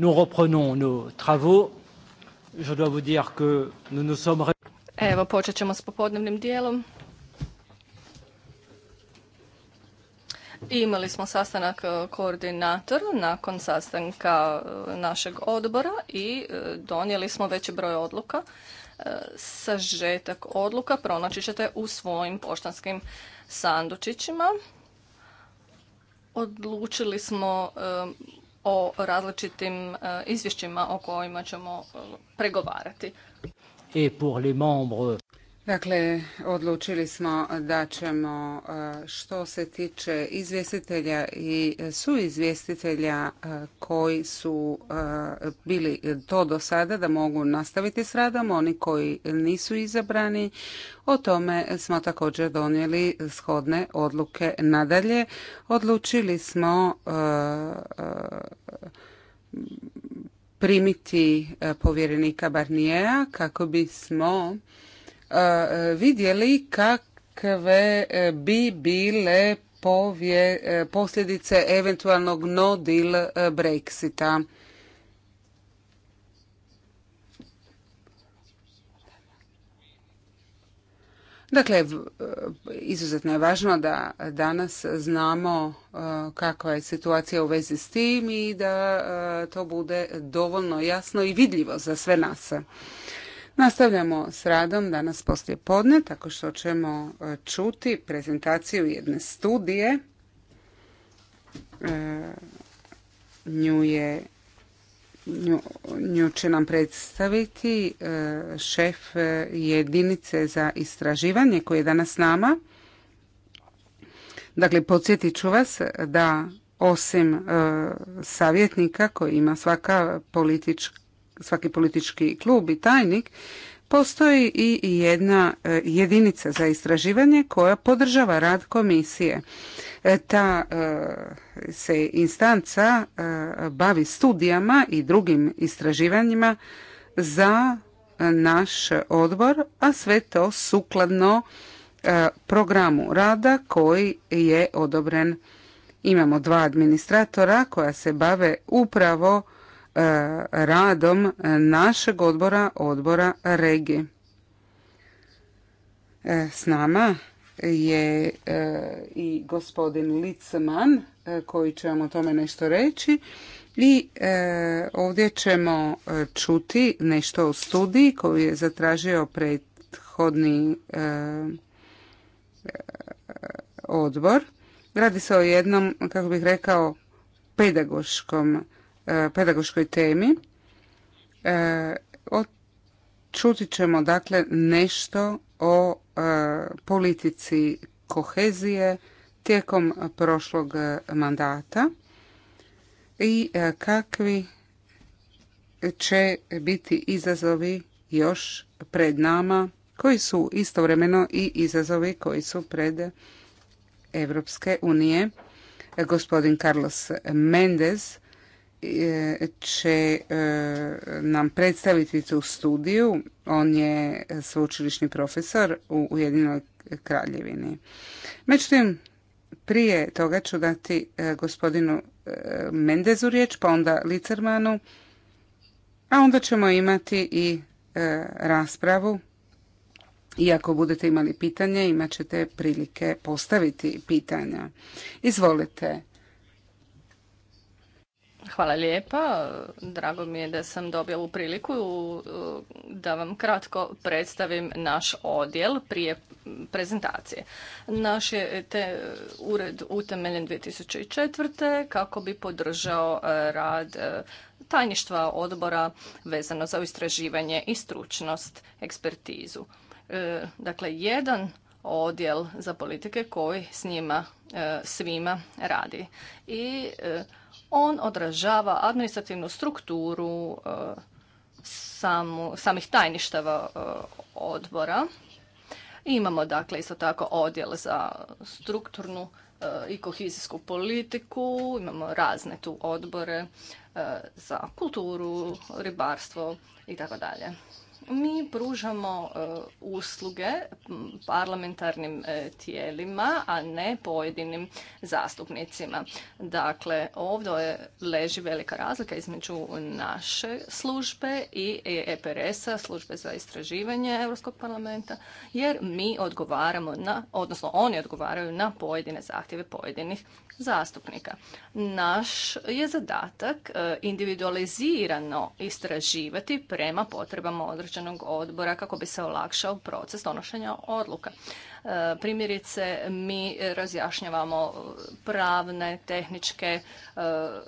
Nous reprenons nos travaux. Je dois vous dire que nous nous sommes... Evo, počet ćemo s popodnevnim dijelom. Imali smo sastanak e, koordinator nakon sastanka e, našeg odbora i e, donijeli smo veći broj odluka. Sažetak odluka pronaći ćete u svojim poštanskim sandučićima. Odlučili smo o različitim e, izvješćima o kojima ćemo e, pregovarati. Dakle, odlučili smo da ćemo e, što se tiče izvjestitelja i suizvjestitelja e, koji su e, bili to do sada da mogu nastaviti s radom, oni koji nisu izabrani, o tome smo također donijeli shodne odluke. Nadalje, odlučili smo primiti povjerenika Barnijeja kako bismo E, vidjeli kakve e, bi bile e, posljedice eventualnog no deal Brexita. Dakle, izuzetno je važno da danas znamo kakva je situacija u vezi s tim i da to bude dovoljno jasno i vidljivo za sve nas. Nastavljamo s radom danas poslije podne, tako što ćemo e, čuti prezentaciju jedne studije. E, nju, će nam predstaviti e, šef jedinice za istraživanje koji je danas s nama. Dakle, podsjetit ću vas da osim savjetnika koji ima svaka politička svaki politički klub i tajnik, postoji i jedna e, jedinica za istraživanje koja podržava rad komisije. E, ta e, se instanca bavi studijama i drugim istraživanjima za naš odbor, a sve to sukladno programu rada koji je odobren. Imamo dva administratora koja se bave upravo E, radom našeg odbora, odbora Regi. E, s nama je e, i gospodin Licman koji će vam o tome nešto reći i ovdje ćemo čuti nešto o studiji koju je zatražio prethodni odbor. Radi se o jednom, kako bih rekao, pedagoškom E, pedagoškoj temi. E, Čutit ćemo dakle nešto o e, politici kohezije tijekom prošlog mandata i kakvi će biti izazovi još pred nama koji su istovremeno i izazovi koji su pred Evropske unije. Gospodin Carlos Mendez će e, nam predstaviti tu studiju. On je sveučilišni profesor u Ujedinjenoj kraljevini. Međutim, prije toga ću dati e, gospodinu e, Mendezu riječ, pa onda Licermanu, a onda ćemo imati i raspravu. I ako budete imali pitanje, imat ćete prilike postaviti pitanja. Izvolite, Hvala lijepa. Drago mi je da sam dobila ovu priliku da vam kratko predstavim naš odjel prije prezentacije. Naš je te ured utemeljen 2004. kako bi podržao e, rad e, tajništva odbora vezano za istraživanje i stručnost, ekspertizu. E, dakle, jedan odjel za politike koji s njima svima radi. I on odražava administrativnu strukturu e, samih tajništava e, odbora. Imamo dakle isto tako odjel za strukturnu e, i kohizijsku politiku, imamo razne tu odbore za kulturu, ribarstvo i tako dalje mi pružamo e, usluge parlamentarnim e, tijelima, a ne pojedinim zastupnicima. Dakle, ovdje leži velika razlika između naše službe i EPRS-a, službe za istraživanje Europskog parlamenta, jer mi odgovaramo na, odnosno oni odgovaraju na pojedine zahtjeve pojedinih zastupnika. Naš je zadatak e, individualizirano istraživati prema potrebama određenog odbora kako bi se olakšao proces donošenja odluka. E, primjerice, mi razjašnjavamo pravne, tehničke e,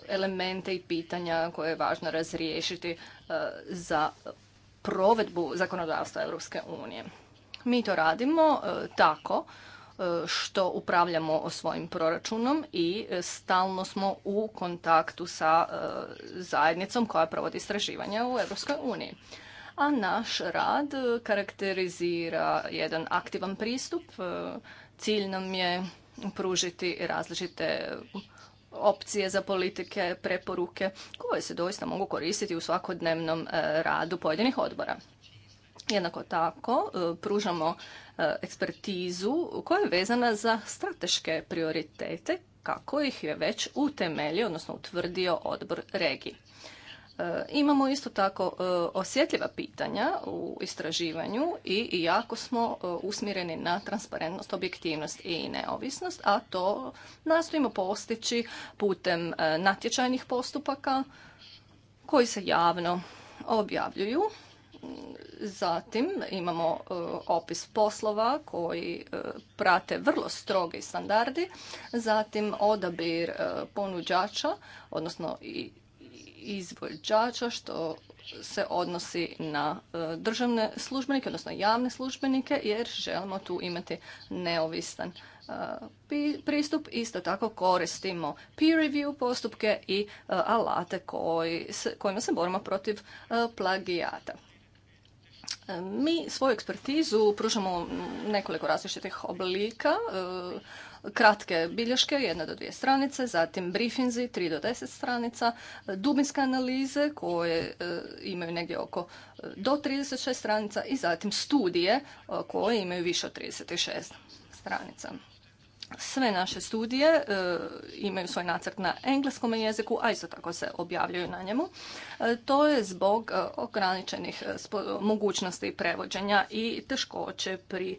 elemente i pitanja koje je važno razriješiti za provedbu zakonodavstva Europske unije. Mi to radimo tako E, što upravljamo svojim proračunom i e, stalno smo u kontaktu sa e, zajednicom koja provodi istraživanja u Europskoj uniji. A naš rad karakterizira jedan aktivan pristup. Cilj nam je pružiti različite opcije za politike, preporuke koje se doista mogu koristiti u svakodnevnom radu pojedinih odbora. Jednako tako e, pružamo e, ekspertizu koja je vezana za strateške prioritete kako ih je već utemeljio, odnosno utvrdio odbor regije. E, imamo isto tako osjetljiva pitanja u istraživanju i jako smo usmjereni na transparentnost, objektivnost i neovisnost, a to nastojimo postići putem natječajnih postupaka koji se javno objavljuju Zatim imamo e, opis poslova koji e, prate vrlo strogi standardi, zatim odabir e, ponuđača, odnosno izvođača što se odnosi na državne službenike, odnosno javne službenike jer želimo tu imati neovisan pristup. Isto tako koristimo peer review postupke i alate kojima se borimo protiv plagijata. Mi svoju ekspertizu pružamo nekoliko različitih oblika, e, kratke bilješke, jedna do dvije stranice, zatim briefinzi, tri do deset stranica, dubinske analize koje e, imaju negdje oko e, do 36 stranica i zatim studije koje imaju više od 36 stranica. Sve naše studije e, imaju svoj nacrt na engleskom jeziku, a isto tako se objavljuju na njemu. E, to je zbog e, ograničenih mogućnosti prevođenja i teškoće pri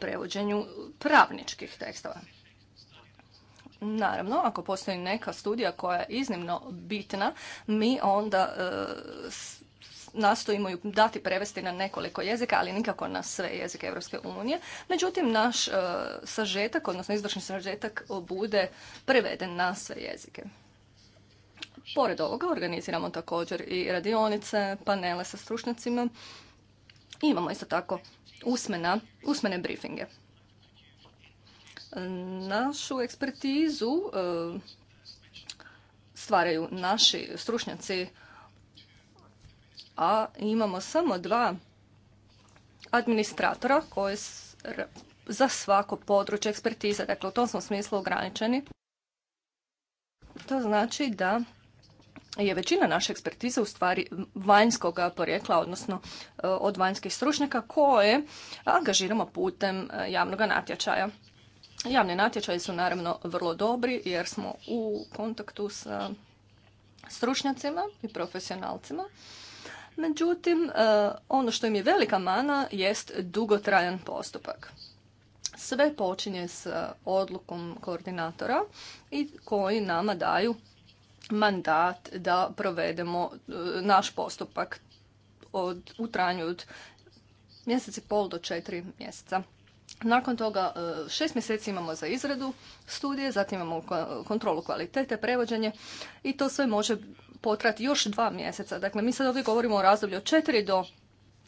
prevođenju pravničkih tekstova. Naravno, ako postoji neka studija koja je iznimno bitna, mi onda nastojimo ju dati prevesti na nekoliko jezika, ali nikako na sve jezike Europske unije. Međutim, naš e, sažetak, odnosno izvršni sažetak, bude preveden na sve jezike. Pored ovoga organiziramo također i radionice, panele sa stručnjacima imamo isto tako usmena, usmene briefinge. Našu ekspertizu e, stvaraju naši stručnjaci a imamo samo dva administratora koji za svako područje ekspertize. Dakle, u tom smo smislu ograničeni. To znači da je većina naše ekspertize u stvari vanjskog porijekla, odnosno e, od vanjskih stručnjaka koje angažiramo putem e, javnog natječaja. Javni natječaji su naravno vrlo dobri jer smo u kontaktu sa stručnjacima i profesionalcima Međutim, e, ono što im je velika mana jest dugotrajan postupak. Sve počinje s e, odlukom koordinatora i koji nama daju mandat da provedemo e, naš postupak u trajanju od mjeseci pol do četiri mjeseca. Nakon toga šest mjeseci imamo za izradu studije, zatim imamo kontrolu kvalitete, prevođenje i to sve može potrati još dva mjeseca. Dakle, mi sad ovdje govorimo o razdoblju od 4 do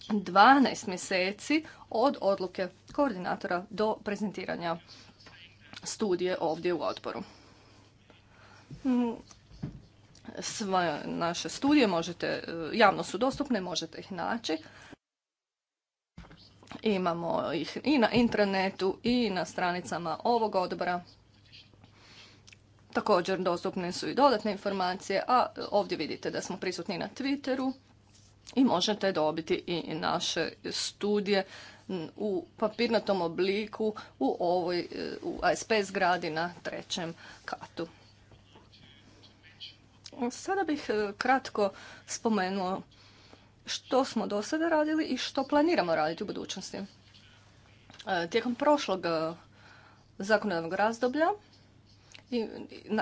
12 mjeseci od odluke koordinatora do prezentiranja studije ovdje u odboru. Sve naše studije možete, javno su dostupne, možete ih naći. Imamo ih i na intranetu i na stranicama ovog odbora Također dostupne su i dodatne informacije, a ovdje vidite da smo prisutni na Twitteru i možete dobiti i naše studije u papirnatom obliku u ovoj u ASP zgradi na trećem katu. Sada bih e, kratko spomenuo što smo do sada radili i što planiramo raditi u budućnosti. E, tijekom prošlog e, zakonodavnog razdoblja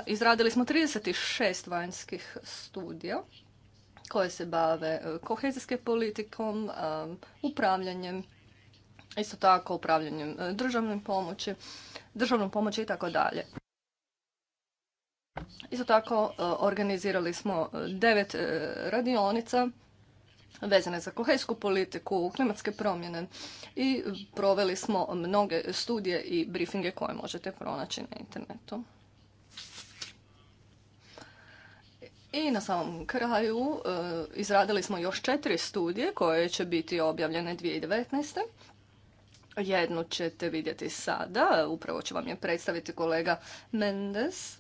Izradili smo 36 vanjskih studija koje se bave e, kohezijske politikom, e, upravljanjem, isto tako upravljanjem e, državnom pomoći, državnom pomoći i tako dalje. Isto tako organizirali smo devet radionica vezane za kohezijsku politiku, klimatske promjene i proveli smo mnoge studije i briefinge koje možete pronaći na internetu. I na samom kraju e, izradili smo još četiri studije koje će biti objavljene 2019. Jednu ćete vidjeti sada, upravo će vam je predstaviti kolega Mendes.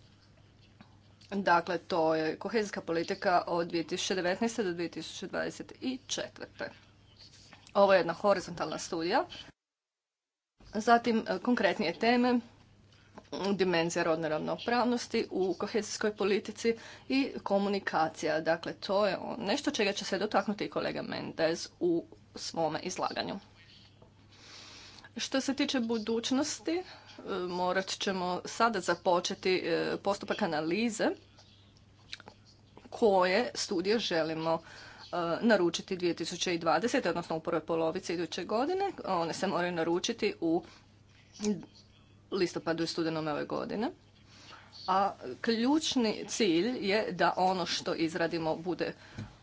Dakle, to je kohezijska politika od 2019. do 2024. Ovo je jedna horizontalna studija. Zatim, e, konkretnije teme dimenzija rodne ravnopravnosti u kohezijskoj politici i komunikacija. Dakle, to je nešto čega će se dotaknuti i kolega Mendez u svome izlaganju. Što se tiče budućnosti, e, morat ćemo sada započeti e, postupak analize koje studije želimo e, naručiti 2020. odnosno u prvoj polovici iduće godine. One se moraju naručiti u listopadu i studenom ove godine. A ključni cilj je da ono što izradimo bude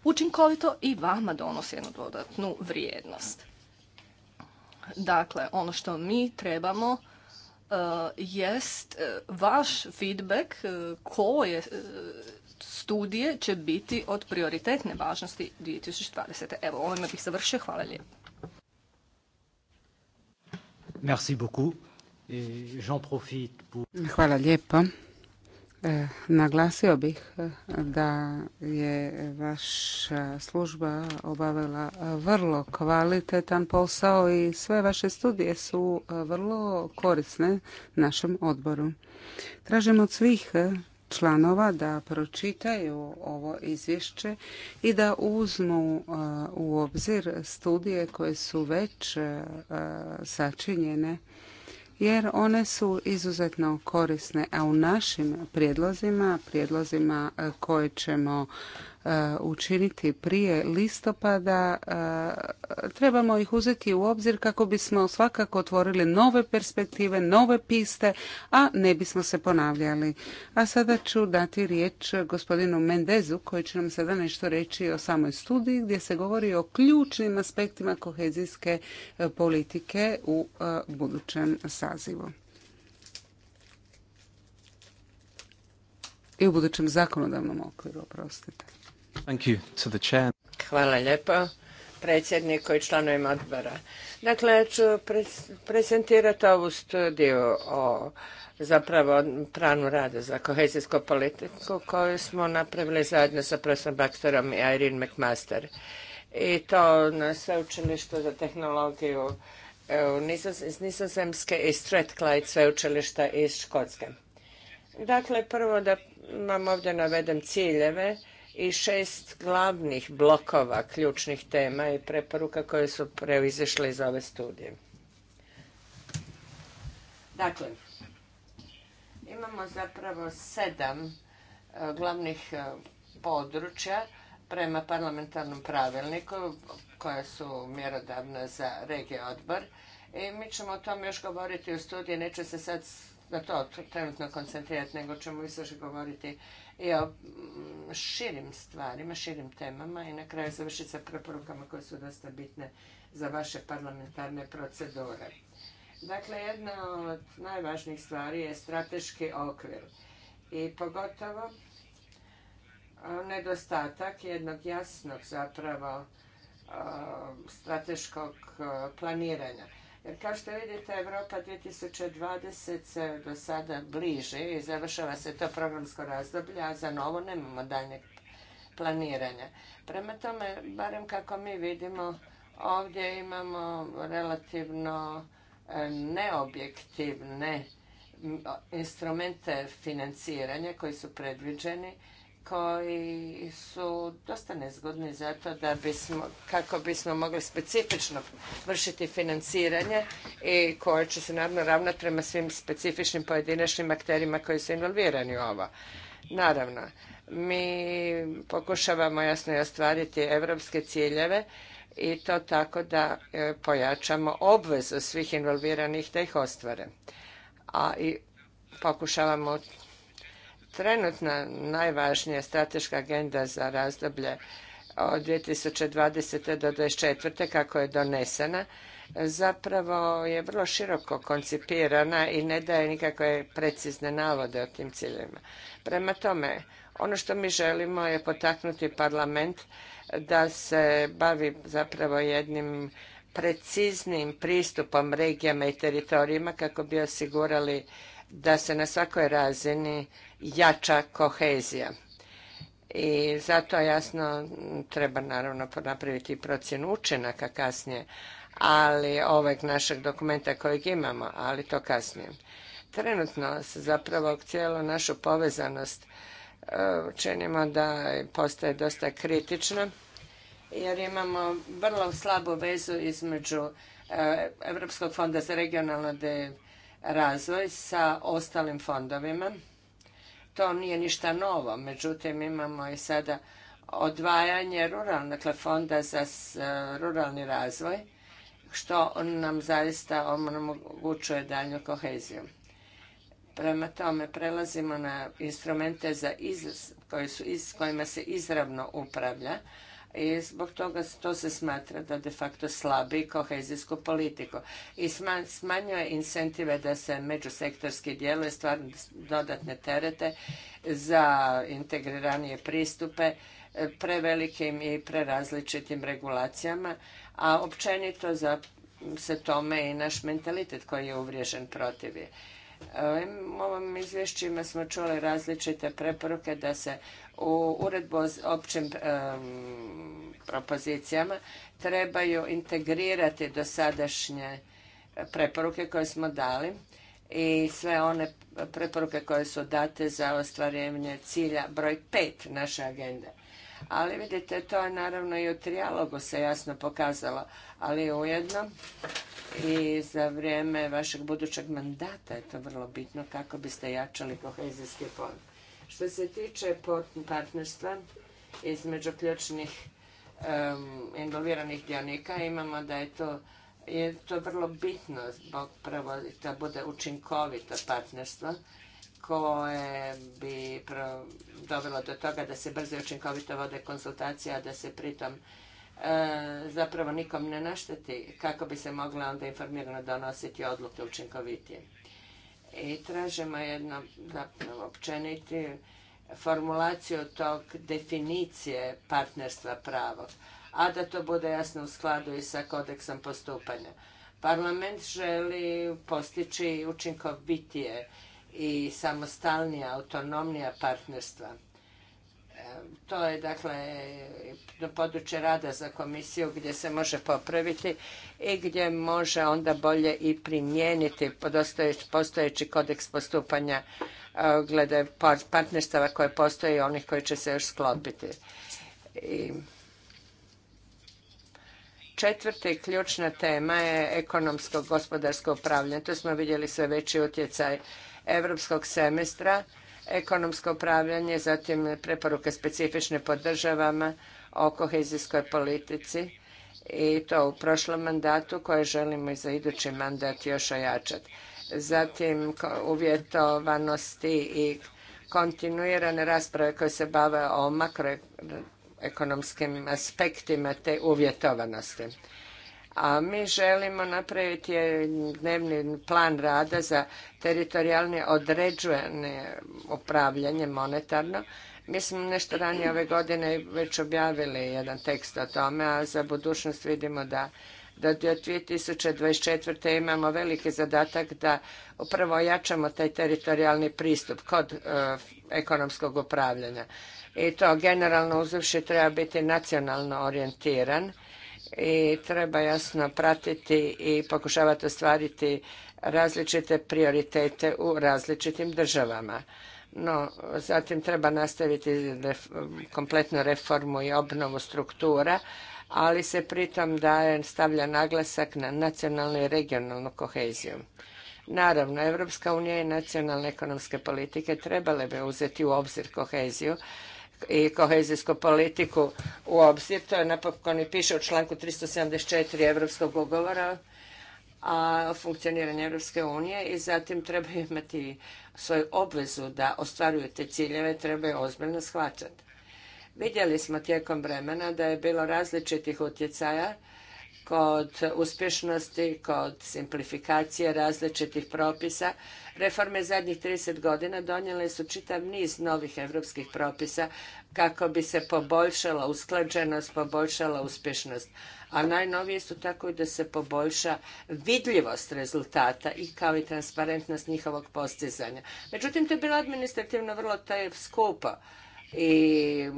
učinkovito i vama donosi jednu dodatnu vrijednost. Dakle, ono što mi trebamo uh, jest e, vaš feedback e, koje studije će biti od prioritetne važnosti 2020. Evo, ovime bih završio. Hvala lijepo. Merci beaucoup. Hvala lijepo. E, naglasio bih e, da je vaša služba obavila vrlo kvalitetan posao i sve vaše studije su e, vrlo korisne našem odboru. Tražim od svih članova da pročitaju ovo izvješće i da uzmu u obzir studije koje su već sačinjene jer one su izuzetno korisne, a u našim prijedlozima, prijedlozima eh, koje ćemo Eh, učiniti prije listopada, eh, trebamo ih uzeti u obzir kako bismo svakako otvorili nove perspektive, nove piste, a ne bismo se ponavljali. A sada ću dati riječ gospodinu Mendezu koji će nam sada nešto reći o samoj studiji gdje se govori o ključnim aspektima kohezijske eh, politike u budućem sazivu. i u budućem zakonodavnom okviru, oprostite. Thank you Hvala lijepo predsjedniku i članovima odbora. Dakle, ja ću prezentirati ovu studiju o zapravo pranu rada za kohezijsku politiku koju smo napravili zajedno sa profesorom Baxterom i Irene McMaster. I to na sveučilištu za tehnologiju e, iz Nizozemske i Strathclyde sveučilišta iz Škotske. Dakle, prvo da vam ovdje navedem ciljeve i šest glavnih blokova ključnih tema i preporuka koje su proizišle iz ove studije. Dakle, imamo zapravo sedam e, glavnih e, područja prema parlamentarnom pravilniku koja su mjerodavna za regije odbor i mi ćemo o tome još govoriti u studiji, neću se sad na to trenutno koncentrirati, nego ćemo više govoriti i o mm, širim stvarima, širim temama i na kraju završiti sa preporukama koje su dosta bitne za vaše parlamentarne procedure. Dakle, jedna od najvažnijih stvari je strateški okvir i pogotovo nedostatak jednog jasnog zapravo strateškog planiranja jer kao što vidite, Europa 2020 se do sada bliže i završava se to programsko razdoblje, a za novo nemamo daljnjeg planiranja. Prema tome, barem kako mi vidimo, ovdje imamo relativno e, neobjektivne instrumente financiranja koji su predviđeni koji su dosta nezgodni zato da bismo, kako bismo mogli specifično vršiti financiranje i koje će se naravno ravnati prema svim specifičnim pojedinačnim akterima koji su involvirani u ovo. Naravno, mi pokušavamo jasno i ostvariti evropske ciljeve i to tako da e, pojačamo obvezu svih involviranih da ih ostvare. A i pokušavamo trenutna najvažnija strateška agenda za razdoblje od 2020. do 2024. kako je donesena, zapravo je vrlo široko koncipirana i ne daje nikakve precizne navode o tim ciljima. Prema tome, ono što mi želimo je potaknuti parlament da se bavi zapravo jednim preciznim pristupom regijama i teritorijima kako bi osigurali da se na svakoj razini jača kohezija. I zato jasno treba naravno napraviti procjenu učinaka kasnije, ali ovog našeg dokumenta kojeg imamo, ali to kasnije. Trenutno se zapravo cijelu našu povezanost eh, činimo da postaje dosta kritična jer imamo vrlo slabu vezu između eh, Europskog fonda za regionalno razvoj sa ostalim fondovima to nije ništa novo, međutim imamo i sada odvajanje ruralnog, dakle fonda za e, ruralni razvoj, što nam zaista omogućuje daljnju koheziju. Prema tome prelazimo na instrumente za su, s kojima se izravno upravlja, i zbog toga to se smatra da de facto slabi kohezijsku politiku i smanjuje incentive da se međusektorski djeluje stvarno dodatne terete za integriranije pristupe e, prevelikim i prerazličitim regulacijama, a općenito za se tome i naš mentalitet koji je uvriježen protiv je. E, u ovim izvješćima smo čuli različite preporuke da se u uredbu o općim propozicijama trebaju integrirati dosadašnje preporuke koje smo dali i sve one preporuke koje su date za ostvarivanje cilja broj 5 naše agende. Ali vidite, to je naravno i u trijalogu se jasno pokazalo, ali ujedno i za vrijeme vašeg budućeg mandata je to vrlo bitno kako biste jačali kohezijski fond. Što se tiče partnerstva između ključnih involviranih dionika, imamo da je to je to vrlo bitno zbog da bude učinkovito partnerstvo koje bi dovelo do toga da se brzo i učinkovito vode konsultacije, a da se pritom e, zapravo nikom ne našteti kako bi se mogla onda informirano donositi odluke učinkovitije i tražimo jedno općeniti formulaciju tog definicije partnerstva pravog, a da to bude jasno u skladu i sa kodeksom postupanja. Parlament želi postići učinkovitije i samostalnija, autonomnija partnerstva to je dakle područje rada za komisiju gdje se može popraviti i gdje može onda bolje i primijeniti postojeći kodeks postupanja e, glede partnerstava koje postoje i onih koji će se još sklopiti. I četvrta ključna tema je ekonomsko gospodarsko upravljanje. To smo vidjeli sve veći utjecaj europskog semestra ekonomsko upravljanje, zatim preporuke specifične po državama o kohezijskoj politici i to u prošlom mandatu koje želimo i za idući mandat još ojačati. Zatim uvjetovanosti i kontinuirane rasprave koje se bave o makroekonomskim aspektima te uvjetovanosti a mi želimo napraviti dnevni plan rada za teritorijalne određene upravljanje monetarno. Mi smo nešto ranije ove godine već objavili jedan tekst o tome, a za budućnost vidimo da da do 2024. imamo veliki zadatak da upravo jačamo taj teritorijalni pristup kod e, ekonomskog upravljanja. I to generalno uzevši treba biti nacionalno orijentiran i treba jasno pratiti i pokušavati ostvariti različite prioritete u različitim državama. No, zatim treba nastaviti kompletnu reformu i obnovu struktura, ali se pritom daje, stavlja naglasak na nacionalnu i regionalnu koheziju. Naravno, Evropska unija i nacionalne ekonomske politike trebale bi uzeti u obzir koheziju i kohezijsku politiku u obzir. To je napokon i piše u članku 374 Europskog ugovora o funkcioniranju Europske unije i zatim treba imati svoju obvezu da ostvaruju te ciljeve, trebaju ozbiljno shvaćati. Vidjeli smo tijekom vremena da je bilo različitih utjecaja kod uspješnosti, kod simplifikacije različitih propisa. Reforme zadnjih 30 godina donijele su čitav niz novih europskih propisa kako bi se poboljšala usklađenost, poboljšala uspješnost. A najnovije su tako i da se poboljša vidljivost rezultata i kao i transparentnost njihovog postizanja. Međutim, to je bilo administrativno vrlo skupo i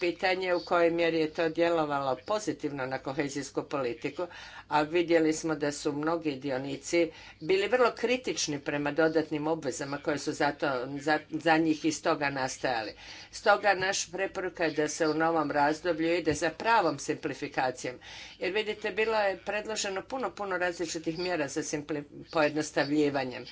pitanje u kojoj mjeri je to djelovalo pozitivno na kohezijsku politiku, a vidjeli smo da su mnogi dionici bili vrlo kritični prema dodatnim obvezama koje su zato, za, za njih iz toga nastajali. Stoga naš preporuka je da se u novom razdoblju ide za pravom simplifikacijom. Jer vidite, bilo je predloženo puno, puno različitih mjera za pojednostavljivanjem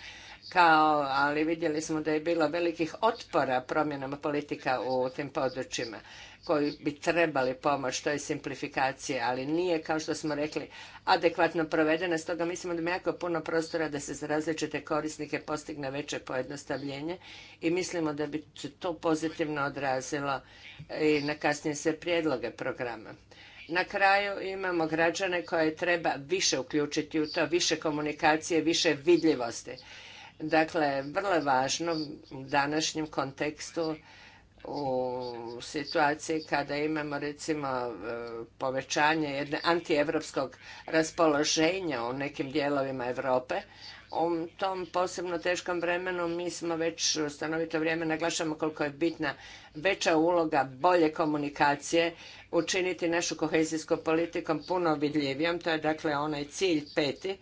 kao, ali vidjeli smo da je bilo velikih otpora promjenama politika u tim područjima koji bi trebali pomoć, to je simplifikacija, ali nije, kao što smo rekli, adekvatno provedena, stoga mislimo da ima jako puno prostora da se za različite korisnike postigne veće pojednostavljenje i mislimo da bi se to pozitivno odrazilo i na kasnije se prijedloge programa. Na kraju imamo građane koje treba više uključiti u to, više komunikacije, više vidljivosti Dakle, vrlo je važno u današnjem kontekstu u situaciji kada imamo recimo e, povećanje jedne antievropskog raspoloženja u nekim dijelovima Europe, u tom posebno teškom vremenu mi smo već stanovito vrijeme naglašamo koliko je bitna veća uloga bolje komunikacije, učiniti našu kohezijsku politikom puno vidljivijom, to je dakle onaj cilj peti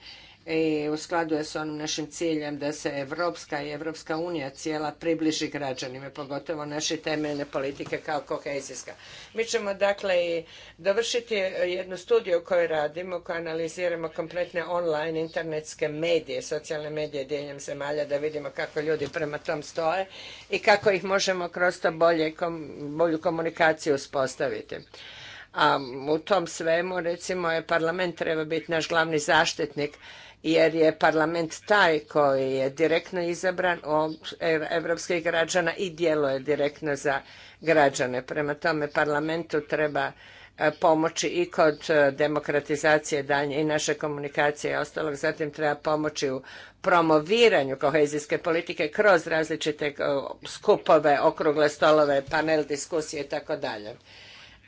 i u skladu je s onim našim ciljem da se Evropska i Evropska unija cijela približi građanima, pogotovo naše temeljne politike kao kohezijska. Mi ćemo dakle i dovršiti jednu studiju kojoj radimo, koju analiziramo kompletne online internetske medije, socijalne medije diljem zemalja da vidimo kako ljudi prema tom stoje i kako ih možemo kroz to bolje, bolju komunikaciju uspostaviti a u tom svemu recimo je parlament treba biti naš glavni zaštitnik jer je parlament taj koji je direktno izabran od evropskih građana i djeluje direktno za građane. Prema tome parlamentu treba e, pomoći i kod e, demokratizacije daljnje i naše komunikacije i ostalog. Zatim treba pomoći u promoviranju kohezijske politike kroz različite e, skupove, okrugle stolove, panel diskusije i tako dalje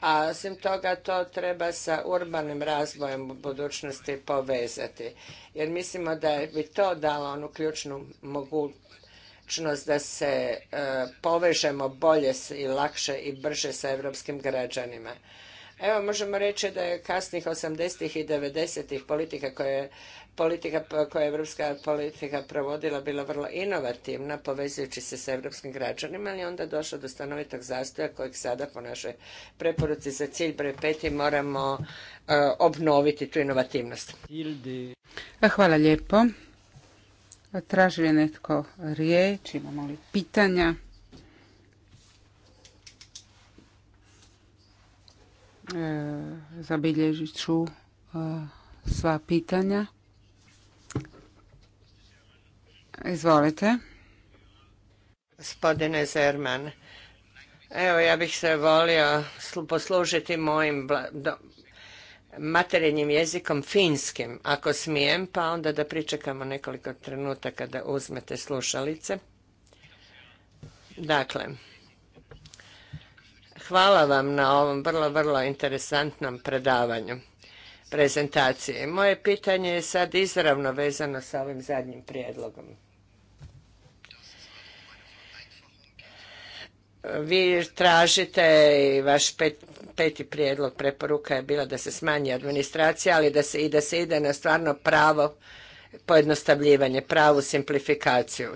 a osim toga to treba sa urbanim razvojem u budućnosti povezati. Jer mislimo da bi to dalo onu ključnu mogućnost da se e, povežemo bolje i lakše i brže sa europskim građanima. Evo možemo reći da je kasnih 80. i 90. politika koja je politika koja je evropska politika provodila bila vrlo inovativna povezujući se s evropskim građanima, ali onda došlo do stanovitog zastoja kojeg sada po našoj preporuci za cilj broj peti moramo e, obnoviti tu inovativnost. Hvala lijepo. Traži je netko riječ, imamo li pitanja? E, zabilježit ću e, sva pitanja. Izvolite. Gospodine Zerman, evo ja bih se volio poslužiti mojim materinjim jezikom finskim, ako smijem, pa onda da pričekamo nekoliko trenutaka da uzmete slušalice. Dakle, hvala vam na ovom vrlo, vrlo interesantnom predavanju, prezentaciji. Moje pitanje je sad izravno vezano sa ovim zadnjim prijedlogom. vi tražite i vaš pet, peti prijedlog preporuka je bila da se smanji administracija, ali da se, i da se ide na stvarno pravo pojednostavljivanje, pravu simplifikaciju.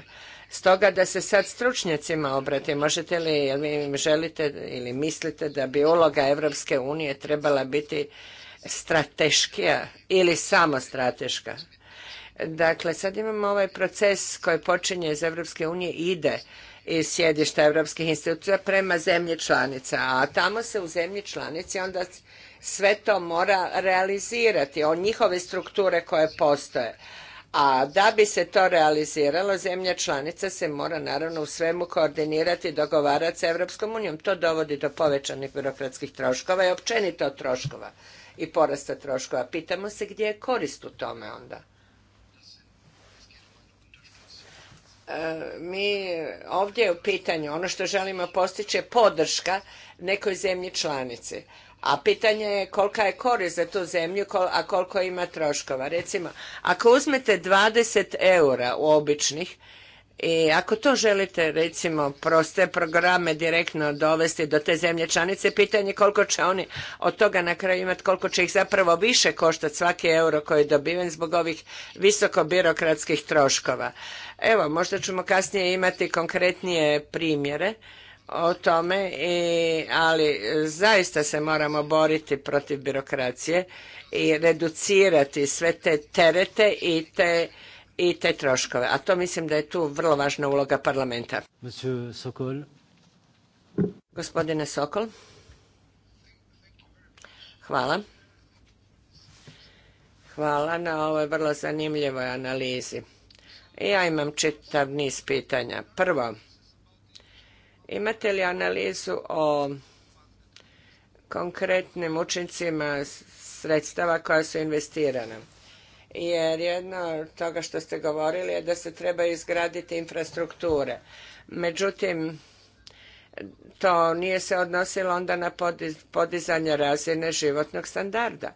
Stoga da se sad stručnjacima obrati, možete li, jel vi želite ili mislite da bi uloga Evropske unije trebala biti strateškija ili samo strateška? Dakle, sad imamo ovaj proces koji počinje iz Evropske unije i ide iz sjedišta europskih institucija prema zemlji članica, a tamo se u zemlji članici onda sve to mora realizirati, o njihove strukture koje postoje. A da bi se to realiziralo, zemlja članica se mora naravno u svemu koordinirati i dogovarati sa Europskom unijom. To dovodi do povećanih birokratskih troškova i općenito troškova i porasta troškova. Pitamo se gdje je korist u tome onda. mi ovdje je u pitanju ono što želimo postići je podrška nekoj zemlji članici. A pitanje je kolika je korist za tu zemlju, a koliko ima troškova. Recimo, ako uzmete 20 eura u običnih i ako to želite, recimo, proste programe direktno dovesti do te zemlje članice, pitanje je koliko će oni od toga na kraju imati, koliko će ih zapravo više koštati svaki euro koji je dobiven zbog ovih visoko birokratskih troškova. Evo, možda ćemo kasnije imati konkretnije primjere o tome, i, ali zaista se moramo boriti protiv birokracije i reducirati sve te terete i te, i te troškove. A to mislim da je tu vrlo važna uloga parlamenta. Sokol. Gospodine Sokol. Hvala. Hvala na ovoj vrlo zanimljivoj analizi. Ja imam čitav niz pitanja. Prvo, imate li analizu o konkretnim učincima sredstava koja su investirana? Jer jedno od toga što ste govorili je da se treba izgraditi infrastrukture. Međutim, to nije se odnosilo onda na podizanje razine životnog standarda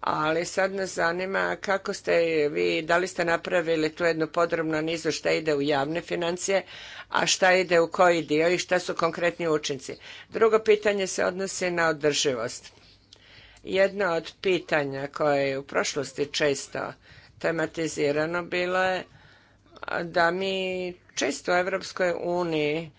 ali sad nas zanima kako ste vi, da li ste napravili tu jednu podrobnu nizu šta ide u javne financije, a šta ide u koji dio i šta su konkretni učinci. Drugo pitanje se odnosi na održivost. Jedno od pitanja koje je u prošlosti često tematizirano bilo je da mi često u Evropskoj uniji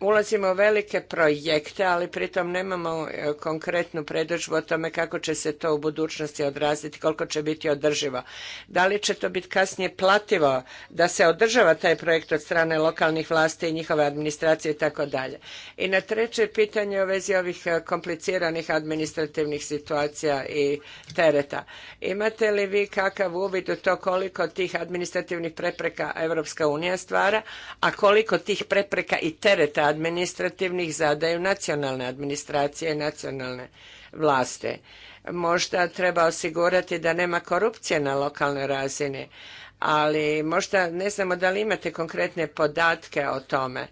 ulazimo u velike projekte, ali pritom nemamo e, konkretnu predođbu o tome kako će se to u budućnosti odraziti, koliko će biti održivo. Da li će to biti kasnije plativo da se održava taj projekt od strane lokalnih vlasti i njihove administracije i tako dalje. I na treće pitanje u vezi ovih e, kompliciranih administrativnih situacija i tereta. Imate li vi kakav uvid u to koliko tih administrativnih prepreka Europska unija stvara, a koliko tih prepreka i tereta administrativnih zadaju nacionalne administracije i nacionalne vlasti. Možda treba osigurati da nema korupcije na lokalnoj razini, ali možda ne znamo da li imate konkretne podatke o tome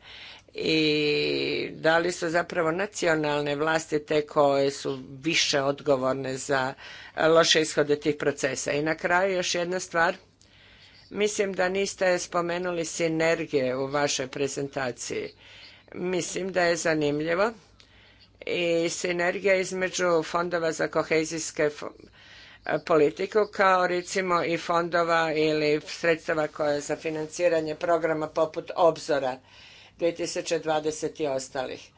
i da li su zapravo nacionalne vlasti te koje su više odgovorne za loše ishode tih procesa. I na kraju još jedna stvar. Mislim da niste spomenuli sinergije u vašoj prezentaciji mislim da je zanimljivo i sinergija između fondova za kohezijske politiku kao recimo i fondova ili sredstava koje za financiranje programa poput Obzora 2020 i ostalih.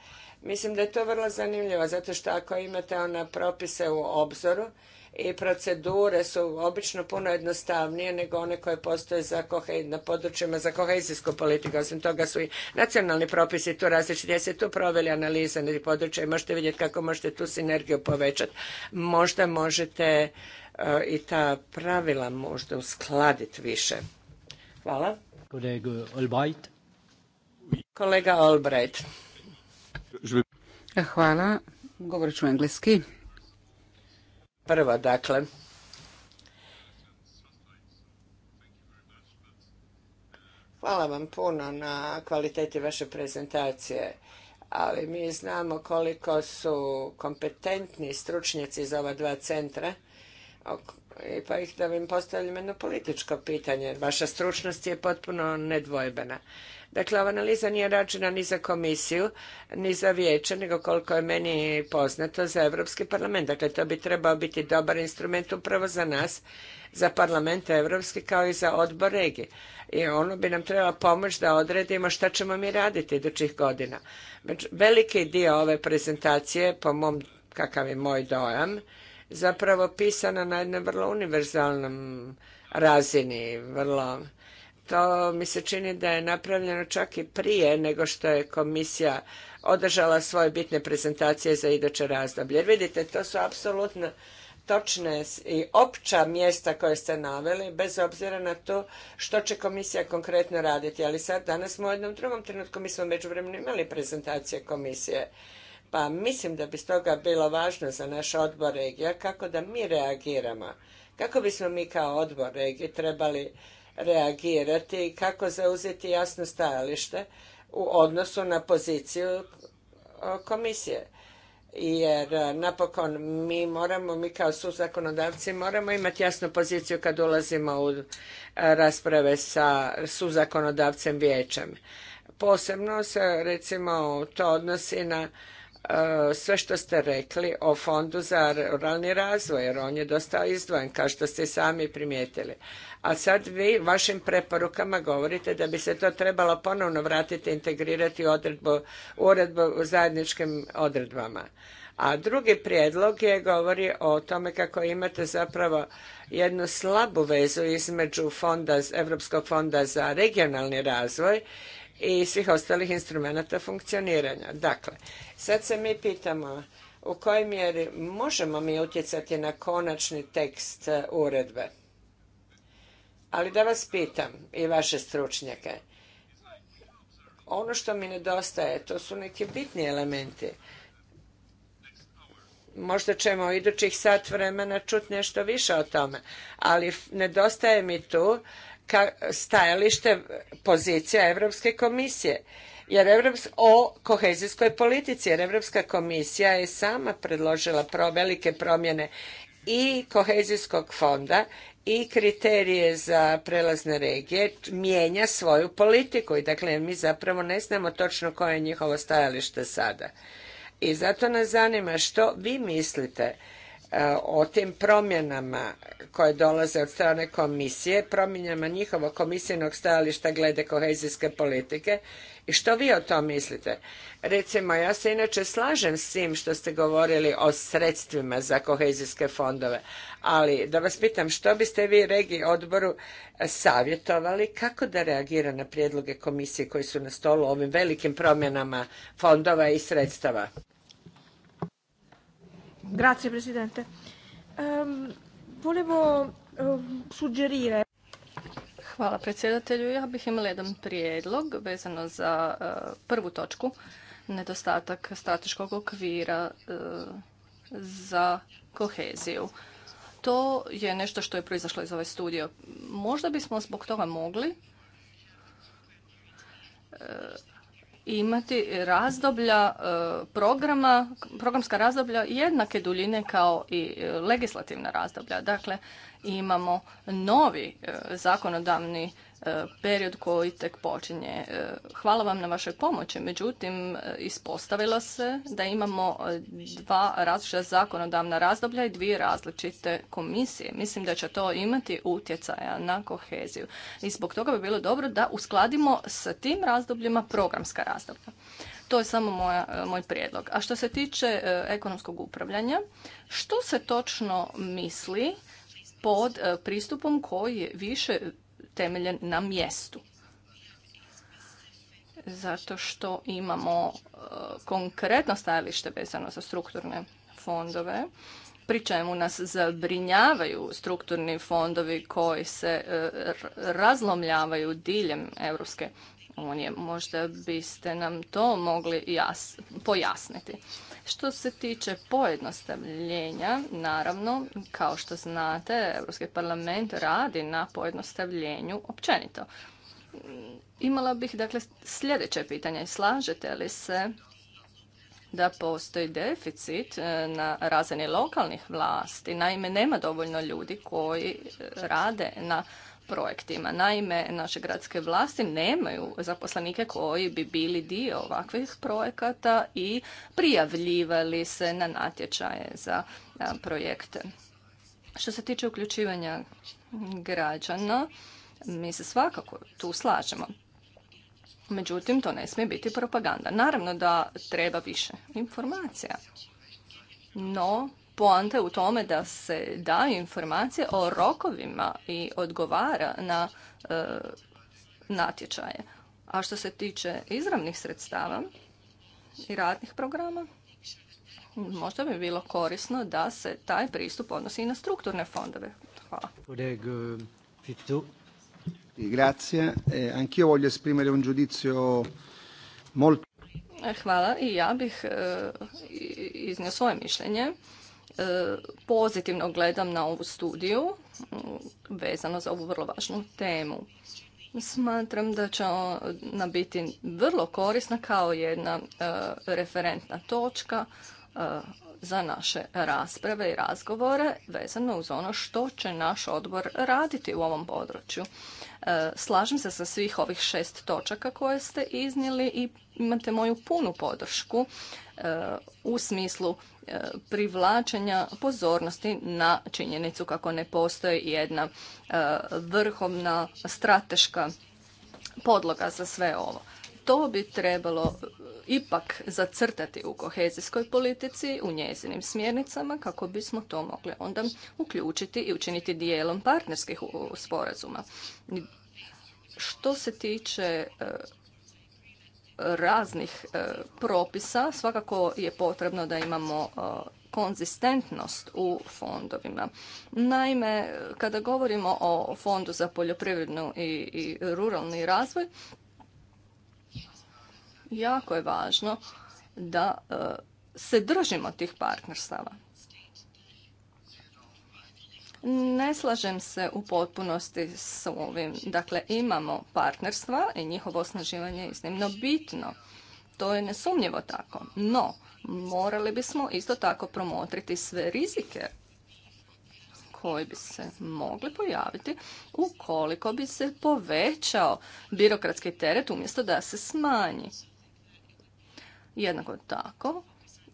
Mislim da je to vrlo zanimljivo zato što ako imate ona propise u obzoru i procedure su obično puno jednostavnije nego one koje postoje za kohe na područjima za kohezijsku politiku. Osim toga su i nacionalni propisi tu različiti. Jeste tu proveli analize na područja i možete vidjeti kako možete tu sinergiju povećati. Možda možete e, i ta pravila možda uskladiti više. Hvala. Kolega Albright. Kolega Albright. Hvala. Govorit ću engleski. Prvo, dakle, Hvala vam puno na kvaliteti vaše prezentacije, ali mi znamo koliko su kompetentni stručnjaci za ova dva centra, pa ih da vam postavljam jedno političko pitanje. Vaša stručnost je potpuno nedvojbena. Dakle, ova analiza nije rađena ni za komisiju, ni za vijeće, nego koliko je meni poznato za Europski parlament. Dakle, to bi trebao biti dobar instrument upravo za nas, za parlament Europski kao i za odbor regije. I ono bi nam trebala pomoć da odredimo šta ćemo mi raditi idućih godina. Veliki dio ove prezentacije, po mom, kakav je moj dojam, zapravo pisana na jednoj vrlo univerzalnom razini, vrlo to mi se čini da je napravljeno čak i prije nego što je komisija održala svoje bitne prezentacije za iduće razdoblje. Jer vidite, to su apsolutno točne i opća mjesta koje ste naveli, bez obzira na to što će komisija konkretno raditi. Ali sad, danas smo u jednom drugom trenutku, mi smo međuvremeno imali prezentacije komisije. Pa mislim da bi stoga bilo važno za naš odbor regija kako da mi reagiramo. Kako bismo mi kao odbor regije trebali reagirati i kako zauzeti jasno stajalište u odnosu na poziciju e, komisije. Jer e, napokon mi moramo, mi kao suzakonodavci moramo imati jasnu poziciju kad ulazimo u e, rasprave sa suzakonodavcem vijećem. Posebno se recimo to odnosi na sve što ste rekli o fondu za ruralni razvoj, jer on je dosta izdvojen, kao što ste sami primijetili. A sad vi vašim preporukama govorite da bi se to trebalo ponovno vratiti, integrirati u u zajedničkim odredbama. A drugi prijedlog je govori o tome kako imate zapravo jednu slabu vezu između fonda, Europskog fonda za regionalni razvoj i svih ostalih instrumenata funkcioniranja. Dakle, sad se mi pitamo u kojoj mjeri možemo mi utjecati na konačni tekst e, uredbe. Ali da vas pitam i vaše stručnjake, ono što mi nedostaje, to su neki bitni elementi. Možda ćemo u idućih sat vremena čuti nešto više o tome, ali nedostaje mi tu stajalište pozicija Europske komisije jer o kohezijskoj politici, jer Europska komisija je sama predložila velike promjene i kohezijskog fonda i kriterije za prelazne regije mijenja svoju politiku i dakle mi zapravo ne znamo točno koje je njihovo stajalište sada. I zato nas zanima što vi mislite E, o tim promjenama koje dolaze od strane komisije, promjenama njihovog komisijnog stajališta glede kohezijske politike i što vi o tom mislite? Recimo, ja se inače slažem s tim što ste govorili o sredstvima za kohezijske fondove, ali da vas pitam što biste vi regiji odboru savjetovali kako da reagira na prijedloge komisije koji su na stolu ovim velikim promjenama fondova i sredstava? Grazie Presidente. Um, volevo ehm, suggerire... Hvala predsjedatelju. Ja bih imala jedan prijedlog vezano za eh, prvu točku, nedostatak strateškog okvira eh, za koheziju. To je nešto što je proizašlo iz ove studije. Možda bismo zbog toga mogli eh, imati razdoblja e, programa, programska razdoblja jednake duljine kao i e, legislativna razdoblja. Dakle, imamo novi e, zakonodavni E, period koji tek počinje. E, hvala vam na vašoj pomoći, međutim e, ispostavilo se da imamo dva različita zakonodavna razdoblja i dvije različite komisije. Mislim da će to imati utjecaja na koheziju i zbog toga bi bilo dobro da uskladimo sa tim razdobljima programska razdoblja. To je samo moja, moj prijedlog. A što se tiče ekonomskog upravljanja, što se točno misli pod pristupom koji je više temeljen na mjestu. Zato što imamo e, konkretno stajalište vezano za strukturne fondove, pri čemu nas zabrinjavaju strukturni fondovi koji se e, razlomljavaju diljem Europske unije. Možda biste nam to mogli pojasniti. Što se tiče pojednostavljenja, naravno, kao što znate, Europski parlament radi na pojednostavljenju općenito. Imala bih dakle sljedeće pitanje. Slažete li se da postoji deficit e, na razini lokalnih vlasti? Naime, nema dovoljno ljudi koji rade na projektima. Naime, naše gradske vlasti nemaju zaposlenike koji bi bili dio ovakvih projekata i prijavljivali se na natječaje za projekte. Što se tiče uključivanja građana, mi se svakako tu slažemo. Međutim, to ne smije biti propaganda. Naravno da treba više informacija. No, poanta je u tome da se daju informacije o rokovima i odgovara na e, natječaje. A što se tiče izravnih sredstava i radnih programa, možda bi bilo korisno da se taj pristup odnosi i na strukturne fondove. Hvala. Eh, hvala i ja bih eh, iznio svoje mišljenje E, pozitivno gledam na ovu studiju vezano za ovu vrlo važnu temu. Smatram da će ona biti vrlo korisna kao jedna e, referentna točka e, za naše rasprave i razgovore vezano uz ono što će naš odbor raditi u ovom području. Slažem se sa svih ovih šest točaka koje ste iznijeli i imate moju punu podršku u smislu E, privlačenja pozornosti na činjenicu kako ne postoji jedna e, vrhovna strateška podloga za sve ovo. To bi trebalo ipak zacrtati u kohezijskoj politici, u njezinim smjernicama, kako bismo to mogli onda uključiti i učiniti dijelom partnerskih sporazuma. Što se tiče e, raznih e, propisa. Svakako je potrebno da imamo e, konzistentnost u fondovima. Naime, kada govorimo o fondu za poljoprivrednu i, i ruralni razvoj, jako je važno da e, se držimo tih partnerstava. Ne slažem se u potpunosti s ovim. Dakle, imamo partnerstva i njihovo osnaživanje je iznimno bitno. To je nesumnjivo tako. No, morali bismo isto tako promotriti sve rizike koji bi se mogli pojaviti ukoliko bi se povećao birokratski teret umjesto da se smanji. Jednako tako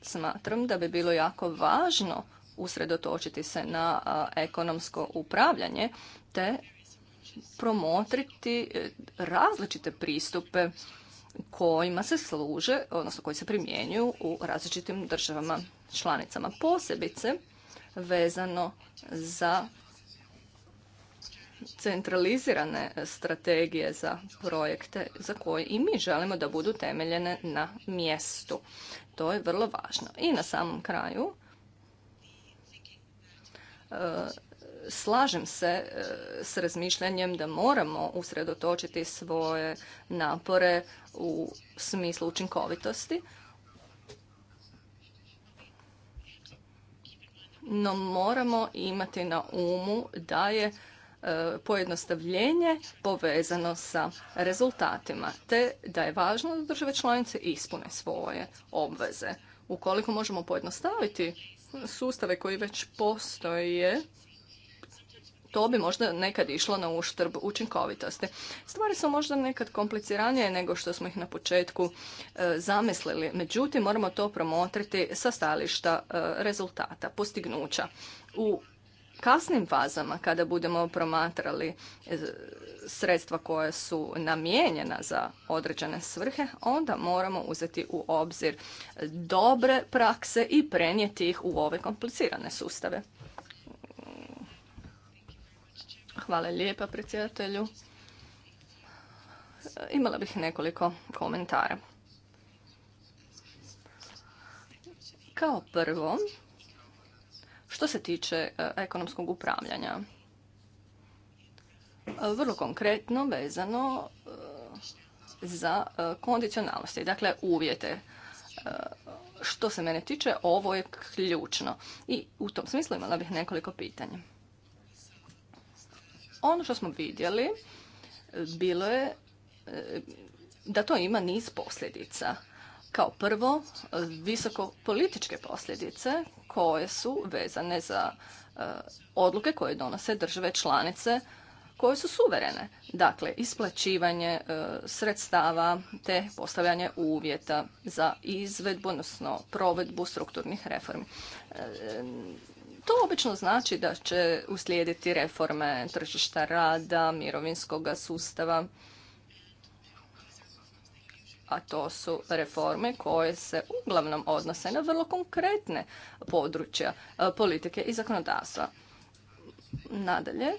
smatram da bi bilo jako važno usredotočiti se na ekonomsko upravljanje te promotriti e, različite pristupe kojima se služe, odnosno koji se primjenjuju u različitim državama članicama. Posebice vezano za centralizirane strategije za projekte za koje i mi želimo da budu temeljene na mjestu. To je vrlo važno. I na samom kraju E, slažem se e, s razmišljanjem da moramo usredotočiti svoje napore u smislu učinkovitosti. No moramo imati na umu da je e, pojednostavljenje povezano sa rezultatima, te da je važno da države članice ispune svoje obveze. Ukoliko možemo pojednostaviti sustave koji već postoje, to bi možda nekad išlo na uštrb učinkovitosti. Stvari su možda nekad kompliciranije nego što smo ih na početku e, zamislili. Međutim, moramo to promotriti sa stališta e, rezultata, postignuća. U kasnim fazama kada budemo promatrali e, sredstva koja su namijenjena za određene svrhe, onda moramo uzeti u obzir dobre prakse i prenijeti ih u ove komplicirane sustave. Hvala lijepa predsjedatelju. E, imala bih nekoliko komentara. Kao prvo, što se tiče e, ekonomskog upravljanja, e, vrlo konkretno vezano e, za kondicionalnosti, dakle uvjete. Što se mene tiče, ovo je ključno. I u tom smislu imala bih nekoliko pitanja. Ono što smo vidjeli bilo je da to ima niz posljedica. Kao prvo, visoko političke posljedice koje su vezane za e, odluke koje donose države članice koje su suverene. Dakle, isplaćivanje e, sredstava te postavljanje uvjeta za izvedbu, odnosno provedbu strukturnih reformi. E, to obično znači da će uslijediti reforme tržišta rada, mirovinskog sustava a to su reforme koje se uglavnom odnose na vrlo konkretne područja e, politike i zakonodavstva. Nadalje,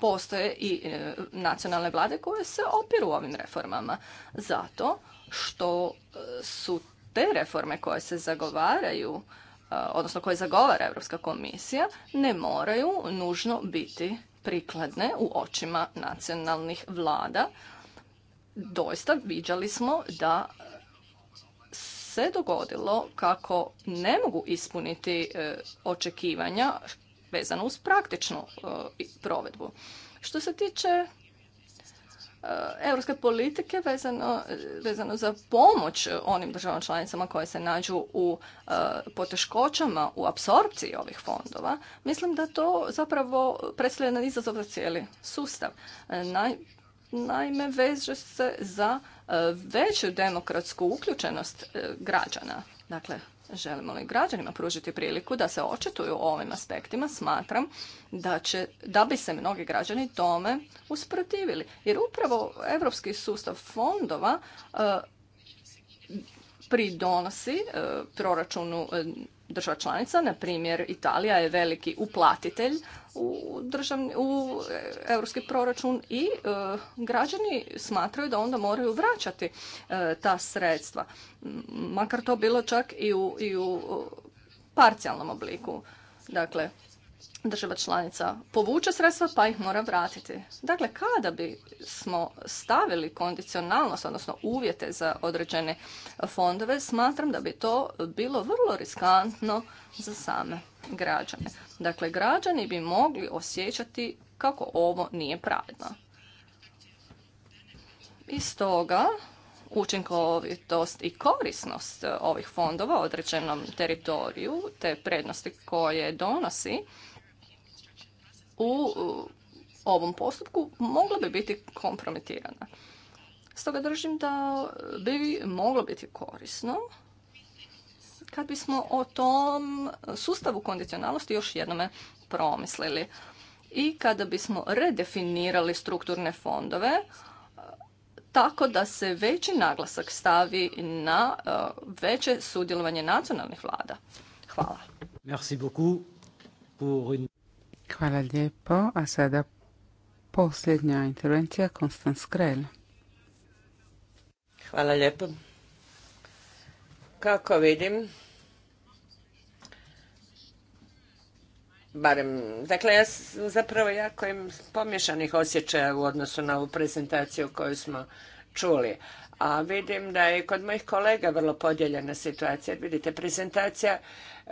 postoje i e, nacionalne vlade koje se opiru ovim reformama zato što e, su te reforme koje se zagovaraju odnosno koje zagovara Europska komisija ne moraju nužno biti prikladne u očima nacionalnih vlada doista viđali smo da se dogodilo kako ne mogu ispuniti e, očekivanja vezano uz praktičnu e, provedbu. Što se tiče e, europske politike vezano, vezano za pomoć onim državama članicama koje se nađu u poteškoćama u apsorpciji ovih fondova, mislim da to zapravo predstavlja jedan izazov za cijeli sustav. Naj, naime veže se za e, veću demokratsku uključenost e, građana. Dakle, želimo li građanima pružiti priliku da se očituju o ovim aspektima, smatram da, će, da bi se mnogi građani tome usprotivili. Jer upravo evropski sustav fondova e, pridonosi e, proračunu e, država članica, na primjer Italija je veliki uplatitelj u, državni, u europski proračun i e, građani smatraju da onda moraju vraćati ta sredstva. Makar to bilo čak i u, i u parcijalnom obliku. Dakle, država članica povuče sredstva pa ih mora vratiti. Dakle, kada bi smo stavili kondicionalnost, odnosno uvjete za određene fondove, smatram da bi to bilo vrlo riskantno za same građane. Dakle, građani bi mogli osjećati kako ovo nije pravedno. I toga, učinkovitost i korisnost ovih fondova određenom teritoriju, te prednosti koje donosi, u ovom postupku mogla bi biti kompromitirana. Stoga držim da bi moglo biti korisno kad bismo o tom sustavu kondicionalnosti još jednome promislili. I kada bismo redefinirali strukturne fondove e, tako da se veći naglasak stavi na e, veće sudjelovanje nacionalnih vlada. Hvala. Hvala lijepo. A sada posljednja intervencija, Konstant Skrel. Hvala lijepo. Kako vidim, barem, dakle ja zapravo jako im pomješanih osjećaja u odnosu na ovu prezentaciju koju smo čuli. A vidim da je kod mojih kolega vrlo podijeljena situacija. Vidite, prezentacija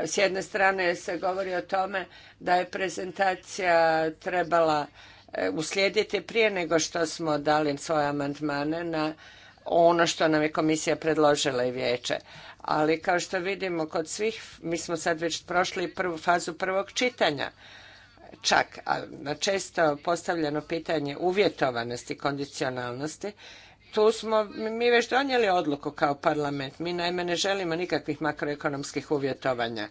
s jedne strane se govori o tome da je prezentacija trebala e, uslijediti prije nego što smo dali svoje amandmane na ono što nam je komisija predložila i vijeće. Ali kao što vidimo kod svih, mi smo sad već prošli prvu fazu prvog čitanja. Čak, a na često postavljeno pitanje uvjetovanosti, kondicionalnosti tu smo mi već donijeli odluku kao parlament. Mi naime ne želimo nikakvih makroekonomskih uvjetovanja.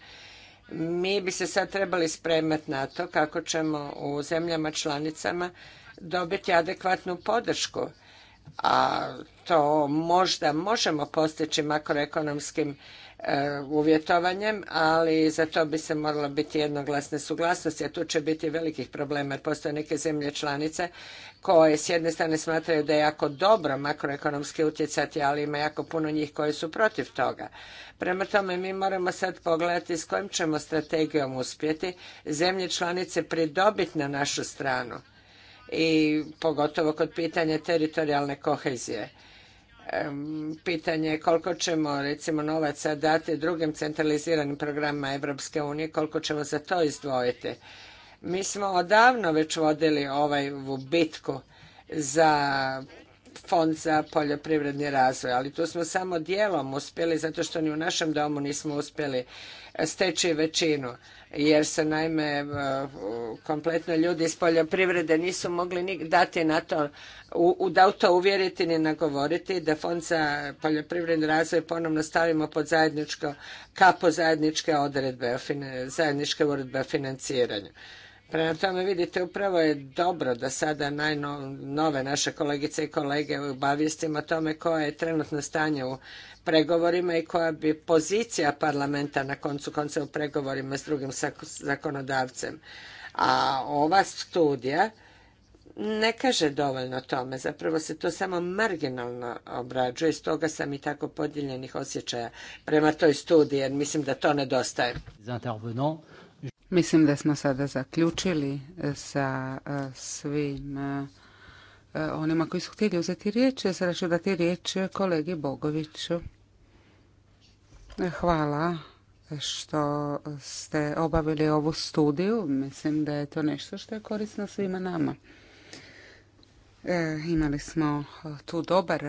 Mi bi se sad trebali spremati na to kako ćemo u zemljama članicama dobiti adekvatnu podršku. A to možda možemo postići makroekonomskim Uh, uvjetovanjem, ali za to bi se moralo biti jednoglasna suglasnost, a tu će biti velikih problema jer postoje neke zemlje članice koje s jedne strane smatraju da je jako dobro makroekonomski utjecati, ali ima jako puno njih koji su protiv toga. Prema tome, mi moramo sad pogledati s kojim ćemo strategijom uspjeti zemlje članice pridobiti na našu stranu i pogotovo kod pitanja teritorijalne kohezije pitanje koliko ćemo recimo novaca dati drugim centraliziranim programima Europske unije, koliko ćemo za to izdvojiti. Mi smo odavno već vodili ovaj bitku za fond za poljoprivredni razvoj, ali tu smo samo dijelom uspjeli zato što ni u našem domu nismo uspjeli steći većinu jer se naime e, kompletno ljudi iz poljoprivrede nisu mogli dati na to, u, da to uvjeriti ni nagovoriti da fond za poljoprivredni razvoj ponovno stavimo pod zajedničko kapo zajedničke odredbe, zajedničke uredbe o financiranju. Prema tome, vidite, upravo je dobro da sada najnove naše kolegice i kolege obavijestimo o tome koje je trenutno stanje u pregovorima i koja bi pozicija parlamenta na koncu konca u pregovorima s drugim zakonodavcem. A ova studija ne kaže dovoljno tome. Zapravo se to samo marginalno obrađuje. Stoga sam i tako podijeljenih osjećaja prema toj studiji, jer mislim da to nedostaje. Mislim da smo sada zaključili e, sa e, svim e, onima koji su htjeli uzeti riječ. Sada ću dati riječ kolegi Bogoviću. Hvala što ste obavili ovu studiju. Mislim da je to nešto što je korisno svima nama. Imali smo tu dobar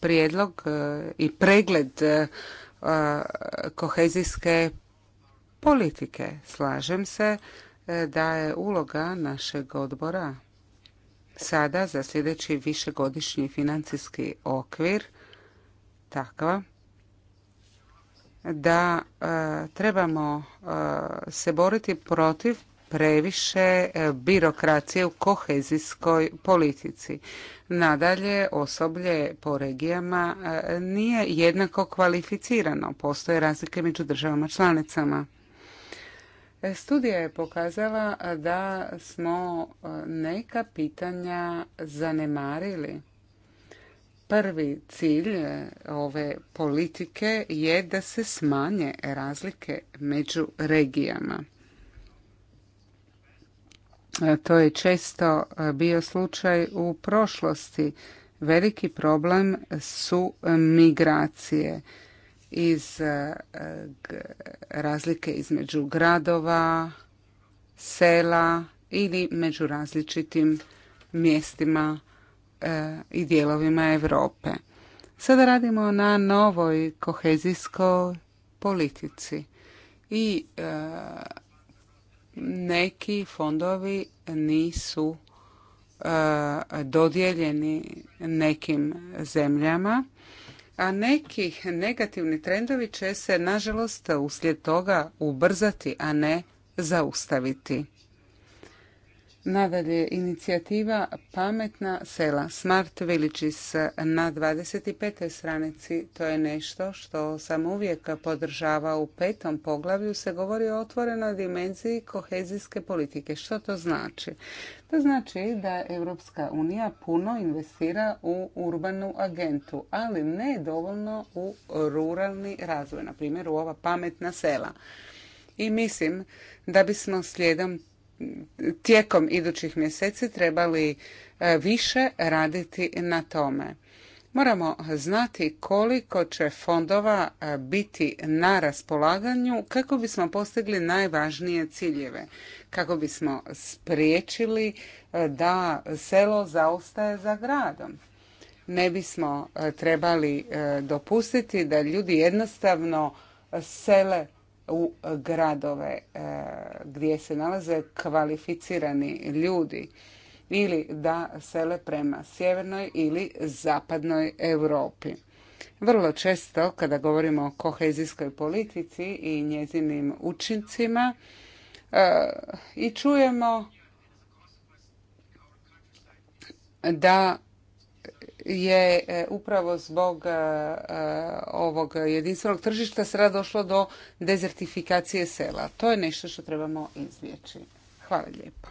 prijedlog i pregled kohezijske politike. Slažem se e, da je uloga našeg odbora sada za sljedeći višegodišnji financijski okvir takva da e, trebamo e, se boriti protiv previše birokracije u kohezijskoj politici. Nadalje, osoblje po regijama nije jednako kvalificirano. Postoje razlike među državama članicama. Studija je pokazala da smo e, neka pitanja zanemarili. Prvi cilj e, ove politike je da se smanje razlike među regijama. E, to je često bio slučaj u prošlosti. Veliki problem su migracije iz e, razlike između gradova, sela ili među različitim mjestima e, i dijelovima Europe. Sada radimo na novoj kohezijskoj politici i e, neki fondovi nisu dodijeljeni nekim zemljama a neki negativni trendovi će se nažalost uslijed toga ubrzati, a ne zaustaviti. Nadalje, inicijativa Pametna sela, Smart Villages na 25. stranici, to je nešto što sam uvijek podržava u petom poglavlju, se govori o otvorenoj dimenziji kohezijske politike. Što to znači? To znači da Europska unija puno investira u urbanu agentu, ali ne dovoljno u ruralni razvoj, na primjer u ova pametna sela. I mislim da bismo slijedom tijekom idućih mjeseci trebali e, više raditi na tome. Moramo znati koliko će fondova e, biti na raspolaganju kako bismo postigli najvažnije ciljeve, kako bismo spriječili e, da selo zaostaje za gradom. Ne bismo trebali dopustiti da ljudi jednostavno sele u gradove e, gdje se nalaze kvalificirani ljudi ili da sele prema sjevernoj ili zapadnoj Europi. Vrlo često kada govorimo o kohezijskoj politici i njezinim učincima e, i čujemo da je e, upravo zbog e, e, ovog jedinstvenog tržišta sada došlo do dezertifikacije sela. To je nešto što trebamo izvjeći. Hvala lijepo.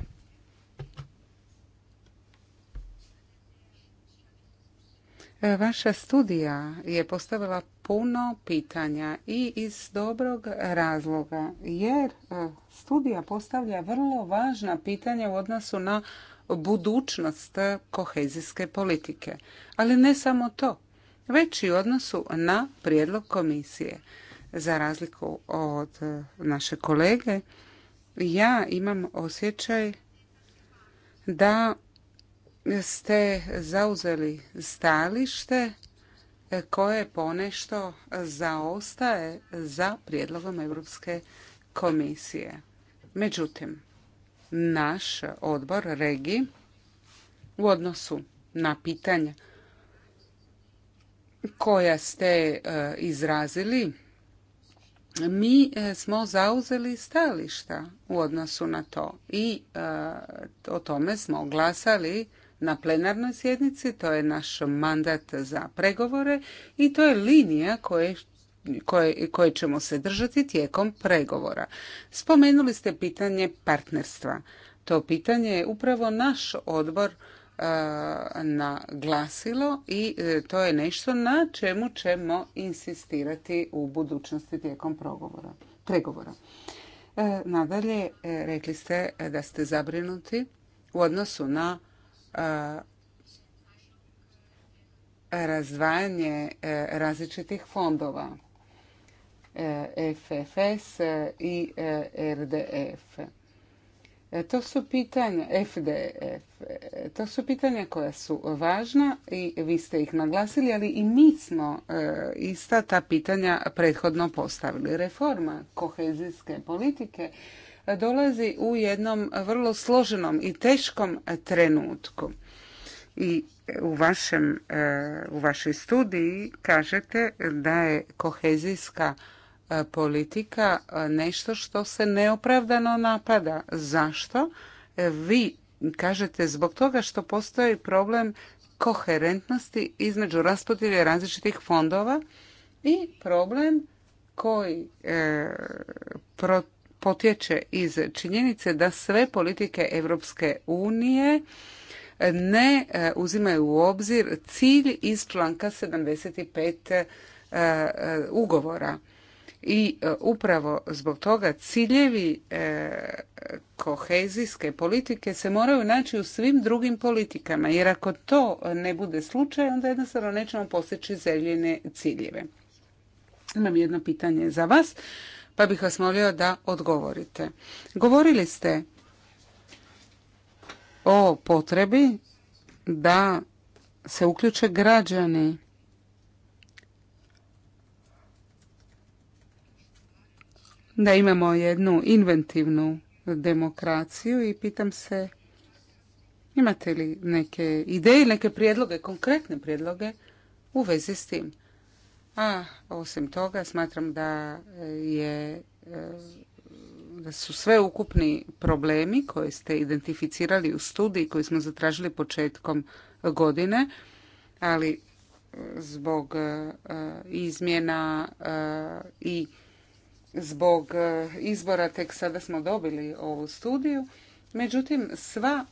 Vaša studija je postavila puno pitanja i iz dobrog razloga, jer studija postavlja vrlo važna pitanja u odnosu na budućnost kohezijske politike. Ali ne samo to, već i u odnosu na prijedlog komisije. Za razliku od naše kolege, ja imam osjećaj da ste zauzeli stalište koje ponešto zaostaje za prijedlogom Europske komisije. Međutim, naš odbor regi u odnosu na pitanja koja ste e, izrazili mi e, smo zauzeli stajališta u odnosu na to i e, o tome smo glasali na plenarnoj sjednici, to je naš mandat za pregovore i to je linija koje koje, ćemo se držati tijekom pregovora. Spomenuli ste pitanje partnerstva. To pitanje je upravo naš odbor e, naglasilo i e, to je nešto na čemu ćemo insistirati u budućnosti tijekom pregovora. E, nadalje, rekli ste da ste zabrinuti u odnosu na razdvajanje različitih fondova. FFS i e, RDF. E, to su pitanja FDF. E, to su pitanja koja su važna i vi ste ih naglasili, ali i mi smo ista ta pitanja prethodno postavili. Reforma kohezijske politike dolazi u jednom vrlo složenom i teškom trenutku. I u, vašem, u vašoj studiji kažete da je kohezijska E, politika e, nešto što se neopravdano napada. Zašto? E, vi kažete zbog toga što postoji problem koherentnosti između raspodjele različitih fondova i problem koji potječe iz činjenice da sve politike Europske unije ne uzimaju u obzir cilj iz članka 75 e, ugovora. I e, upravo zbog toga ciljevi e, kohezijske politike se moraju naći u svim drugim politikama, jer ako to ne bude slučaj, onda jednostavno nećemo postići zeljene ciljeve. Imam jedno pitanje za vas, pa bih vas molio da odgovorite. Govorili ste o potrebi da se uključe građani da imamo jednu inventivnu demokraciju i pitam se imate li neke ideje, neke prijedloge, konkretne prijedloge u vezi s tim. A osim toga smatram da je e, da su sve ukupni problemi koje ste identificirali u studiji koji smo zatražili početkom godine, ali e, zbog e, izmjena i zbog e, izbora tek sada smo dobili ovu studiju. Međutim, sva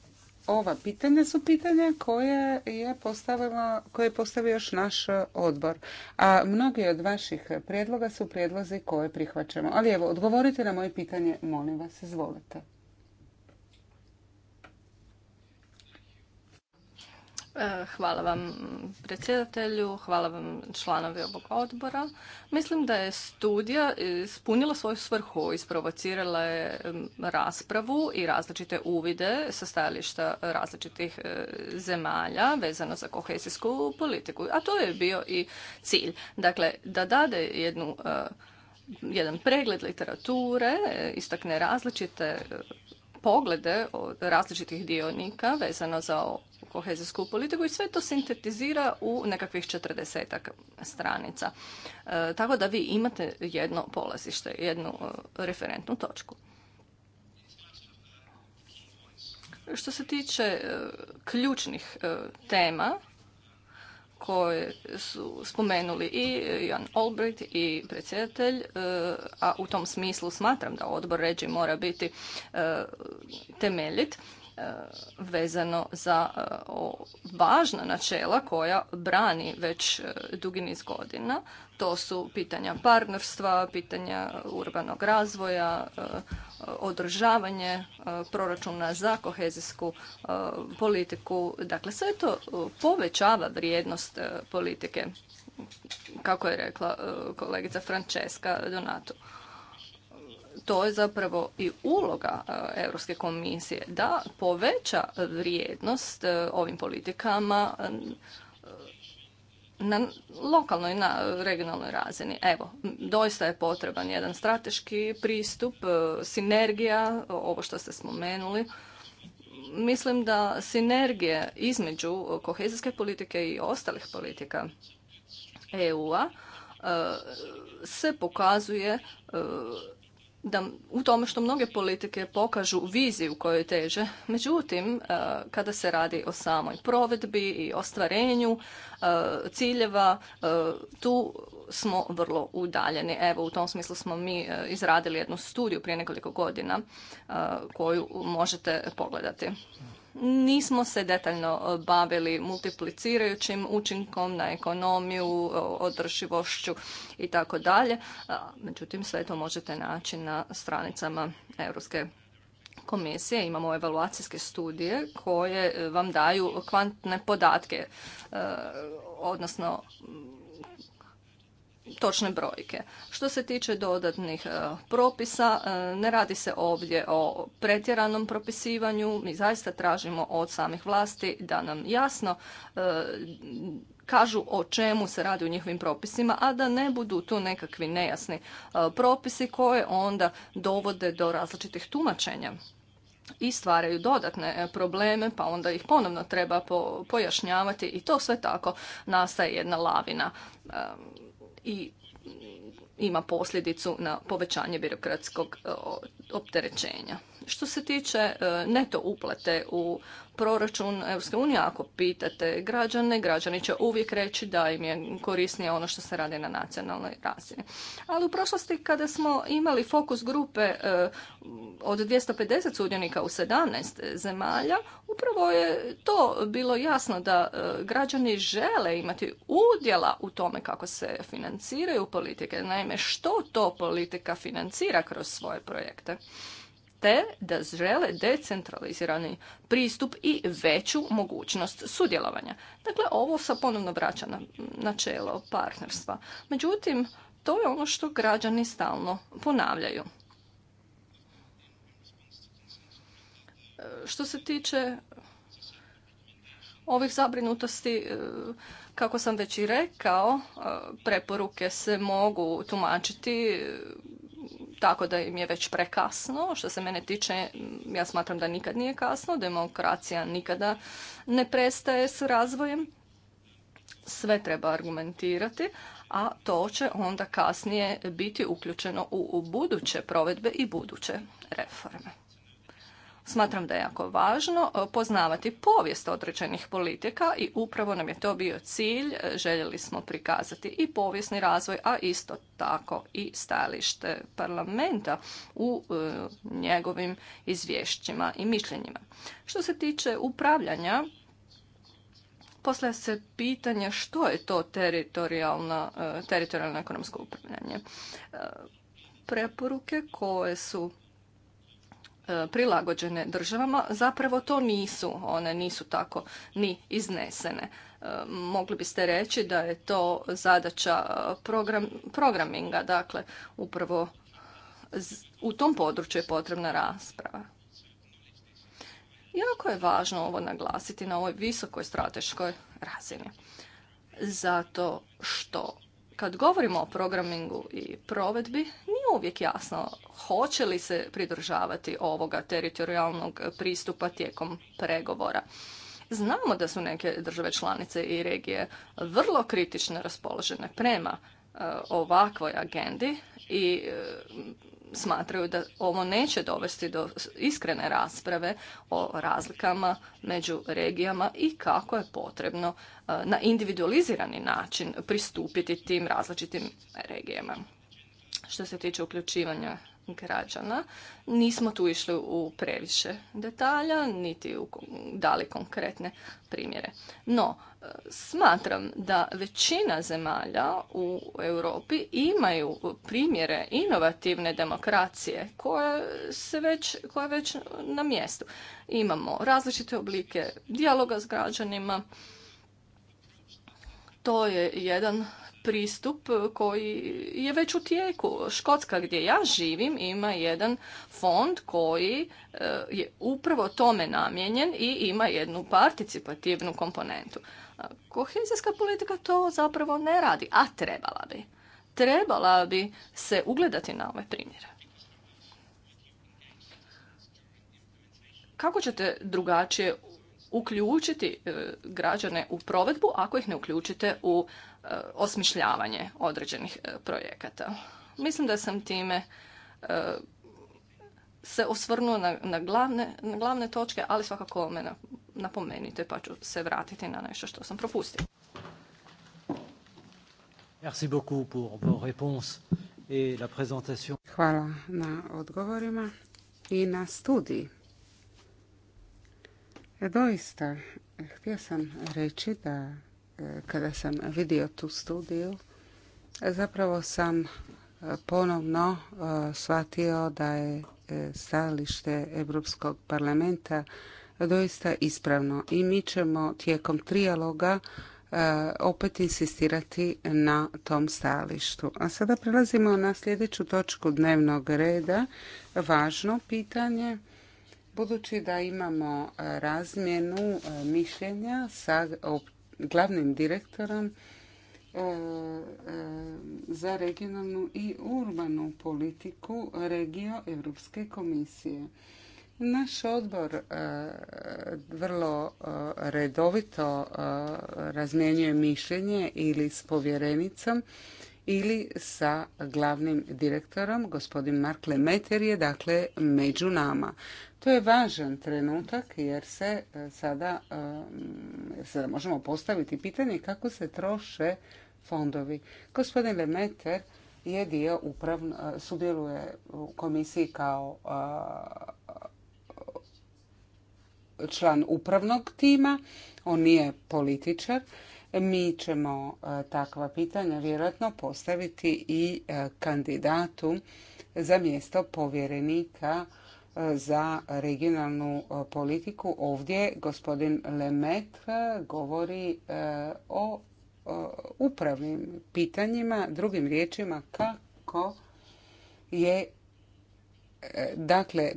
ova pitanja su pitanja koje je, postavila, koje je postavio još naš odbor. A mnogi od vaših prijedloga su prijedlozi koje prihvaćamo. Ali evo, odgovorite na moje pitanje, molim vas, izvolite. E, hvala vam predsjedatelju, hvala vam članovi ovog odbora. Mislim da je studija ispunila svoju svrhu, isprovocirala je raspravu i različite uvide sa stajališta različitih e, zemalja vezano za kohezijsku politiku. A to je bio i cilj. Dakle, da dade jednu, e, jedan pregled literature, istakne različite poglede od različitih dionika vezano za u kohezijsku politiku i sve to sintetizira u nekakvih četrdesetak stranica. E, tako da vi imate jedno polazište, jednu e, referentnu točku. Što se tiče e, ključnih tema koje su spomenuli i Jan Olbrecht i predsjedatelj, a u tom smislu smatram da odbor ređi mora biti temeljit, vezano za e, važna načela koja brani već e, dugi niz godina. To su pitanja partnerstva, pitanja urbanog razvoja, e, održavanje proračuna za kohezijsku politiku. Dakle, sve to povećava vrijednost politike, kako je rekla kolegica Francesca Donato to je zapravo i uloga e, Europske komisije da poveća vrijednost e, ovim politikama e, na lokalnoj, na regionalnoj razini. Evo, doista je potreban jedan strateški pristup, sinergija, ovo što ste spomenuli. Mislim da sinergije između kohezijske politike i ostalih politika EU-a se pokazuje da u tome što mnoge politike pokažu viziju kojoj teže. Međutim, e, kada se radi o samoj provedbi i ostvarenju e, ciljeva, e, tu smo vrlo udaljeni. Evo, u tom smislu smo mi izradili jednu studiju prije nekoliko godina koju možete pogledati nismo se detaljno e, bavili multiplicirajućim učinkom na ekonomiju, održivošću i tako dalje. Međutim, sve to možete naći na stranicama Europske komisije. Imamo evaluacijske studije koje e, vam daju kvantne podatke, e, odnosno točne brojke. Što se tiče dodatnih e, propisa, e, ne radi se ovdje o pretjeranom propisivanju. Mi zaista tražimo od samih vlasti da nam jasno e, kažu o čemu se radi u njihovim propisima, a da ne budu tu nekakvi nejasni propisi koje onda dovode do različitih tumačenja i stvaraju dodatne probleme, pa onda ih ponovno treba pojašnjavati i to sve tako nastaje jedna lavina i ima posljedicu na povećanje birokratskog e, opterećenja. Što se tiče e, neto uplate u proračun EU, unije, ako pitate građane, građani će uvijek reći da im je korisnije ono što se radi na nacionalnoj razini. Ali u prošlosti kada smo imali fokus grupe e, od 250 sudionika u 17 zemalja, upravo je to bilo jasno da e, građani žele imati udjela u tome kako se financiraju politike. Naime, što to politika financira kroz svoje projekte? te da žele decentralizirani pristup i veću mogućnost sudjelovanja. Dakle, ovo se ponovno vraća na načelo partnerstva. Međutim, to je ono što građani stalno ponavljaju. Što se tiče ovih zabrinutosti, e, kako sam već i rekao, e, preporuke se mogu tumačiti tako da im je već prekasno. Što se mene tiče, ja smatram da nikad nije kasno, demokracija nikada ne prestaje s razvojem. Sve treba argumentirati, a to će onda kasnije biti uključeno u buduće provedbe i buduće reforme. Smatram da je jako važno e, poznavati povijest određenih politika i upravo nam je to bio cilj. E, željeli smo prikazati i povijesni razvoj, a isto tako i stajalište parlamenta u e, njegovim izvješćima i mišljenjima. Što se tiče upravljanja, postavlja se pitanje što je to teritorijalno, teritorijalno ekonomsko upravljanje. Preporuke koje su E, prilagođene državama, zapravo to nisu. One nisu tako ni iznesene. E, mogli biste reći da je to zadaća e, program, programinga, dakle upravo u tom području je potrebna rasprava. Jako je važno ovo naglasiti na ovoj visokoj strateškoj razini. Zato što kad govorimo o programingu i provedbi, nije uvijek jasno hoće li se pridržavati ovoga teritorijalnog pristupa tijekom pregovora. Znamo da su neke države članice i regije vrlo kritično raspoložene prema e, ovakvoj agendi i e, smatraju da ovo neće dovesti do iskrene rasprave o razlikama među regijama i kako je potrebno e, na individualizirani način pristupiti tim različitim regijama. Što se tiče uključivanja građana. Nismo tu išli u previše detalja, niti dali konkretne primjere. No, e, smatram da većina zemalja u Europi imaju primjere inovativne demokracije koje se već, koja već na mjestu. Imamo različite oblike dijaloga s građanima, to je jedan pristup koji je već u tijeku. Škotska gdje ja živim ima jedan fond koji e, je upravo tome namijenjen i ima jednu participativnu komponentu. Kohezijska politika to zapravo ne radi, a trebala bi. Trebala bi se ugledati na ove ovaj primjere. Kako ćete drugačije uključiti e, građane u provedbu ako ih ne uključite u e, osmišljavanje određenih e, projekata. Mislim da sam time se osvrnuo na, glavne, točke, ali svakako me napomenite pa ću se vratiti na nešto što sam propustio. Merci beaucoup pour vos réponses et la présentation. Hvala na odgovorima i na studiji. E, doista, htio sam reći da e, kada sam vidio tu studiju, zapravo sam e, ponovno shvatio da je stajalište Europskog parlamenta doista ispravno i mi ćemo tijekom trijaloga opet insistirati na tom stajalištu. A sada prelazimo na sljedeću točku dnevnog reda, važno pitanje Budući da imamo e, razmjenu e, mišljenja sa glavnim direktorom e, za regionalnu i urbanu politiku regio Europske komisije. Naš odbor vrlo redovito razmjenjuje mišljenje ili s povjerenicom ili sa glavnim direktorom, gospodin Mark Lemeter je dakle među nama. To je važan trenutak jer se e, sada, e, sada možemo postaviti pitanje kako se troše fondovi. Gospodin Lemeter je dio upravno, e, sudjeluje u komisiji kao član upravnog tima, on nije političar mi ćemo e, takva pitanja vjerojatno postaviti i e, kandidatu za mjesto povjerenika e, za regionalnu politiku. Ovdje gospodin Lemet govori o upravnim pitanjima, drugim riječima kako je dakle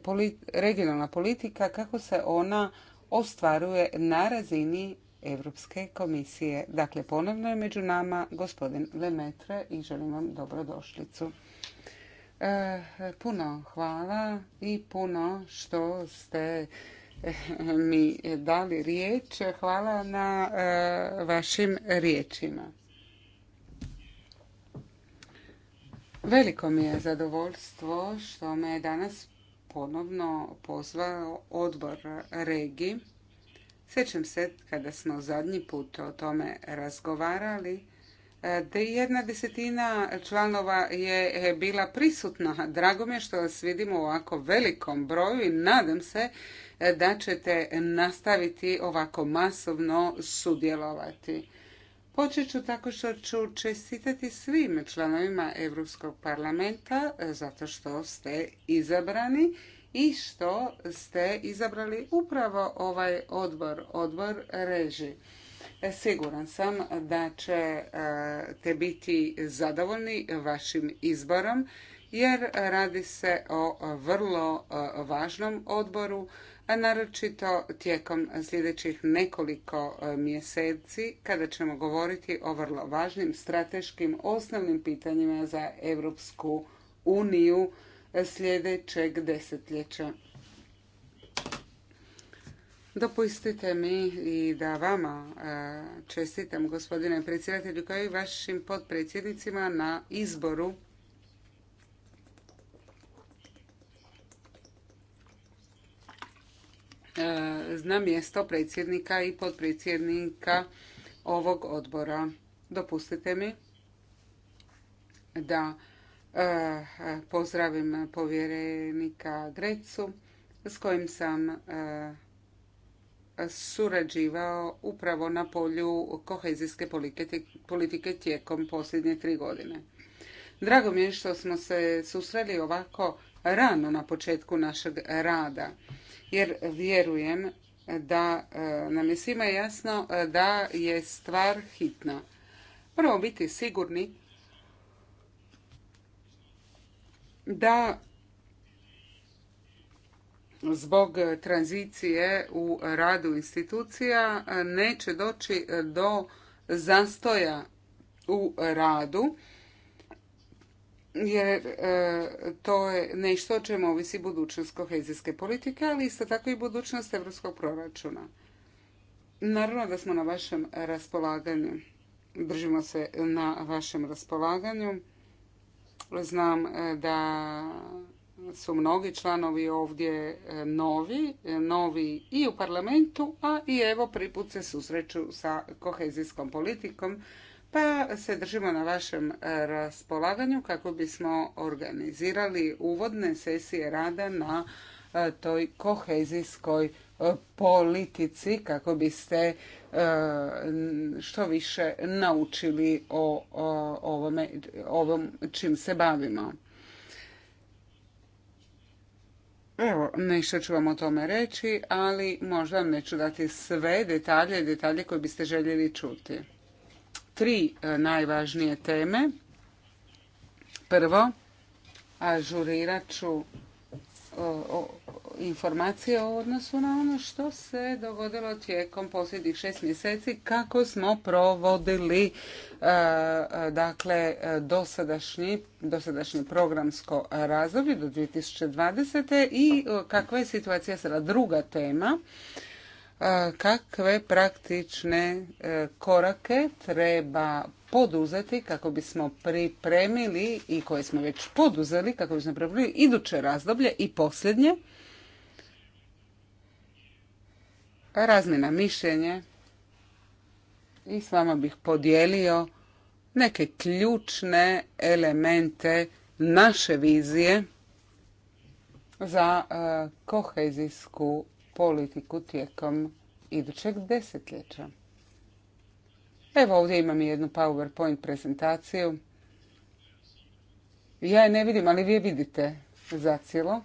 regionalna politika kako se ona ostvaruje na razini Europske komisije. Dakle, ponovno je među nama gospodin Lemetre i želim vam dobrodošlicu. E, puno hvala i puno što ste e, mi dali riječ. Hvala na e, vašim riječima. Veliko mi je zadovoljstvo što me je danas ponovno pozvao odbor regi Sjećam se kada smo zadnji put o tome razgovarali, e, da jedna desetina članova je e, bila prisutna. Drago mi je što vas vidimo u ovako velikom broju i nadam se e, da ćete nastaviti ovako masovno sudjelovati. Počet ću tako što ću čestitati svim članovima Europskog parlamenta zato što ste izabrani i što ste izabrali upravo ovaj odbor, odbor reži. E, siguran sam da će e, te biti zadovoljni vašim izborom jer radi se o vrlo e, važnom odboru, a naročito tijekom sljedećih nekoliko mjeseci kada ćemo govoriti o vrlo važnim strateškim osnovnim pitanjima za Europsku uniju sljedećeg desetljeća. Dopustite mi i da vama e, čestitam, gospodine predsjedatelju, kao i vašim potpredsjednicima na izboru e, na mjesto predsjednika i potpredsjednika ovog odbora. Dopustite mi da pozdravim povjerenika Grecu s kojim sam e, surađivao upravo na polju kohezijske politike tijekom posljednje tri godine. Drago mi je što smo se susreli ovako rano na početku našeg rada, jer vjerujem da e, nam je svima jasno e, da je stvar hitna. Moramo biti sigurni da zbog tranzicije u radu institucija neće doći do zastoja u radu jer e, to je nešto o čemu ovisi budućnost kohezijske politike, ali isto tako i budućnost evropskog proračuna. Naravno da smo na vašem raspolaganju. Držimo se na vašem raspolaganju Znam e, da su mnogi članovi ovdje e, novi, e, novi i u parlamentu, a i evo priput se susreću sa kohezijskom politikom, pa se držimo na vašem raspolaganju kako bismo organizirali uvodne sesije rada na toj kohezijskoj politici kako biste e, što više naučili o ovom čim se bavimo. Evo, nešto ću vam o tome reći, ali možda vam neću dati sve detalje, detalje koje biste željeli čuti. Tri e, najvažnije teme. Prvo, ažurirat ću informacije o odnosu na ono što se dogodilo tijekom posljednjih šest mjeseci kako smo provodili e, dakle dosadašnji, dosadašnje programsko razdoblje do 2020. i e, kakva je situacija sada druga tema e, kakve praktične korake treba poduzeti kako bismo pripremili i koje smo već poduzeli kako bismo pripremili iduće razdoblje i posljednje razmjena mišljenje i s vama bih podijelio neke ključne elemente naše vizije za e, kohezijsku politiku tijekom idućeg desetljeća. Evo ovdje imam jednu PowerPoint prezentaciju. Ja je ne vidim, ali vi je vidite cijelo.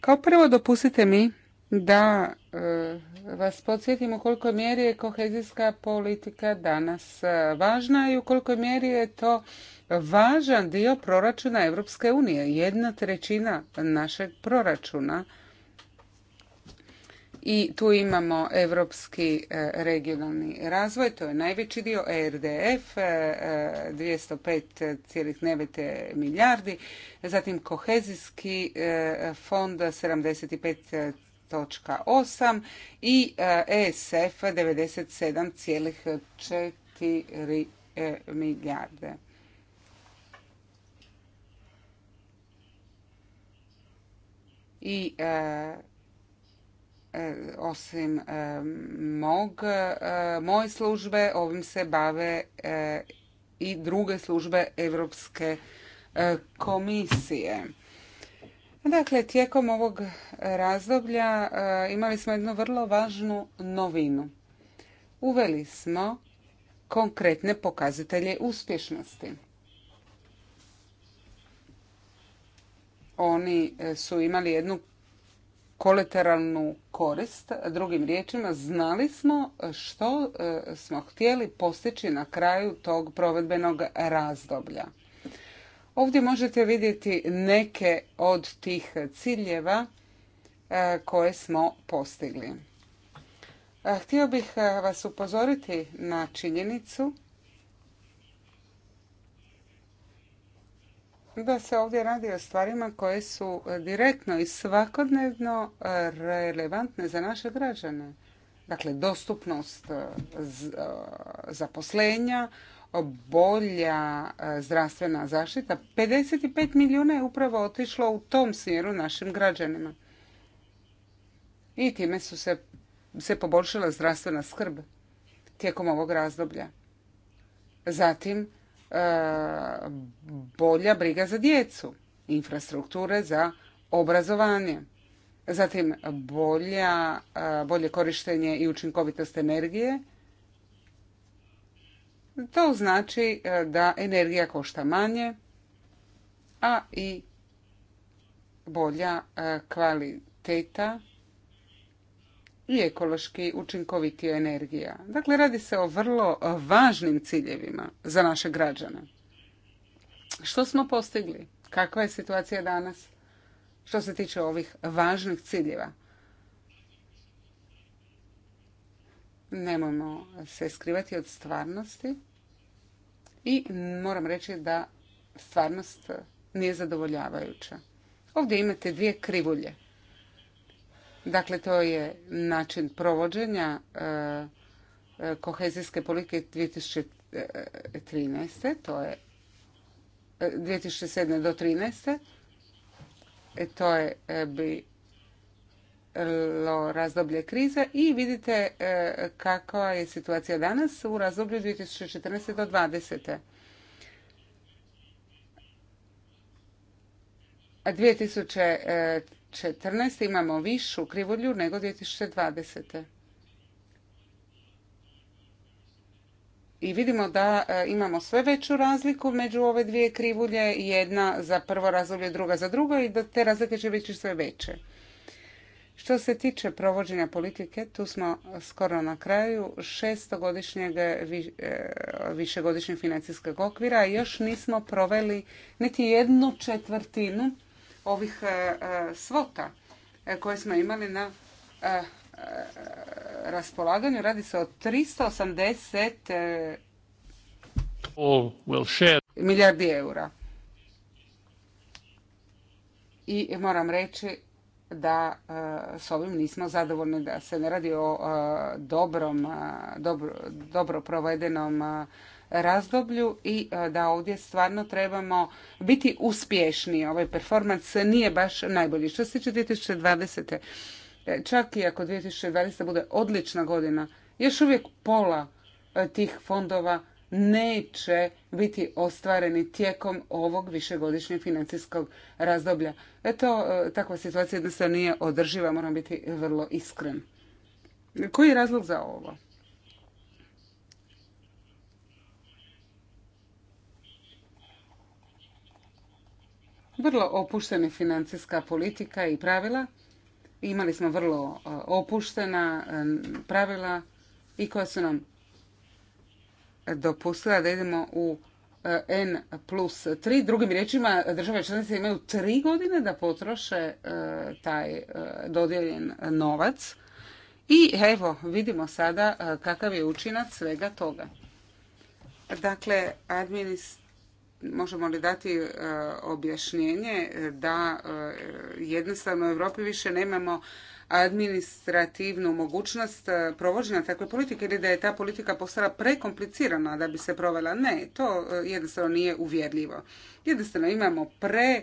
Kao prvo dopustite mi da e, vas podsjetim u koliko mjeri je kohezijska politika danas e, važna i u koliko mjeri je to važan dio proračuna Europske unije, jedna trećina našeg proračuna. I tu imamo Europski e, regionalni razvoj, to je najveći dio, ERDF, 205,9 e, milijardi, zatim kohezijski e, fond 75,8 i ESF 97,4 milijarde. i e, e, osim e, mog, moje službe, ovim se bave i druge službe Europske komisije. Dakle, tijekom ovog razdoblja imali smo jednu vrlo važnu novinu. Uveli smo konkretne pokazatelje uspješnosti. oni e, su imali jednu kolateralnu korist. Drugim riječima, znali smo e, što e, smo htjeli postići na kraju tog provedbenog razdoblja. Ovdje možete vidjeti neke od tih ciljeva koje smo postigli. Htio bih vas upozoriti na činjenicu da se ovdje radi o stvarima koje su direktno i svakodnevno e, relevantne za naše građane. Dakle, dostupnost e, e, zaposlenja, bolja zdravstvena zaštita. 55 milijuna je upravo otišlo u tom smjeru našim građanima. I time su se, se poboljšala zdravstvena skrb tijekom ovog razdoblja. Zatim, bolja briga za djecu, infrastrukture za obrazovanje, zatim bolja, bolje korištenje i učinkovitost energije. To znači e, da energija košta manje, a i bolja e, kvaliteta i ekološki učinkovitija energija. Dakle, radi se o vrlo važnim ciljevima za naše građane. Što smo postigli? Kakva je situacija danas? Što se tiče ovih važnih ciljeva? Nemojmo se skrivati od stvarnosti i moram reći da stvarnost nije zadovoljavajuća. Ovdje imate dvije krivulje. Dakle, to je način provođenja e, e, kohezijske politike 2013. To je 2007. E, do 2013. To je bilo razdoblje krize i vidite kakva je situacija danas u razdoblju 2014. do 2020. 2000 2014. imamo višu krivulju nego 2020. I vidimo da e, imamo sve veću razliku među ove dvije krivulje, jedna za prvo razdoblje, druga za drugo i da te razlike će biti sve veće. Što se tiče provođenja politike, tu smo skoro na kraju šestogodišnjeg e, višegodišnjeg financijskog okvira i još nismo proveli niti jednu četvrtinu ovih e, e, svota e, koje smo imali na raspolaganju. Radi se o 380 milijardi eura. I moram reći da s ovim nismo zadovoljni da se ne radi o dobro provedenom razdoblju i e, da ovdje stvarno trebamo biti uspješniji. Ovaj performans nije baš najbolji. Što se tiče 2020. E, čak i ako 2020. bude odlična godina, još uvijek pola e, tih fondova neće biti ostvareni tijekom ovog višegodišnjeg financijskog razdoblja. Eto, takva situacija jednostavno nije održiva, moram biti vrlo iskren. Koji je razlog za ovo? vrlo opuštena financijska politika i pravila. Imali smo vrlo e, opuštena e, pravila i koja su nam dopustila da idemo u e, N plus 3. Drugim riječima, države članice imaju tri godine da potroše taj dodijeljen novac. I evo, vidimo sada kakav je učinak svega toga. Dakle, administracija možemo li dati e, objašnjenje da e, jednostavno u Europi više nemamo administrativnu mogućnost e, provođenja takve politike ili da je ta politika postala prekomplicirana da bi se provela. Ne, to jednostavno nije uvjerljivo. Jednostavno imamo pre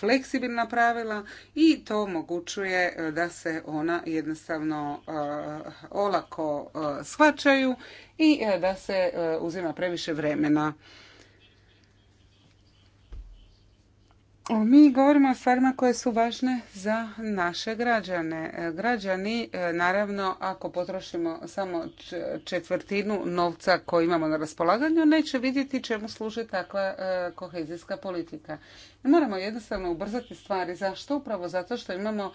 fleksibilna pravila i to omogućuje da se ona jednostavno olako shvaćaju i da se uzima previše vremena Mi govorimo o stvarima koje su važne za naše građane. E, građani, e, naravno, ako potrošimo samo četvrtinu novca koji imamo na raspolaganju, neće vidjeti čemu služi takva e, kohezijska politika. Moramo jednostavno ubrzati stvari. Zašto? Upravo zato što imamo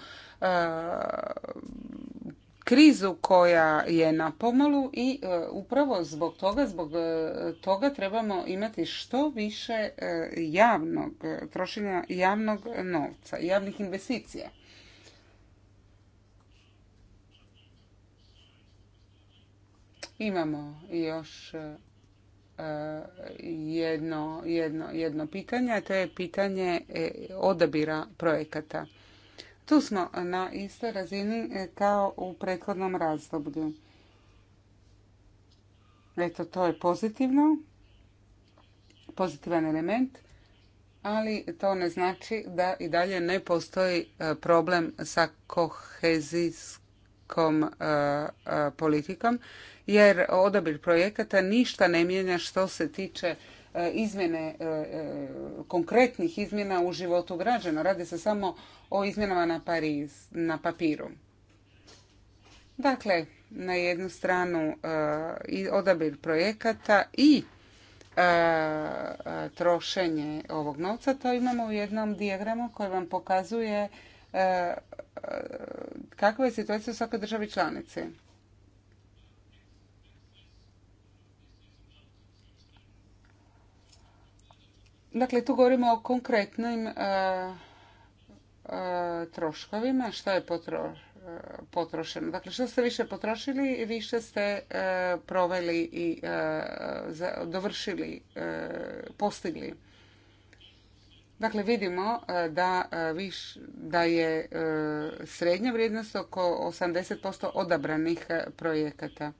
krizu koja je na pomolu i e, upravo zbog toga, zbog e, toga trebamo imati što više e, javnog trošenja javnog novca, javnih investicija. Imamo još jedno, jedno pitanje, a to je pitanje odabira projekata. Tu smo na istoj razini e, kao u prethodnom razdoblju. Eto, to je pozitivno, pozitivan element, ali to ne znači da i dalje ne postoji e, problem sa kohezijskom e, politikom, jer odabir projekata ništa ne mijenja što se tiče E, izmjene, e, e, konkretnih izmjena u životu građana. Radi se samo o izmjenama na, Pariz, na papiru. Dakle, na jednu stranu odabir projekata i trošenje ovog novca, to imamo u jednom dijagramu koji vam pokazuje kakva je situacija u svakoj državi članici. Dakle, tu govorimo o konkretnim e, e, troškovima, što je e, potrošeno. Dakle, što ste više potrošili, više ste proveli i dovršili, postigli. Dakle, vidimo da, da je srednja vrijednost oko 80% odabranih projekata,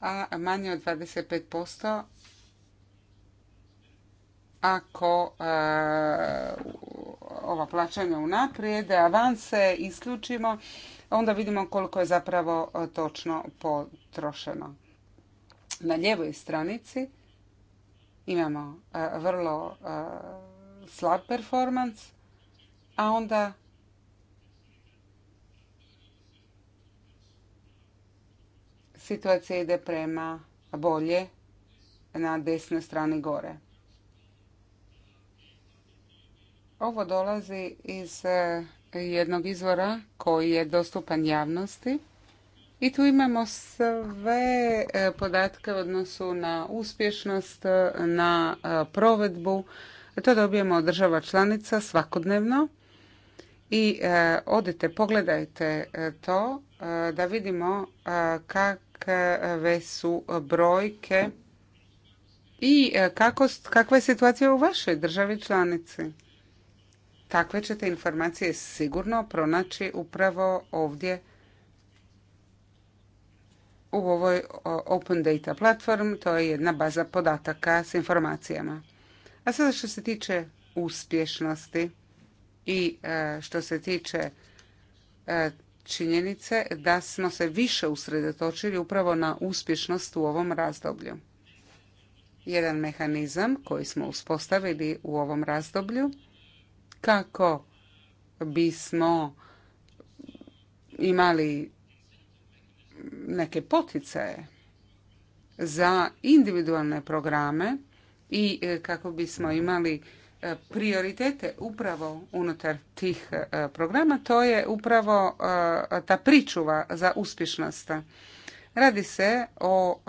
a manje od 25% ako e, ova plaćanja unaprijede, avanse isključimo, onda vidimo koliko je zapravo e, točno potrošeno. Na ljevoj stranici imamo e, vrlo slab performans, a onda situacija ide prema bolje na desnoj strani gore. Ovo dolazi iz e, jednog izvora koji je dostupan javnosti. I tu imamo sve e, podatke u odnosu na uspješnost, e, na provedbu. To dobijemo od država članica svakodnevno. I odite, pogledajte to da vidimo kakve su brojke i kakva je situacija u vašoj državi članici takve ćete informacije sigurno pronaći upravo ovdje u ovoj Open Data Platform, to je jedna baza podataka s informacijama. A sada što se tiče uspješnosti i e, što se tiče e, činjenice da smo se više usredotočili upravo na uspješnost u ovom razdoblju. Jedan mehanizam koji smo uspostavili u ovom razdoblju kako bismo imali neke poticaje za individualne programe i e, kako bismo imali e, prioritete upravo unutar tih e, programa, to je upravo ta pričuva za uspješnost. Radi se o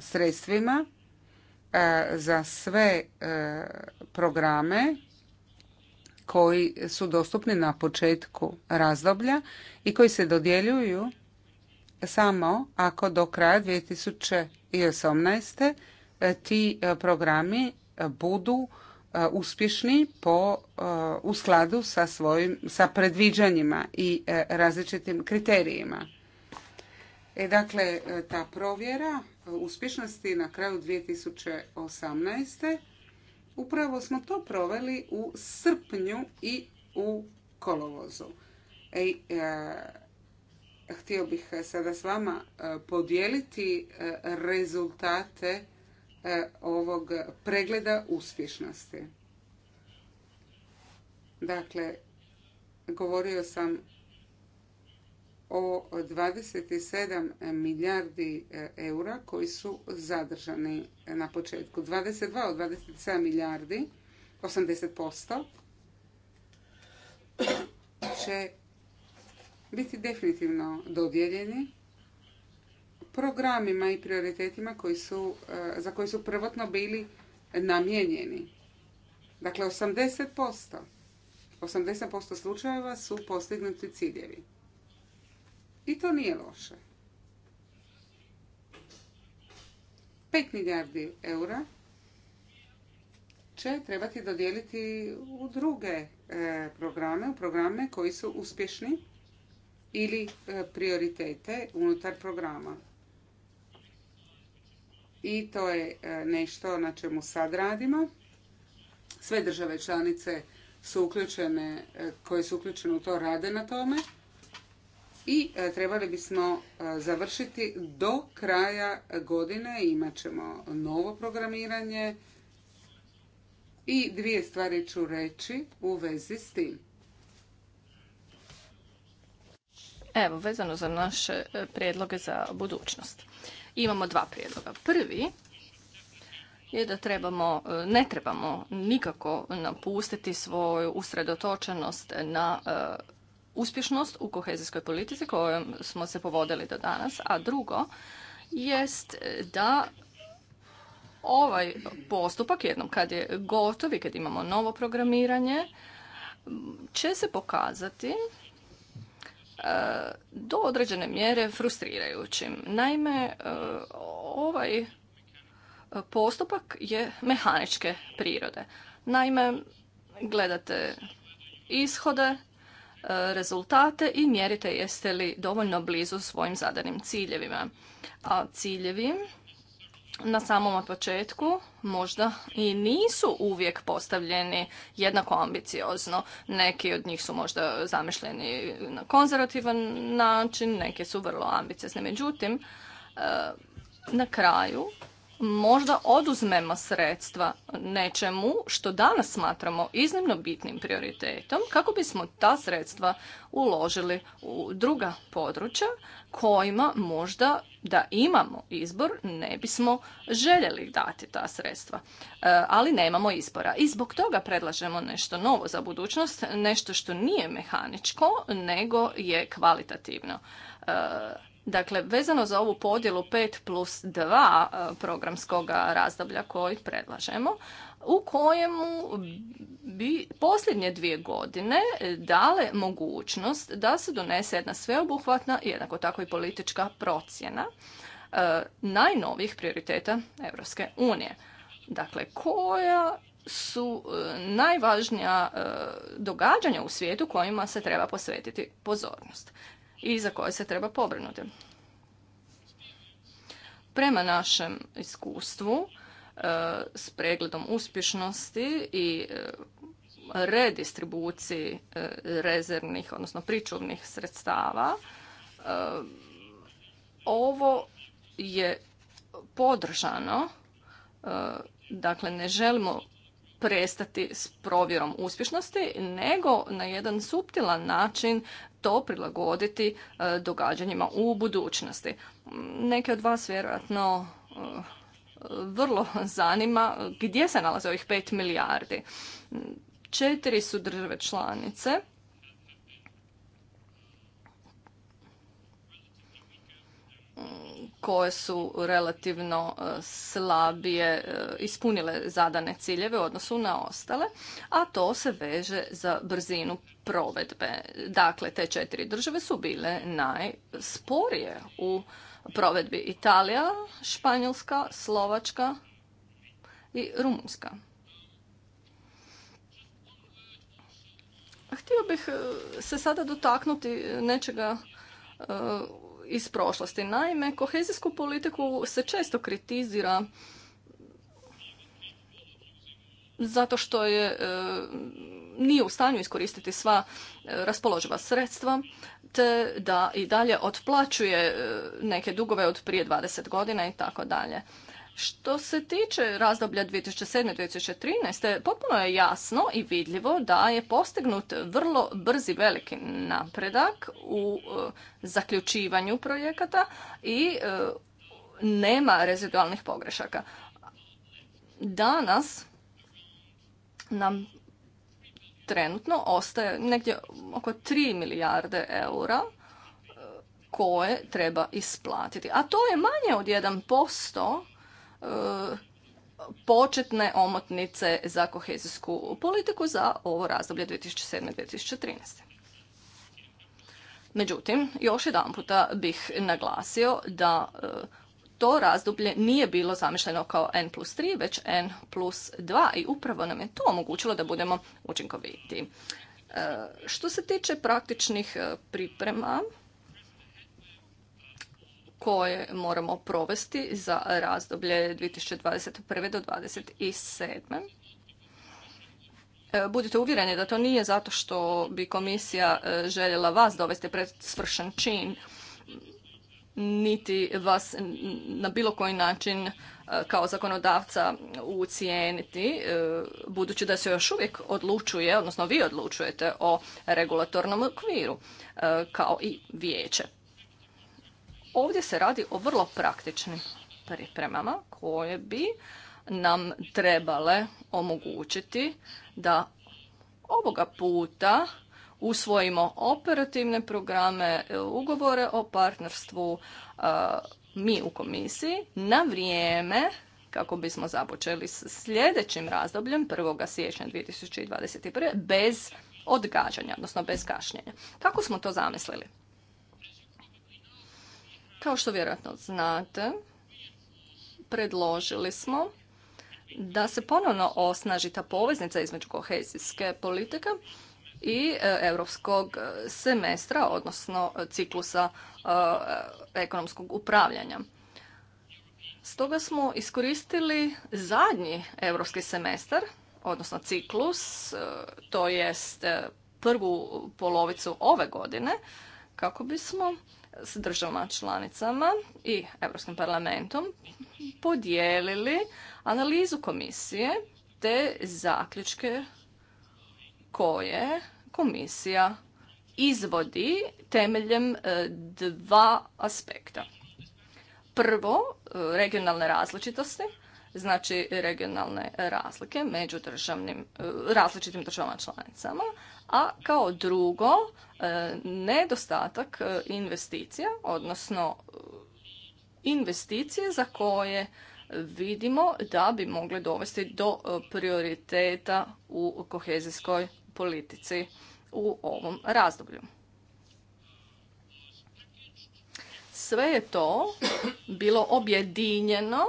sredstvima za sve programe koji su dostupni na početku razdoblja i koji se dodjeljuju samo ako do kraja 2018. ti e, programi e, budu e, uspješni po, u skladu sa, svojim, sa predviđanjima i različitim kriterijima. E, dakle, ta provjera uspješnosti na kraju 2018 Upravo smo to proveli u srpnju i u kolovozu. e, htio bih sada s vama e, podijeliti e, rezultate e, ovog pregleda uspješnosti. Dakle, govorio sam o 27 milijardi e, eura koji su zadržani na početku. 22 od 27 milijardi, 80%, će biti definitivno dodijeljeni programima i prioritetima koji su, e, za koji su prvotno bili namijenjeni. Dakle, 80%. 80% slučajeva su postignuti ciljevi. I to nije loše. 5 milijardi eura će trebati dodijeliti u druge e, programe, u programe koji su uspješni ili e, prioritete unutar programa. I to je e, nešto na čemu sad radimo. Sve države članice su uključene, koje su uključene u to rade na tome i e, trebali bismo e, završiti do kraja godine. Imat ćemo novo programiranje i dvije stvari ću reći u vezi s tim. Evo, vezano za naše e, prijedloge za budućnost. Imamo dva prijedloga. Prvi je da trebamo, ne trebamo nikako napustiti svoju usredotočenost na uspješnost u kohezijskoj politici kojom smo se povodili do danas, a drugo jest da ovaj postupak jednom kad je gotov i kad imamo novo programiranje će se pokazati e, do određene mjere frustrirajućim. Naime, e, ovaj postupak je mehaničke prirode. Naime, gledate ishode, E, rezultate i mjerite jeste li dovoljno blizu svojim zadanim ciljevima. A ciljevi na samom početku možda i nisu uvijek postavljeni jednako ambiciozno. Neki od njih su možda zamišljeni na konzervativan način, neki su vrlo ambiciozni. Međutim, e, na kraju možda oduzmemo sredstva nečemu što danas smatramo iznimno bitnim prioritetom kako bismo ta sredstva uložili u druga područja kojima možda da imamo izbor ne bismo željeli dati ta sredstva, e, ali nemamo izbora. I zbog toga predlažemo nešto novo za budućnost, nešto što nije mehaničko nego je kvalitativno e, Dakle, vezano za ovu podjelu 5 plus 2 e, programskog razdoblja koji predlažemo, u kojemu bi posljednje dvije godine dale mogućnost da se donese jedna sveobuhvatna, jednako tako i politička procjena e, najnovijih prioriteta Europske unije. Dakle, koja su e, najvažnija događanja u svijetu kojima se treba posvetiti pozornost i za koje se treba pobrinuti. Prema našem iskustvu e, s pregledom uspješnosti i e, redistribuciji e, rezervnih, odnosno pričuvnih sredstava, ovo je podržano. Dakle, ne želimo prestati s provjerom uspješnosti, nego na jedan suptilan način to prilagoditi e, događanjima u budućnosti. Neke od vas vjerojatno e, vrlo zanima gdje se nalaze ovih 5 milijardi. Četiri su države članice koje su relativno e, slabije e, ispunile zadane ciljeve u odnosu na ostale, a to se veže za brzinu provedbe. Dakle, te četiri države su bile najsporije u provedbi Italija, Španjolska, Slovačka i Rumunjska. Htio bih e, se sada dotaknuti nečega iz prošlosti. Naime, kohezijsku politiku se često kritizira zato što je e, nije u stanju iskoristiti sva e, raspoloživa sredstva, te da i dalje otplaćuje e, neke dugove od prije 20 godina i tako dalje. Što se tiče razdoblja 2007-2013, potpuno je jasno i vidljivo da je postignut vrlo brzi veliki napredak u e, zaključivanju projekata i e, nema rezidualnih pogrešaka. Danas nam trenutno ostaje negdje oko 3 milijarde eura e, koje treba isplatiti. A to je manje od 1% početne omotnice za kohezijsku politiku za ovo razdoblje 2007-2013. Međutim, još jedan puta bih naglasio da e, to razdoblje nije bilo zamišljeno kao N plus 3, već N plus 2 i upravo nam je to omogućilo da budemo učinkoviti. E, što se tiče praktičnih e, priprema koje moramo provesti za razdoblje 2021. do 2027. E, budite uvjereni da to nije zato što bi komisija e, željela vas dovesti pred svršen čin, niti vas na bilo koji način e, kao zakonodavca ucijeniti, budući da se još uvijek odlučuje, odnosno vi odlučujete o regulatornom okviru kao i vijeće. Ovdje se radi o vrlo praktičnim pripremama koje bi nam trebale omogućiti da ovoga puta usvojimo operativne programe, e, ugovore o partnerstvu e, mi u komisiji na vrijeme kako bismo započeli s sljedećim razdobljem 1. siječnja 2021. bez odgađanja, odnosno bez kašnjenja. Kako smo to zamislili? Kao što vjerojatno znate, predložili smo da se ponovno osnaži ta poveznica između kohezijske politike i europskog semestra, odnosno ciklusa e, ekonomskog upravljanja. Stoga smo iskoristili zadnji europski semestar, odnosno ciklus, e, to jest e, prvu polovicu ove godine, kako bismo s državama članicama i Europskim parlamentom podijelili analizu komisije te zaključke koje komisija izvodi temeljem e, dva aspekta. Prvo, e, regionalne različitosti, znači regionalne razlike među državnim, e, različitim državama članicama, a kao drugo e, nedostatak e, investicija, odnosno investicije za koje vidimo da bi mogle dovesti do prioriteta u kohezijskoj politici u ovom razdoblju. Sve je to bilo objedinjeno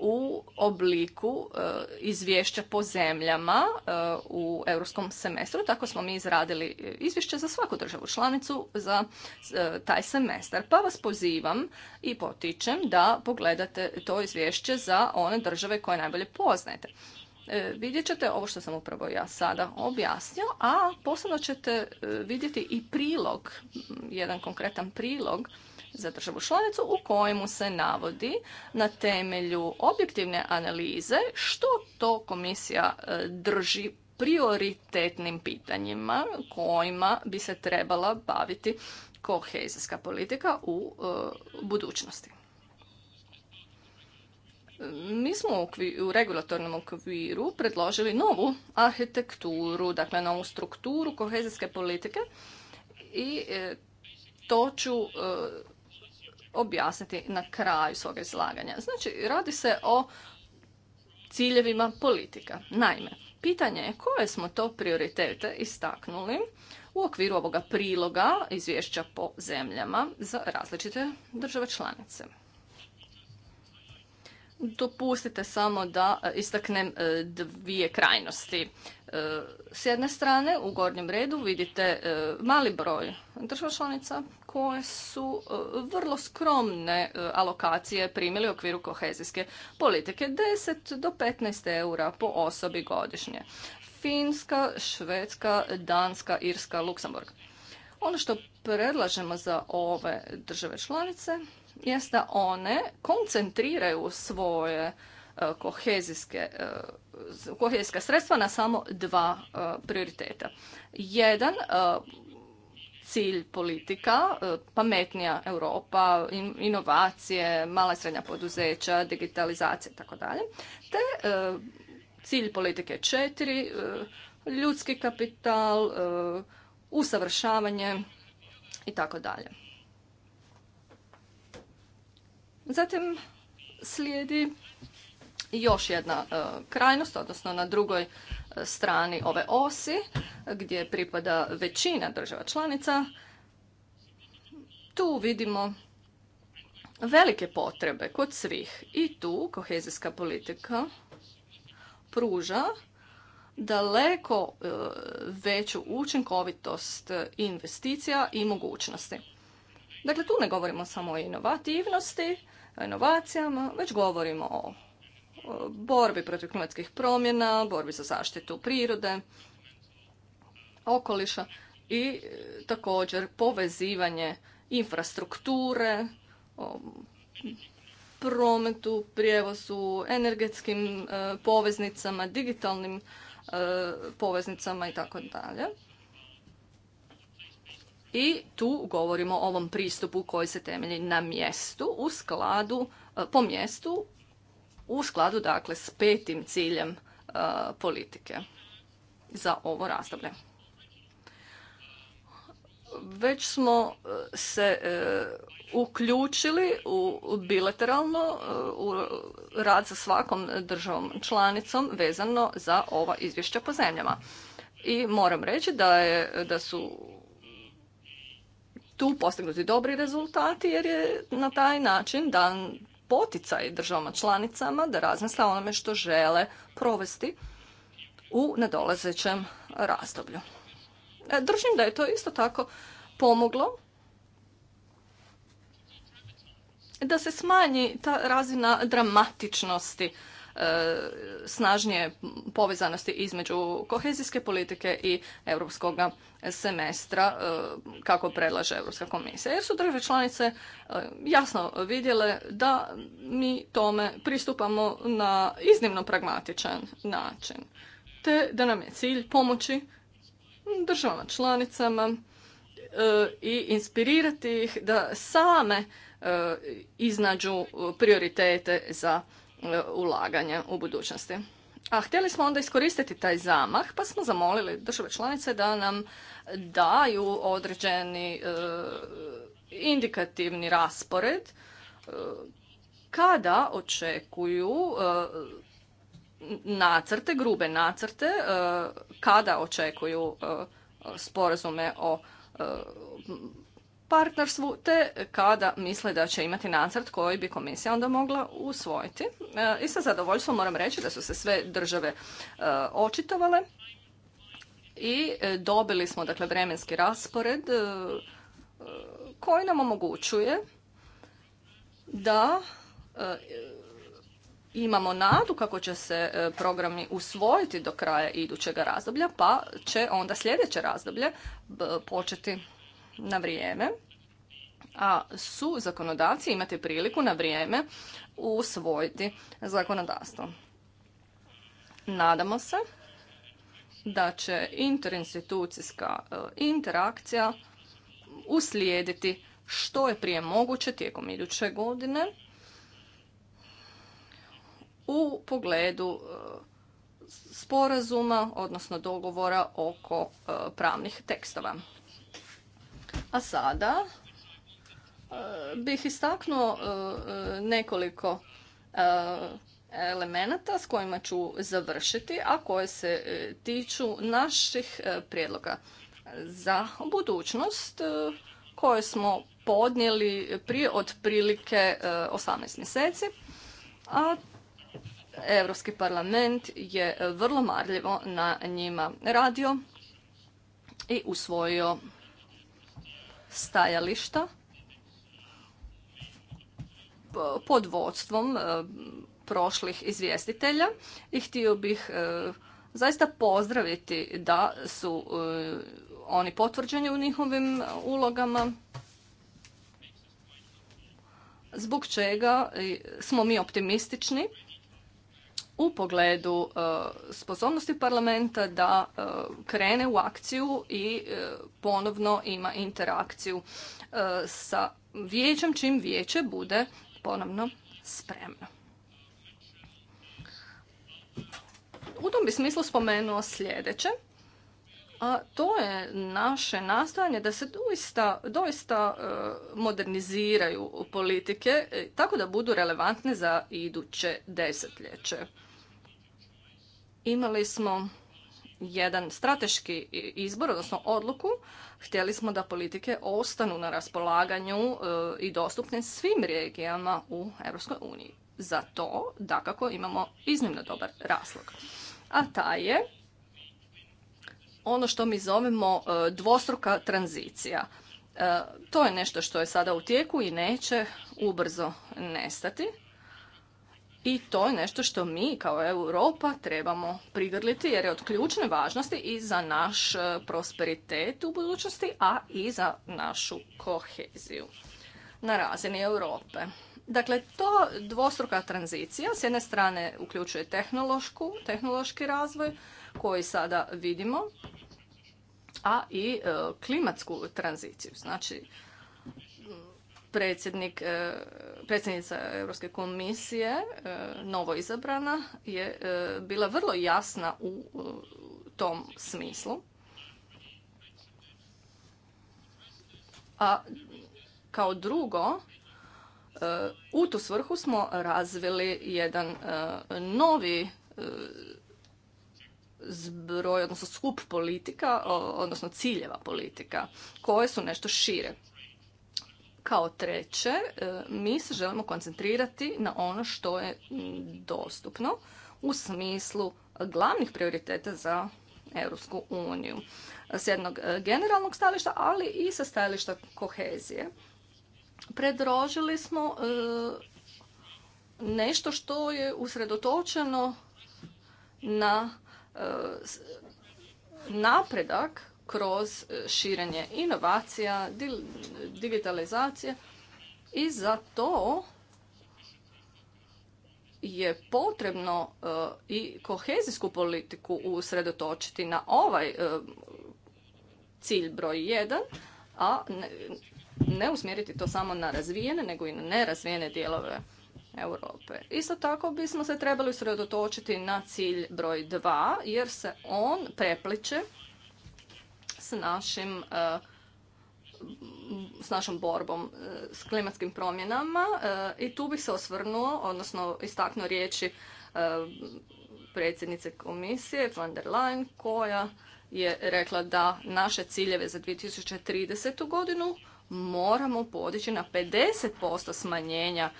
u obliku e, izvješća po zemljama e, u europskom semestru. Tako smo mi izradili e, izvješće za svaku državu članicu za taj semestar. Pa vas pozivam i potičem da pogledate to izvješće za one države koje najbolje poznajete. Vidjet ćete ovo što sam upravo ja sada objasnio, a posebno ćete vidjeti i prilog, jedan konkretan prilog za državu članicu u kojemu se navodi na temelju objektivne analize što to komisija e, drži prioritetnim pitanjima kojima bi se trebala baviti kohezijska politika u e, budućnosti. Mi smo u regulatornom okviru predložili novu arhitekturu, dakle novu strukturu kohezijske politike i e, to ću objasniti na kraju svog izlaganja. Znači, radi se o ciljevima politika. Naime, pitanje je koje smo to prioritete istaknuli u okviru ovoga priloga izvješća po zemljama za različite države članice. Dopustite samo da e, istaknem e, dvije krajnosti. E, s jedne strane, u gornjem redu vidite mali broj država članica, koje su e, vrlo skromne e, alokacije primili u okviru kohezijske politike 10 do 15 eura po osobi godišnje. Finska, Švedska, Danska, Irska, Luksemburg. Ono što predlažemo za ove države članice jest da one koncentriraju svoje e, kohezijske, kohezijska sredstva na samo dva prioriteta. Jedan cilj politika, e, pametnija Europa, inovacije, mala i srednja poduzeća, digitalizacija i tako dalje. Te e, cilj politike četiri, e, ljudski kapital, usavršavanje i tako dalje. Zatim slijedi još jedna krajnost, odnosno na drugoj strani ove osi gdje pripada većina država članica, tu vidimo velike potrebe kod svih i tu kohezijska politika pruža daleko e, veću učinkovitost investicija i mogućnosti. Dakle, tu ne govorimo samo o inovativnosti, o inovacijama, već govorimo o borbi protiv klimatskih promjena, borbi za zaštitu prirode, okoliša i e, također povezivanje infrastrukture, prometu, prijevozu, energetskim e, poveznicama, digitalnim e, poveznicama i tako dalje. I tu govorimo o ovom pristupu koji se temelji na mjestu, u skladu, po mjestu, u skladu dakle s petim ciljem uh, politike za ovo razdoblje. Već smo uh, se uh, uključili u bilateralno u rad sa svakom državom članicom vezano za ova izvješća po zemljama. I moram reći da, je, da su tu postignuti dobri rezultati jer je na taj način dan poticaj državama članicama da razmisle onome što žele provesti u nadolazećem razdoblju. E, držim da je to isto tako pomoglo da se smanji ta razina dramatičnosti E, snažnije povezanosti između kohezijske politike i europskog semestra e, kako predlaže Europska komisija. Jer su države članice e, jasno vidjele da mi tome pristupamo na iznimno pragmatičan način, te da nam je cilj pomoći državama članicama i inspirirati ih da same iznađu prioritete za E, ulaganja u budućnosti. A htjeli smo onda iskoristiti taj zamah, pa smo zamolili države članice da nam daju određeni e, indikativni raspored e, kada očekuju nacrte, grube nacrte, kada očekuju sporazume o partnerstvu te kada misle da će imati nacrt koji bi komisija onda mogla usvojiti. E, I sa zadovoljstvom moram reći da su se sve države e, očitovale i e, dobili smo dakle vremenski raspored koji nam omogućuje da imamo nadu kako će se programi usvojiti do kraja idućega razdoblja, pa će onda sljedeće razdoblje početi na vrijeme, a su zakonodavci imati priliku na vrijeme usvojiti zakonodavstvo. Nadamo se da će interinstitucijska e, interakcija uslijediti što je prije moguće tijekom iduće godine u pogledu e, sporazuma, odnosno dogovora oko e, pravnih tekstova. A sada e, bih istaknuo e, nekoliko e, elemenata s kojima ću završiti, a koje se tiču naših prijedloga za budućnost koje smo podnijeli prije otprilike 18 mjeseci, a Europski parlament je vrlo marljivo na njima radio i usvojio stajališta pod vodstvom e, prošlih izvjestitelja i htio bih e, zaista pozdraviti da su e, oni potvrđeni u njihovim ulogama zbog čega smo mi optimistični u pogledu e, sposobnosti parlamenta da e, krene u akciju i e, ponovno ima interakciju sa vijećem čim vijeće bude ponovno spremno. U tom bi smislu spomenuo sljedeće. A to je naše nastojanje da se doista, doista moderniziraju politike tako da budu relevantne za iduće desetljeće imali smo jedan strateški izbor, odnosno odluku. Htjeli smo da politike ostanu na raspolaganju e, i dostupne svim regijama u EU. Za to, dakako, imamo iznimno dobar razlog. A taj je ono što mi zovemo e, dvostruka tranzicija. E, to je nešto što je sada u tijeku i neće ubrzo nestati. I to je nešto što mi kao Europa trebamo prigrliti jer je od ključne važnosti i za naš e, prosperitet u budućnosti, a i za našu koheziju na razini Europe. Dakle, to dvostruka tranzicija s jedne strane uključuje tehnološku, tehnološki razvoj koji sada vidimo, a i e, klimatsku tranziciju. Znači, predsjednik, e, predsjednica Europske komisije, e, novo izabrana, je e, bila vrlo jasna u tom smislu. A kao drugo, u tu svrhu smo razvili jedan novi zbroj, odnosno skup politika, odnosno ciljeva politika, koje su nešto šire. Kao treće, e, mi se želimo koncentrirati na ono što je dostupno u smislu glavnih prioriteta za Europsku uniju. S jednog e, generalnog stajališta, ali i sa stajališta kohezije. Predrožili smo e, nešto što je usredotočeno na napredak kroz e, širenje inovacija, digitalizacije i za to je potrebno e, i kohezijsku politiku usredotočiti na ovaj e, cilj broj 1, a ne usmjeriti to samo na razvijene, nego i na nerazvijene dijelove Europe. Isto tako bismo se trebali usredotočiti na cilj broj 2, jer se on prepliče s našim e, s našom borbom e, s klimatskim promjenama e, i tu bih se osvrnuo, odnosno istaknuo riječi predsjednice komisije van der Leyen koja je rekla da naše ciljeve za 2030. godinu moramo podići na 50% smanjenja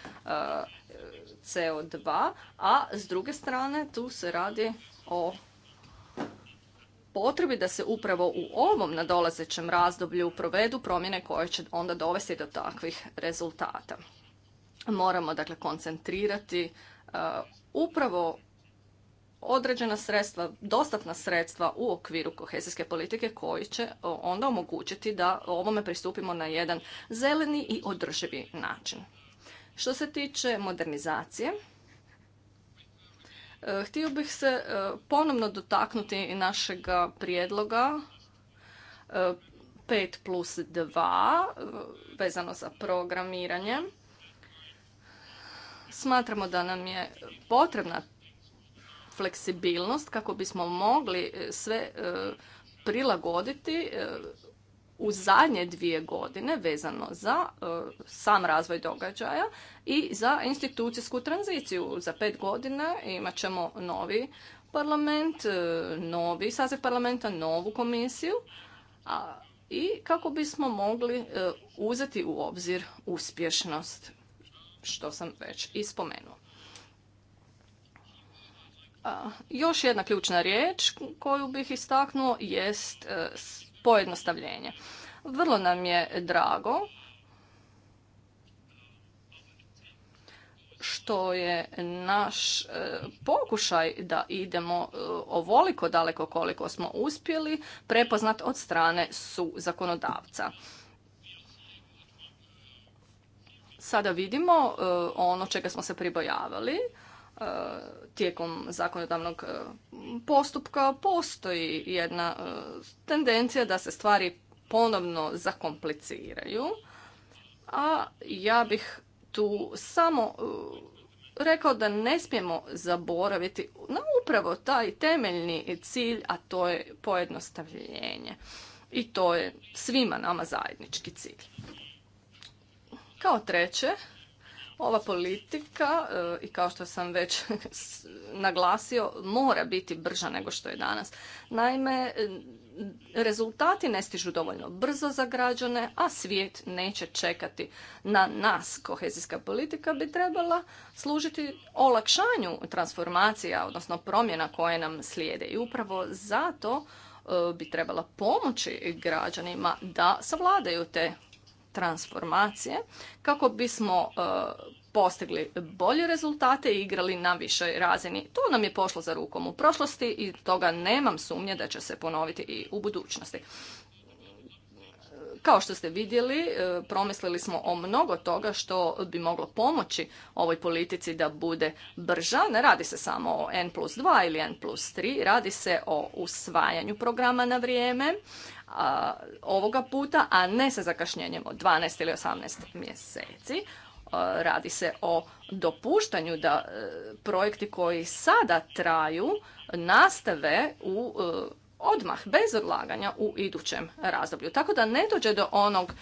CO2, a s druge strane tu se radi o potrebi da se upravo u ovom nadolazećem razdoblju provedu promjene koje će onda dovesti do takvih rezultata. Moramo dakle koncentrirati e, upravo određena sredstva, dostatna sredstva u okviru kohezijske politike koji će e, onda omogućiti da ovome pristupimo na jedan zeleni i održivi način. Što se tiče modernizacije, E, htio bih se e, ponovno dotaknuti našeg prijedloga 5 e, plus 2 vezano za programiranje. Smatramo da nam je potrebna fleksibilnost kako bismo mogli sve prilagoditi u zadnje dvije godine vezano za e, sam razvoj događaja i za institucijsku tranziciju. Za pet godina imat ćemo novi parlament, e, novi saziv parlamenta, novu komisiju i kako bismo mogli e, uzeti u obzir uspješnost, što sam već i spomenuo. još jedna ključna riječ koju bih istaknuo jest pojednostavljenje. Vrlo nam je drago što je naš e, pokušaj da idemo e, ovoliko daleko koliko smo uspjeli prepoznat od strane su zakonodavca. Sada vidimo e, ono čega smo se pribojavali, E, tijekom zakonodavnog e, postupka postoji jedna e, tendencija da se stvari ponovno zakompliciraju, a ja bih tu samo rekao da ne smijemo zaboraviti na upravo taj temeljni cilj, a to je pojednostavljenje. I to je svima nama zajednički cilj. Kao treće, ova politika, e, i kao što sam već naglasio, mora biti brža nego što je danas. Naime, e, rezultati ne stižu dovoljno brzo za građane, a svijet neće čekati na nas. Kohezijska politika bi trebala služiti olakšanju transformacija, odnosno promjena koje nam slijede. I upravo zato e, bi trebala pomoći građanima da savladaju te transformacije kako bismo e, postigli bolje rezultate i igrali na višoj razini. To nam je pošlo za rukom u prošlosti i toga nemam sumnje da će se ponoviti i u budućnosti. Kao što ste vidjeli, e, promislili smo o mnogo toga što bi moglo pomoći ovoj politici da bude brža. Ne radi se samo o N plus 2 ili N plus 3, radi se o usvajanju programa na vrijeme, a, ovoga puta, a ne sa zakašnjenjem od 12 ili 18 mjeseci. E, radi se o dopuštanju da e, projekti koji sada traju nastave u e, odmah, bez odlaganja u idućem razdoblju. Tako da ne dođe do onog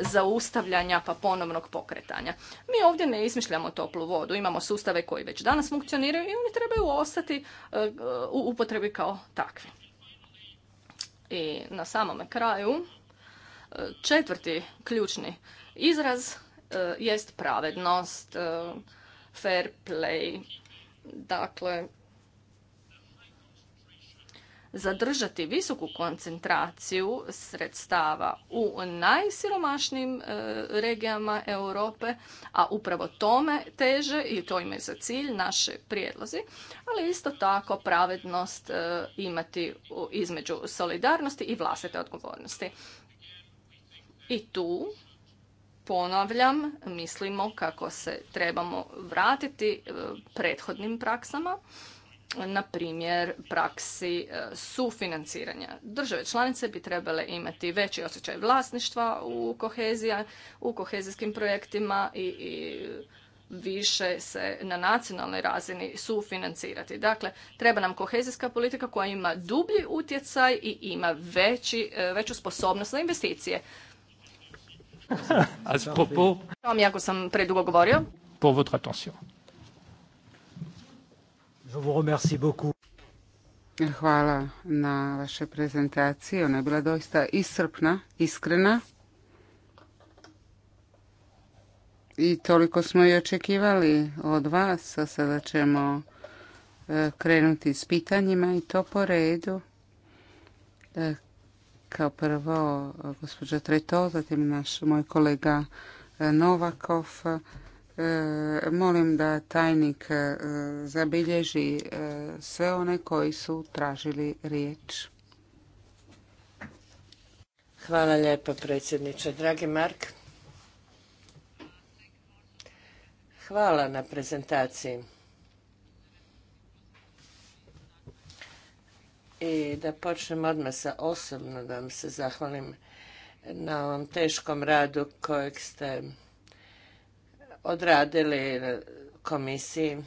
zaustavljanja pa ponovnog pokretanja. Mi ovdje ne izmišljamo toplu vodu, imamo sustave koji već danas funkcioniraju i oni trebaju ostati u upotrebi kao takvi. I na samome kraju, e, četvrti ključni izraz e, jest pravednost, e, fair play. Dakle, zadržati visoku koncentraciju sredstava u najsiromašnijim e, regijama Europe, a upravo tome teže i to ima za cilj naše prijedlozi, ali isto tako pravednost e, imati između solidarnosti i vlastite odgovornosti. I tu ponavljam, mislimo kako se trebamo vratiti e, prethodnim praksama na primjer praksi e, sufinanciranja. Države članice bi trebale imati veći osjećaj vlasništva u kohezija, u kohezijskim projektima i, i više se na nacionalnoj razini sufinancirati. Dakle, treba nam kohezijska politika koja ima dublji utjecaj i ima veći, e, veću sposobnost na investicije. ako sam predugo govorio. Pour votre attention. Hvala na vašoj prezentaciji. Ona je bila doista iscrpna, iskrena. I toliko smo i očekivali od vas, a sada ćemo e, krenuti s pitanjima i to po redu. E, kao prvo gospođa Treto, zatim naš moj kolega e, Novakov. E, molim da tajnik e, zabilježi e, sve one koji su tražili riječ. Hvala lijepo predsjedniče. Dragi Mark, hvala na prezentaciji. I da počnem odmah sa osobno da vam se zahvalim na ovom teškom radu kojeg ste odradili komisiji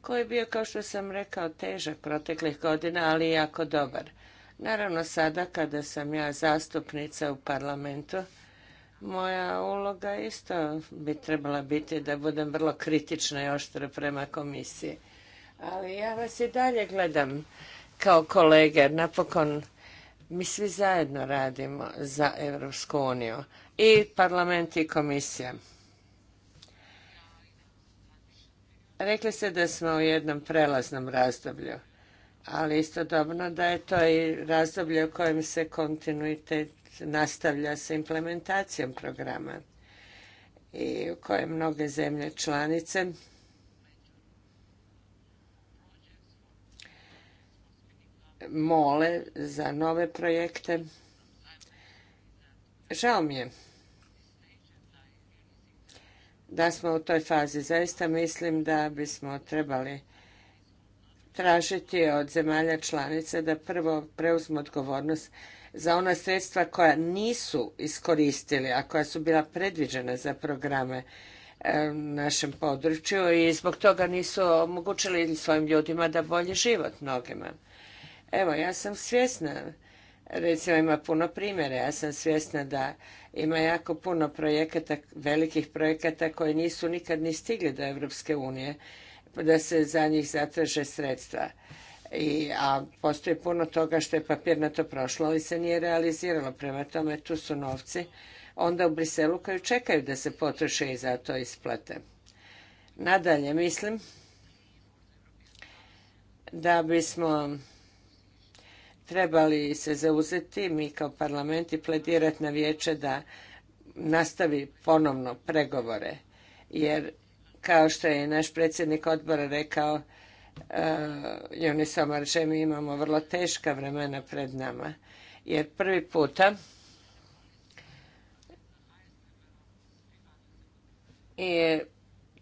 koji je bio, kao što sam rekao, težak proteklih godina, ali jako dobar. Naravno, sada kada sam ja zastupnica u parlamentu, moja uloga isto bi trebala biti da budem vrlo kritična i oštra prema komisiji. Ali ja vas i dalje gledam kao kolege, napokon mi svi zajedno radimo za Europsku uniju, i parlament i komisija. Rekli ste da smo u jednom prelaznom razdoblju, ali istodobno da je to i razdoblje u kojem se kontinuitet nastavlja sa implementacijom programa i u kojem mnoge zemlje članice mole za nove projekte. Žao mi je da smo u toj fazi. Zaista mislim da bismo trebali tražiti od zemalja članice da prvo preuzmu odgovornost za ona sredstva koja nisu iskoristili, a koja su bila predviđena za programe e, našem području i zbog toga nisu omogućili svojim ljudima da bolji život mnogima. Evo, ja sam svjesna recimo ima puno primjera. Ja sam svjesna da ima jako puno projekata, velikih projekata koji nisu nikad ni stigli do Europske unije, da se za njih zatraže sredstva. I, a postoji puno toga što je papirnato prošlo, ali se nije realiziralo. Prema tome, tu su novci onda u Briselu koji čekaju da se potroše i za to isplate. Nadalje, mislim da bismo trebali se zauzeti mi kao parlament i pledirati na vijeće da nastavi ponovno pregovore. Jer kao što je naš predsjednik odbora rekao, e, Joni Somarče, mi imamo vrlo teška vremena pred nama. Jer prvi puta je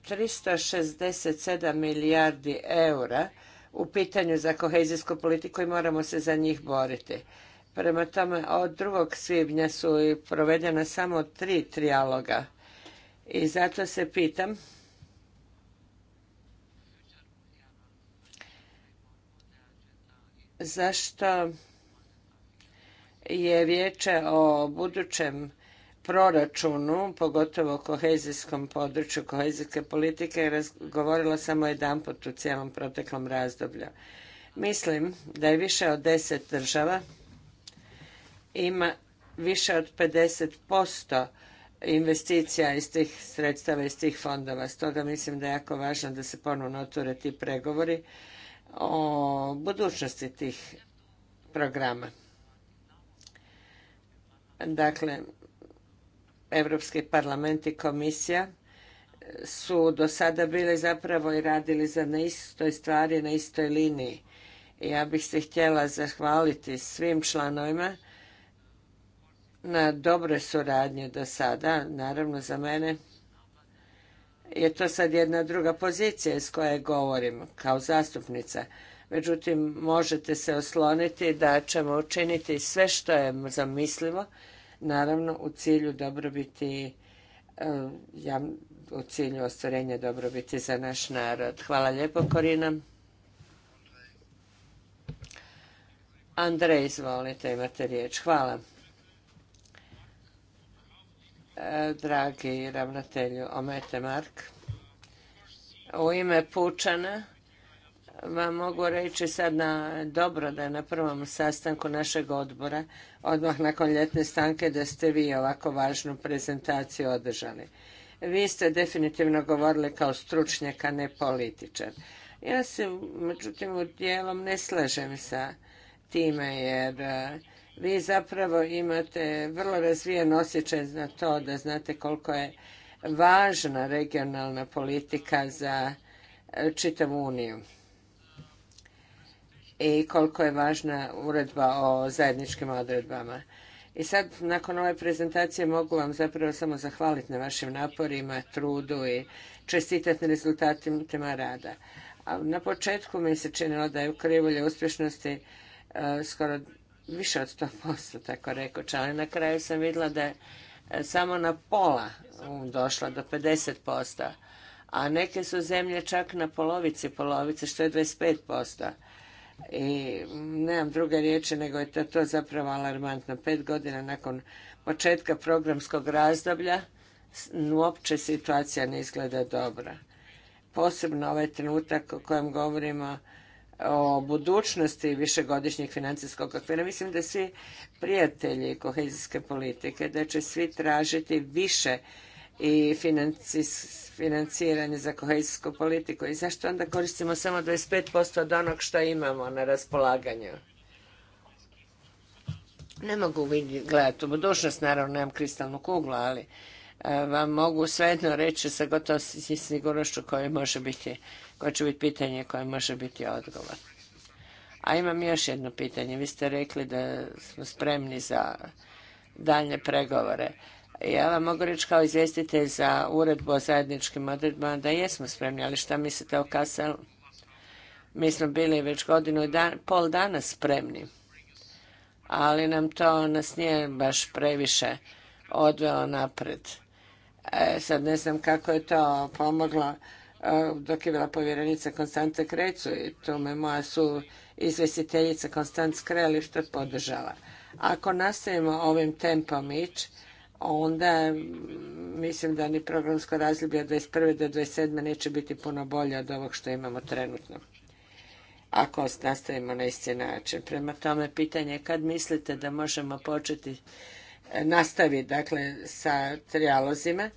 367 milijardi eura u pitanju za kohezijsku politiku i moramo se za njih boriti. Prema tome, od 2. svibnja su i provedena samo tri trijaloga i zato se pitam zašto je vijeće o budućem proračunu, pogotovo o kohezijskom području, kohezijske politike, govorila samo jedanput u cijelom proteklom razdoblju. Mislim da je više od deset država ima više od 50% investicija iz tih sredstava, iz tih fondova. Stoga mislim da je jako važno da se ponovno otvore ti pregovori o budućnosti tih programa. Dakle, Europski parlament i komisija su do sada bili zapravo i radili za na istoj stvari, na istoj liniji. Ja bih se htjela zahvaliti svim članovima na dobre suradnje do sada. Naravno, za mene je to sad jedna druga pozicija iz koje govorim kao zastupnica. Međutim, možete se osloniti da ćemo učiniti sve što je zamislivo naravno u cilju dobrobiti e, u cilju ostvarenja dobrobiti za naš narod. Hvala lijepo, Korina. Andrej, izvolite, imate riječ. Hvala. E, dragi ravnatelju Omete Mark, u ime Pučana vam mogu reći sad na dobro da na prvom sastanku našeg odbora, odmah nakon ljetne stanke, da ste vi ovako važnu prezentaciju održali. Vi ste definitivno govorili kao stručnjak, a ne političar. Ja se, međutim, u dijelom ne slažem sa time, jer e, vi zapravo imate vrlo razvijen osjećaj na to da znate koliko je važna regionalna politika za e, čitavu Uniju i koliko je važna uredba o zajedničkim odredbama. I sad, nakon ove prezentacije, mogu vam zapravo samo zahvaliti na vašim naporima, trudu i čestitati na rezultatima rada. A na početku mi se činilo da je u krivulje uspješnosti e, skoro više od 100%, tako rekao ali na kraju sam vidjela da je e, samo na pola došla do 50%, a neke su zemlje čak na polovici polovice, što je 25% i nemam druge riječi nego je to, zapravo alarmantno. Pet godina nakon početka programskog razdoblja uopće situacija ne izgleda dobra. Posebno ovaj trenutak o kojem govorimo o budućnosti višegodišnjeg financijskog okvira. Mislim da svi prijatelji kohezijske politike, da će svi tražiti više i financiranje za kohezijsku politiku i zašto onda koristimo samo 25% od onog što imamo na raspolaganju? Ne mogu vidjeti, gledati u budućnost, naravno nemam kristalnu kuglu, ali e, vam mogu svejedno reći sa gotovo sigurnošću koje može biti, koje će biti pitanje, koje može biti odgovor. A imam još jedno pitanje. Vi ste rekli da smo spremni za daljnje pregovore. Ja vam mogu reći kao izvjestitelj za uredbu o zajedničkim odredbama da jesmo spremni, ali šta mislite o Kasel? Mi smo bili već godinu i dan, pol dana spremni, ali nam to nas nije baš previše odvelo napred. E, sad ne znam kako je to pomoglo e, dok je bila povjerenica Konstanta Krecu i to me moja su izvjestiteljica Konstant Skrelišta podržala. Ako nastavimo ovim tempom ići, onda mm, mislim da ni programsko razdoblje od 21. do 27. neće biti puno bolje od ovog što imamo trenutno. Ako nastavimo na isti način. Prema tome, pitanje je kad mislite da možemo početi e, nastaviti dakle, sa trijalozima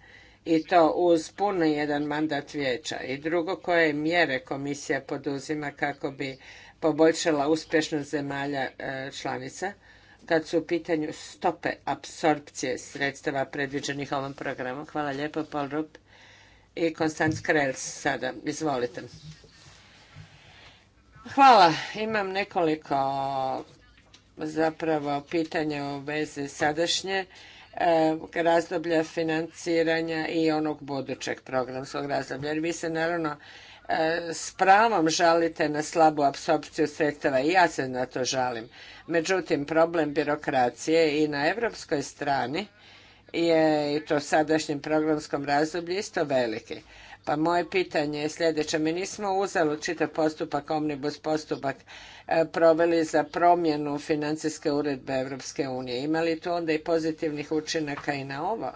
i to uz puno jedan mandat vijeća. I drugo, koje mjere komisija poduzima kako bi poboljšala uspješnost zemalja e, članica kad su u pitanju stope apsorpcije sredstava predviđenih ovom programu. Hvala lijepo, Paul Rupp i Konstanc Krels sada. Izvolite. Hvala. Imam nekoliko zapravo pitanja u vezi sadašnje e, razdoblja financiranja i onog budućeg programskog razdoblja. Jer vi se naravno s pravom žalite na slabu apsorpciju sredstava i ja se na to žalim. Međutim, problem birokracije i na europskoj strani je i to sadašnjem programskom razdoblju isto veliki. Pa moje pitanje je sljedeće. Mi nismo uzeli čitav postupak, omnibus postupak, e, proveli za promjenu financijske uredbe Evropske unije. Ima li to onda i pozitivnih učinaka i na ovo?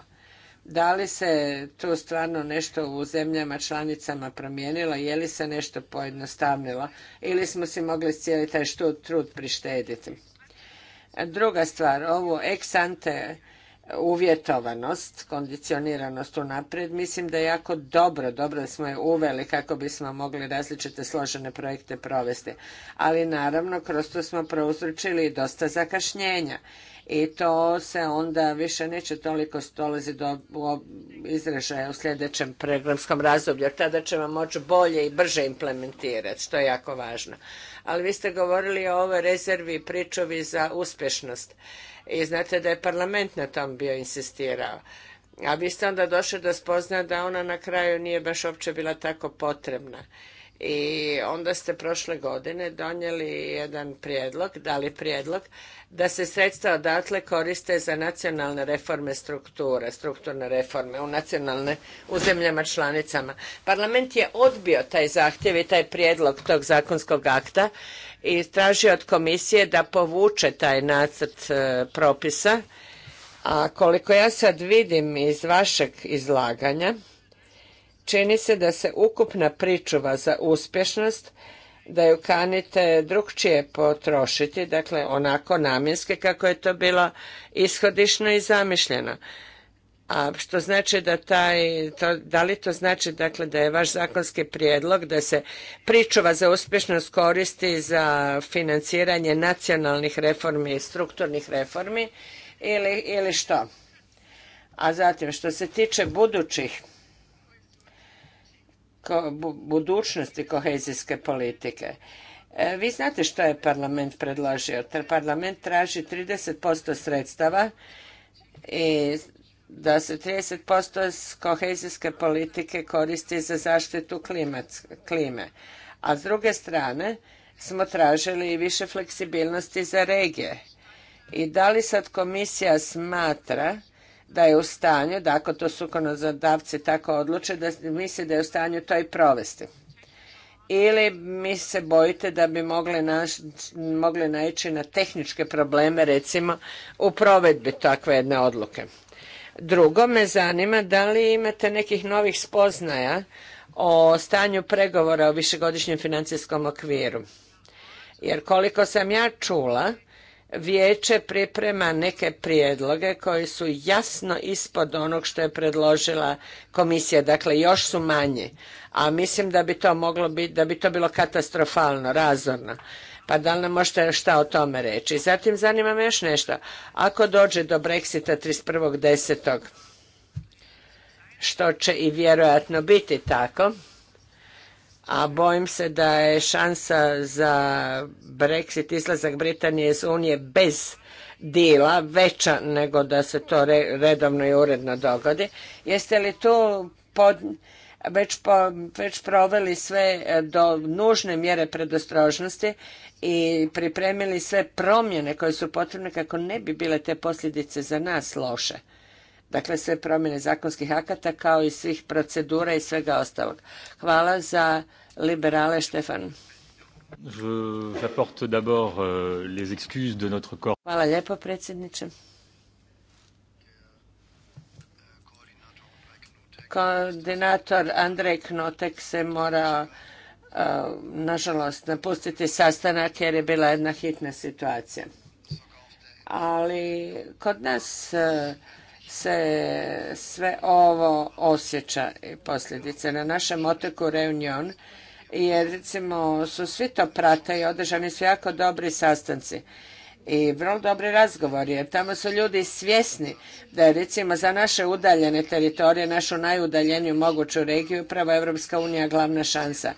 da li se tu stvarno nešto u zemljama članicama promijenilo, je li se nešto pojednostavnilo ili smo si mogli cijeli taj štud, trud prištediti. Druga stvar, ovu ex ante uvjetovanost, kondicioniranost unaprijed, mislim da je jako dobro, dobro da smo je uveli kako bismo mogli različite složene projekte provesti. Ali naravno, kroz to smo prouzročili i dosta zakašnjenja i to se onda više neće toliko stolezi do izražaja u sljedećem programskom razdoblju, jer tada ćemo moći bolje i brže implementirati, što je jako važno. Ali vi ste govorili o ovoj rezervi i pričovi za uspješnost i znate da je parlament na tom bio insistirao. A vi ste onda došli do spoznaje da ona na kraju nije baš uopće bila tako potrebna i onda ste prošle godine donijeli jedan prijedlog, dali prijedlog da se sredstva odatle koriste za nacionalne reforme strukture, strukturne reforme u nacionalne, u zemljama članicama. Parlament je odbio taj zahtjev i taj prijedlog tog zakonskog akta i tražio od komisije da povuče taj nacrt e, propisa. A koliko ja sad vidim iz vašeg izlaganja, čini se da se ukupna pričuva za uspješnost da ju kanite drugčije potrošiti, dakle onako namjenske kako je to bilo ishodišno i zamišljeno. A što znači da taj, to, da li to znači dakle da je vaš zakonski prijedlog da se pričuva za uspješnost koristi za financiranje nacionalnih reformi i strukturnih reformi ili, ili što? A zatim što se tiče budućih budućnosti kohezijske politike. E, vi znate što je parlament predložio. Parlament traži 30% sredstava i da se 30% kohezijske politike koristi za zaštitu klime. A s druge strane smo tražili i više fleksibilnosti za regije. I da li sad komisija smatra da je u stanju, da ako to zakonodavci tako odluče, da misli da je u stanju to i provesti. Ili mi se bojite da bi mogli, naš, mogli naići na tehničke probleme, recimo, u provedbi takve jedne odluke. Drugo me zanima da li imate nekih novih spoznaja o stanju pregovora o višegodišnjem financijskom okviru. Jer koliko sam ja čula, vijeće priprema neke prijedloge koji su jasno ispod onog što je predložila komisija, dakle još su manji, a mislim da bi to moglo biti, da bi to bilo katastrofalno, razorno. Pa da li nam možete šta o tome reći? Zatim zanima me još nešto. Ako dođe do Brexita 31.10., što će i vjerojatno biti tako, a bojim se da je šansa za Brexit, izlazak Britanije iz Unije bez dila veća nego da se to redovno i uredno dogodi. Jeste li tu već, po, već proveli sve eh, do nužne mjere predostrožnosti i pripremili sve promjene koje su potrebne kako ne bi bile te posljedice za nas loše? Dakle, sve promjene zakonskih akata kao i svih procedura i svega ostalog. Hvala za liberale Štefan. Euh, Hvala lijepo predsjedniče. Koordinator Andrej Knotek se mora uh, nažalost napustiti sastanak jer je bila jedna hitna situacija. Ali kod nas uh, se sve ovo osjeća posljedice. Na našem otoku Reunion jer recimo su svi to prate i održani su jako dobri sastanci i vrlo dobri razgovori jer tamo su ljudi svjesni da je recimo za naše udaljene teritorije, našu najudaljeniju moguću regiju upravo Europska unija glavna šansa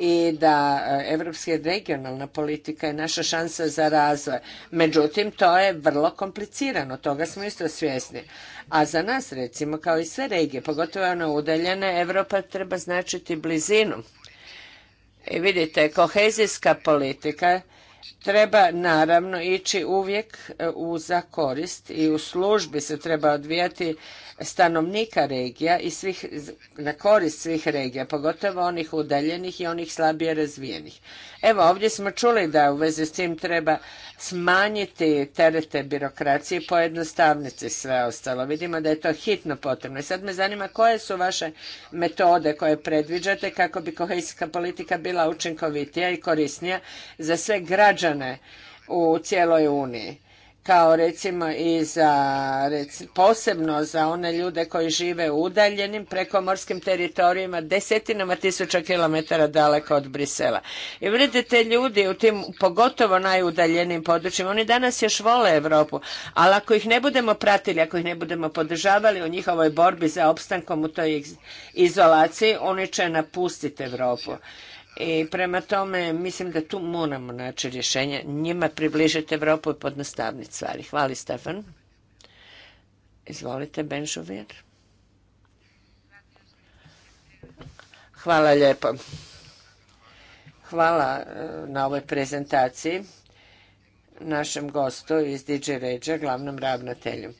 i da europska regionalna politika je naša šansa za razvoj. Međutim, to je vrlo komplicirano, toga smo isto svjesni. A za nas, recimo, kao i sve regije, pogotovo one udaljene, Europa treba značiti blizinu. I vidite, kohezijska politika treba naravno ići uvijek e, u za korist i u službi se treba odvijati stanovnika regija i svih, na korist svih regija, pogotovo onih udaljenih i onih slabije razvijenih. Evo, ovdje smo čuli da u vezi s tim treba smanjiti terete birokracije i pojednostavniti sve ostalo. Vidimo da je to hitno potrebno. I sad me zanima koje su vaše metode koje predviđate kako bi kohezijska politika bila učinkovitija i korisnija za sve građane u cijeloj Uniji kao recimo i za posebno za one ljude koji žive u udaljenim prekomorskim teritorijima desetinama tisuća kilometara daleko od Brisela. I vidite te ljudi u tim pogotovo najudaljenim područjima, oni danas još vole Europu, ali ako ih ne budemo pratili, ako ih ne budemo podržavali u njihovoj borbi za opstankom u toj izolaciji, oni će napustiti Europu. I prema tome, mislim da tu moramo naći rješenje. Njima približiti Evropu i podnastavni stvari. Hvala, Stefan. Izvolite, Ben Žuvir. Hvala lijepo. Hvala e, na ovoj prezentaciji našem gostu iz DJ Ređa, glavnom ravnatelju.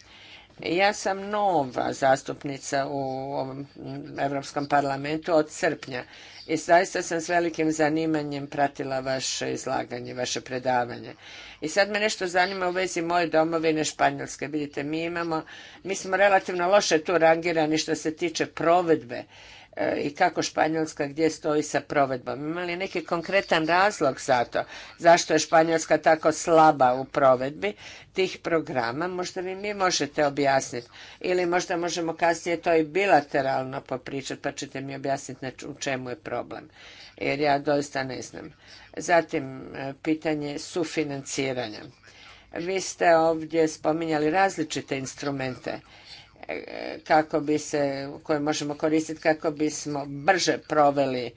Ja sam nova zastupnica u ovom Europskom parlamentu od srpnja i zaista sam s velikim zanimanjem pratila vaše izlaganje, vaše predavanje. I sad me nešto zanima u vezi moje domovine Španjolske. Vidite, mi imamo, mi smo relativno loše tu rangirani što se tiče provedbe E, i kako Španjolska gdje stoji sa provedbom. Ima li neki konkretan razlog za to? Zašto je Španjolska tako slaba u provedbi tih programa? Možda vi mi možete objasniti. Ili možda možemo kasnije to i bilateralno popričati pa ćete mi objasniti u čemu je problem. Jer ja doista ne znam. Zatim, e, pitanje sufinanciranja. Vi ste ovdje spominjali različite instrumente kako bi se, koje možemo koristiti kako bismo brže proveli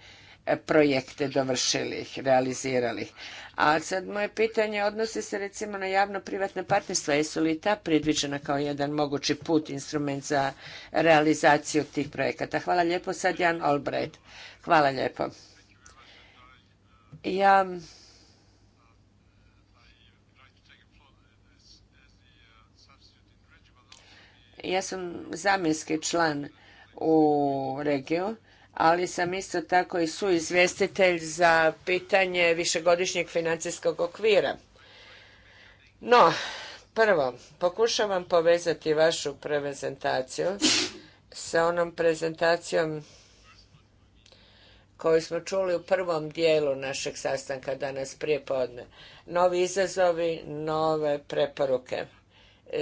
e, projekte dovršili ih, realizirali ih. A sad moje pitanje odnosi se recimo na javno-privatne partnerstva. Jesu li ta predviđena kao jedan mogući put, instrument za realizaciju tih projekata? Hvala lijepo. Sad Jan Albright. Hvala lijepo. Ja Ja sam zamjenski član u regiju, ali sam isto tako i suizvjestitelj za pitanje višegodišnjeg financijskog okvira. No, prvo, pokušavam povezati vašu prezentaciju sa onom prezentacijom koju smo čuli u prvom dijelu našeg sastanka danas prije podne. Novi izazovi, nove preporuke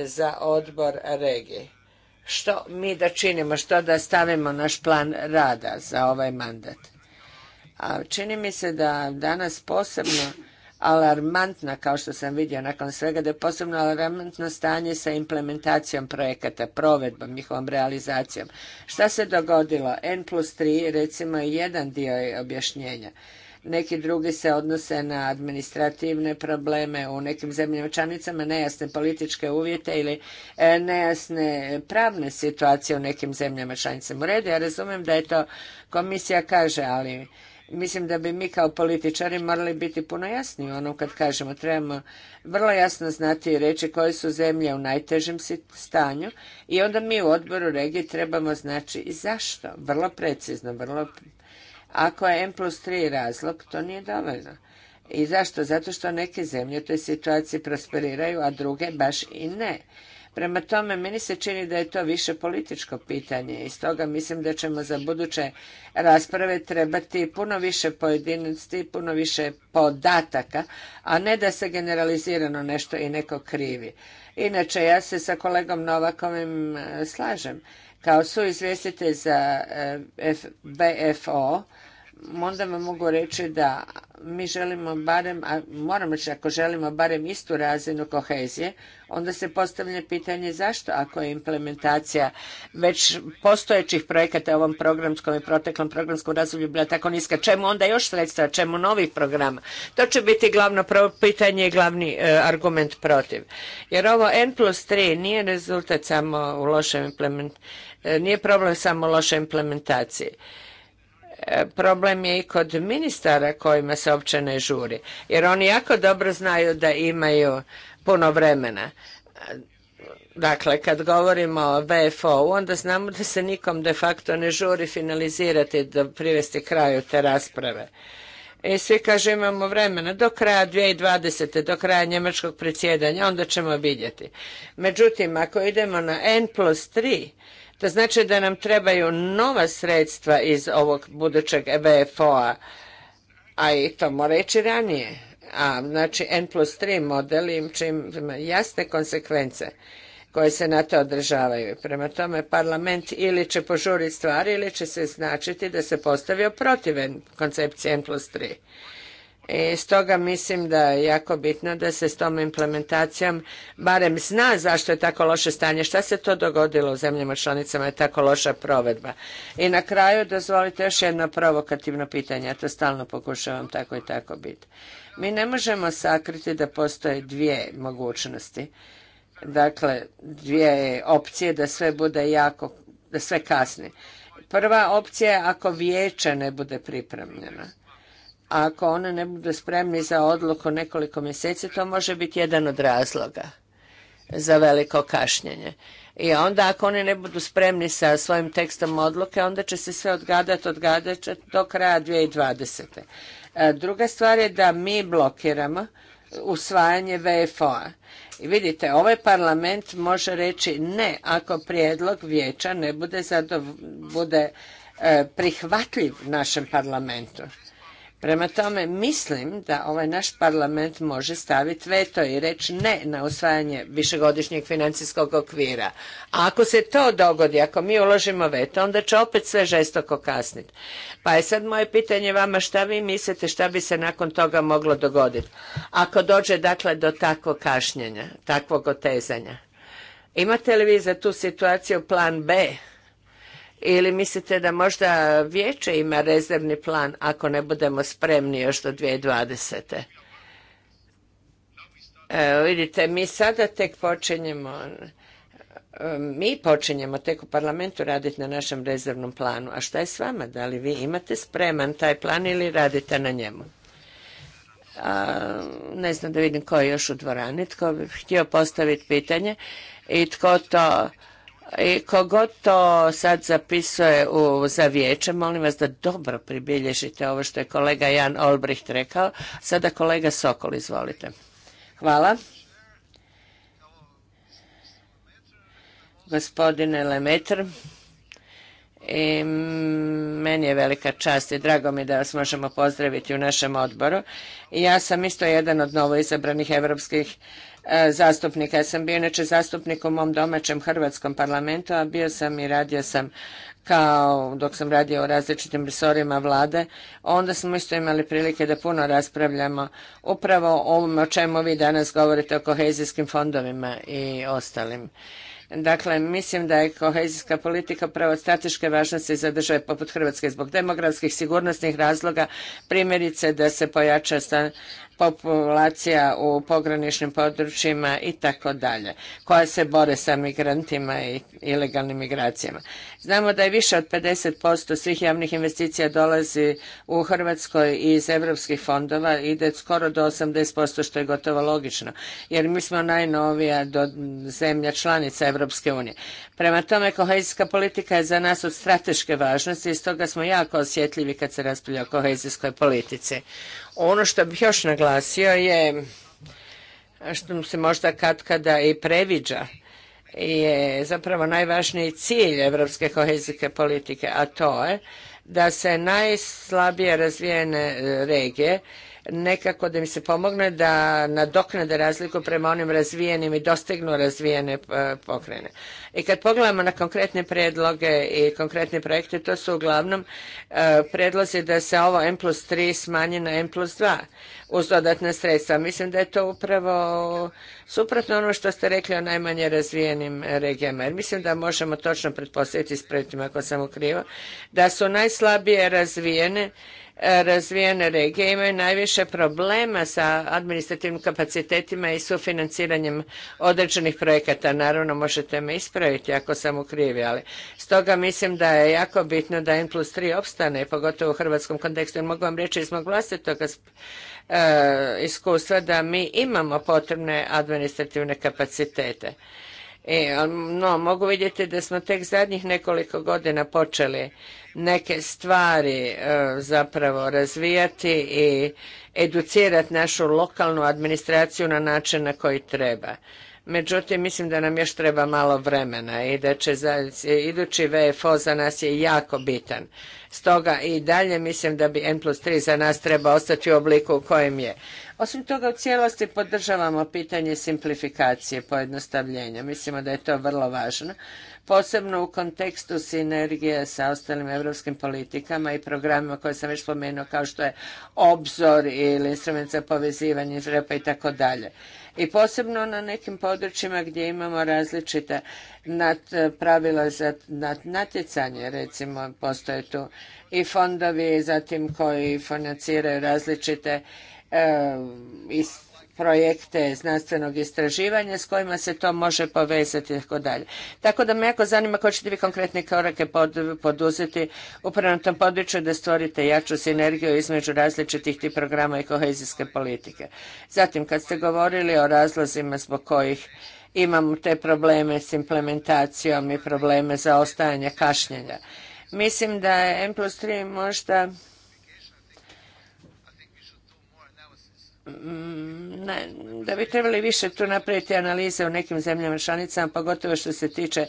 za odbor regije. Što mi da činimo, što da stavimo naš plan rada za ovaj mandat? A čini mi se da danas posebno alarmantna, kao što sam vidio nakon svega, da je posebno alarmantno stanje sa implementacijom projekata, provedbom, njihovom realizacijom. Šta se dogodilo? N plus 3, recimo, je jedan dio objašnjenja neki drugi se odnose na administrativne probleme u nekim zemljama članicama, nejasne političke uvjete ili e, nejasne pravne situacije u nekim zemljama članicama. U redu, ja razumijem da je to komisija kaže, ali mislim da bi mi kao političari morali biti puno jasniji u onom kad kažemo trebamo vrlo jasno znati i reći koje su zemlje u najtežem stanju i onda mi u odboru regije trebamo znači i zašto vrlo precizno vrlo ako je M plus 3 razlog, to nije dovoljno. I zašto? Zato što neke zemlje u toj situaciji prosperiraju, a druge baš i ne. Prema tome, meni se čini da je to više političko pitanje i stoga mislim da ćemo za buduće rasprave trebati puno više pojedinosti, puno više podataka, a ne da se generalizirano nešto i neko krivi. Inače, ja se sa kolegom Novakovim e, slažem. Kao su izvjestite za e, BFO, onda vam mogu reći da mi želimo barem, a moramo reći ako želimo barem istu razinu kohezije, onda se postavlja pitanje zašto ako je implementacija već postojećih projekata u ovom programskom i proteklom programskom razdoblju bila tako niska, čemu onda još sredstva, čemu novih programa? To će biti glavno pitanje i glavni e, argument protiv. Jer ovo N plus 3 nije rezultat samo u lošem implementaciji, e, nije problem samo loše implementacije problem je i kod ministara kojima se uopće ne žuri, jer oni jako dobro znaju da imaju puno vremena. Dakle, kad govorimo o vfo onda znamo da se nikom de facto ne žuri finalizirati, da privesti kraju te rasprave. I svi kaže imamo vremena do kraja 2020. do kraja njemačkog predsjedanja, onda ćemo vidjeti. Međutim, ako idemo na N plus to znači da nam trebaju nova sredstva iz ovog budućeg e bfo a a i to mora ići ranije. A znači N plus 3 model im ima jasne konsekvence koje se na to održavaju. Prema tome parlament ili će požuriti stvari ili će se značiti da se postavio protiv koncepcije N plus i e, stoga mislim da je jako bitno da se s tom implementacijom barem zna zašto je tako loše stanje, šta se to dogodilo u zemljama članicama je tako loša provedba. I na kraju dozvolite još jedno provokativno pitanje, ja to stalno pokušavam tako i tako biti. Mi ne možemo sakriti da postoje dvije mogućnosti. Dakle, dvije opcije da sve bude jako, da sve kasni. Prva opcija je ako vijeće ne bude pripremljeno ako one ne budu spremni za odluku nekoliko mjeseci, to može biti jedan od razloga za veliko kašnjenje. I onda ako oni ne budu spremni sa svojim tekstom odluke, onda će se sve odgadati, će do kraja 2020. E, druga stvar je da mi blokiramo usvajanje VFO-a. I vidite, ovaj parlament može reći ne ako prijedlog vijeća ne bude, bude e, prihvatljiv našem parlamentu. Prema tome, mislim da ovaj naš parlament može staviti veto i reći ne na usvajanje višegodišnjeg financijskog okvira. A ako se to dogodi, ako mi uložimo veto, onda će opet sve žestoko kasniti. Pa je sad moje pitanje vama šta vi mislite šta bi se nakon toga moglo dogoditi. Ako dođe dakle do takvog kašnjenja, takvog otezanja. Imate li vi za tu situaciju plan B? Ili mislite da možda vijeće ima rezervni plan ako ne budemo spremni još do 2020. evo vidite, mi sada tek počinjemo, mi počinjemo tek u parlamentu raditi na našem rezervnom planu. A šta je s vama? Da li vi imate spreman taj plan ili radite na njemu? A, ne znam da vidim ko je još u dvorani, tko bi htio postaviti pitanje i tko to i kogod to sad zapisuje u, za vijeće, molim vas da dobro pribilježite ovo što je kolega Jan Olbricht rekao. Sada kolega Sokol, izvolite. Hvala. Gospodine Lemetr, i meni je velika čast i drago mi da vas možemo pozdraviti u našem odboru. ja sam isto jedan od novoizabranih evropskih E, zastupnika. Ja sam bio inače zastupnik u mom domaćem hrvatskom parlamentu, a bio sam i radio sam kao dok sam radio u različitim resorima vlade, onda smo isto imali prilike da puno raspravljamo upravo o ovome o čemu vi danas govorite o kohezijskim fondovima i ostalim. Dakle, mislim da je kohezijska politika pravo od strateške važnosti za države poput Hrvatske zbog demografskih sigurnosnih razloga, primjerice da se pojača stan, populacija u pograničnim područjima i tako dalje, koja se bore sa migrantima i ilegalnim migracijama. Znamo da je više od 50% svih javnih investicija dolazi u Hrvatskoj iz europskih fondova, ide skoro do 80% što je gotovo logično, jer mi smo najnovija zemlja članica Europske unije. Prema tome, kohezijska politika je za nas od strateške važnosti i stoga smo jako osjetljivi kad se raspravlja o kohezijskoj politici. Ono što bih još naglasio je, što se možda kad kada i previđa, je zapravo najvažniji cilj evropske kohezijske politike, a to je da se najslabije razvijene regije nekako da im se pomogne da nadoknade razliku prema onim razvijenim i dostignu razvijene e, pokrene. I kad pogledamo na konkretne predloge i konkretne projekte, to su uglavnom e, predlozi da se ovo M plus 3 smanji na M plus 2 uz dodatne sredstva. Mislim da je to upravo suprotno ono što ste rekli o najmanje razvijenim e, regijama. Jer mislim da možemo točno pretpostaviti, projektima ako sam ukrivo, da su najslabije razvijene razvijene regije imaju najviše problema sa administrativnim kapacitetima i sufinanciranjem određenih projekata. Naravno, možete me ispraviti ako sam u krivi, ali stoga mislim da je jako bitno da N plus 3 opstane, pogotovo u hrvatskom kontekstu. i mogu vam reći iz mog vlastitog e, iskustva da mi imamo potrebne administrativne kapacitete. E, no, mogu vidjeti da smo tek zadnjih nekoliko godina počeli neke stvari e, zapravo razvijati i educirati našu lokalnu administraciju na način na koji treba. Međutim, mislim da nam još treba malo vremena i da će za, idući VFO za nas je jako bitan. Stoga i dalje mislim da bi N plus 3 za nas treba ostati u obliku u kojem je. Osim toga, u cijelosti podržavamo pitanje simplifikacije pojednostavljenja. Mislimo da je to vrlo važno, posebno u kontekstu sinergije sa ostalim europskim politikama i programima koje sam već spomenuo, kao što je obzor ili instrument za povezivanje repa i tako dalje. I posebno na nekim područjima gdje imamo različita pravila za nad natjecanje, recimo postoje tu i fondovi, zatim koji financiraju različite projekte znanstvenog istraživanja s kojima se to može povezati i tako dalje. Tako da me jako zanima koje ćete vi konkretne korake poduzeti upravo na tom području da stvorite jaču sinergiju između različitih tih programa i kohezijske politike. Zatim, kad ste govorili o razlozima zbog kojih imamo te probleme s implementacijom i probleme zaostajanja kašnjenja, mislim da je M plus 3 možda Mm, da bi trebali više tu napraviti analize u nekim zemljama članicama, pogotovo što se tiče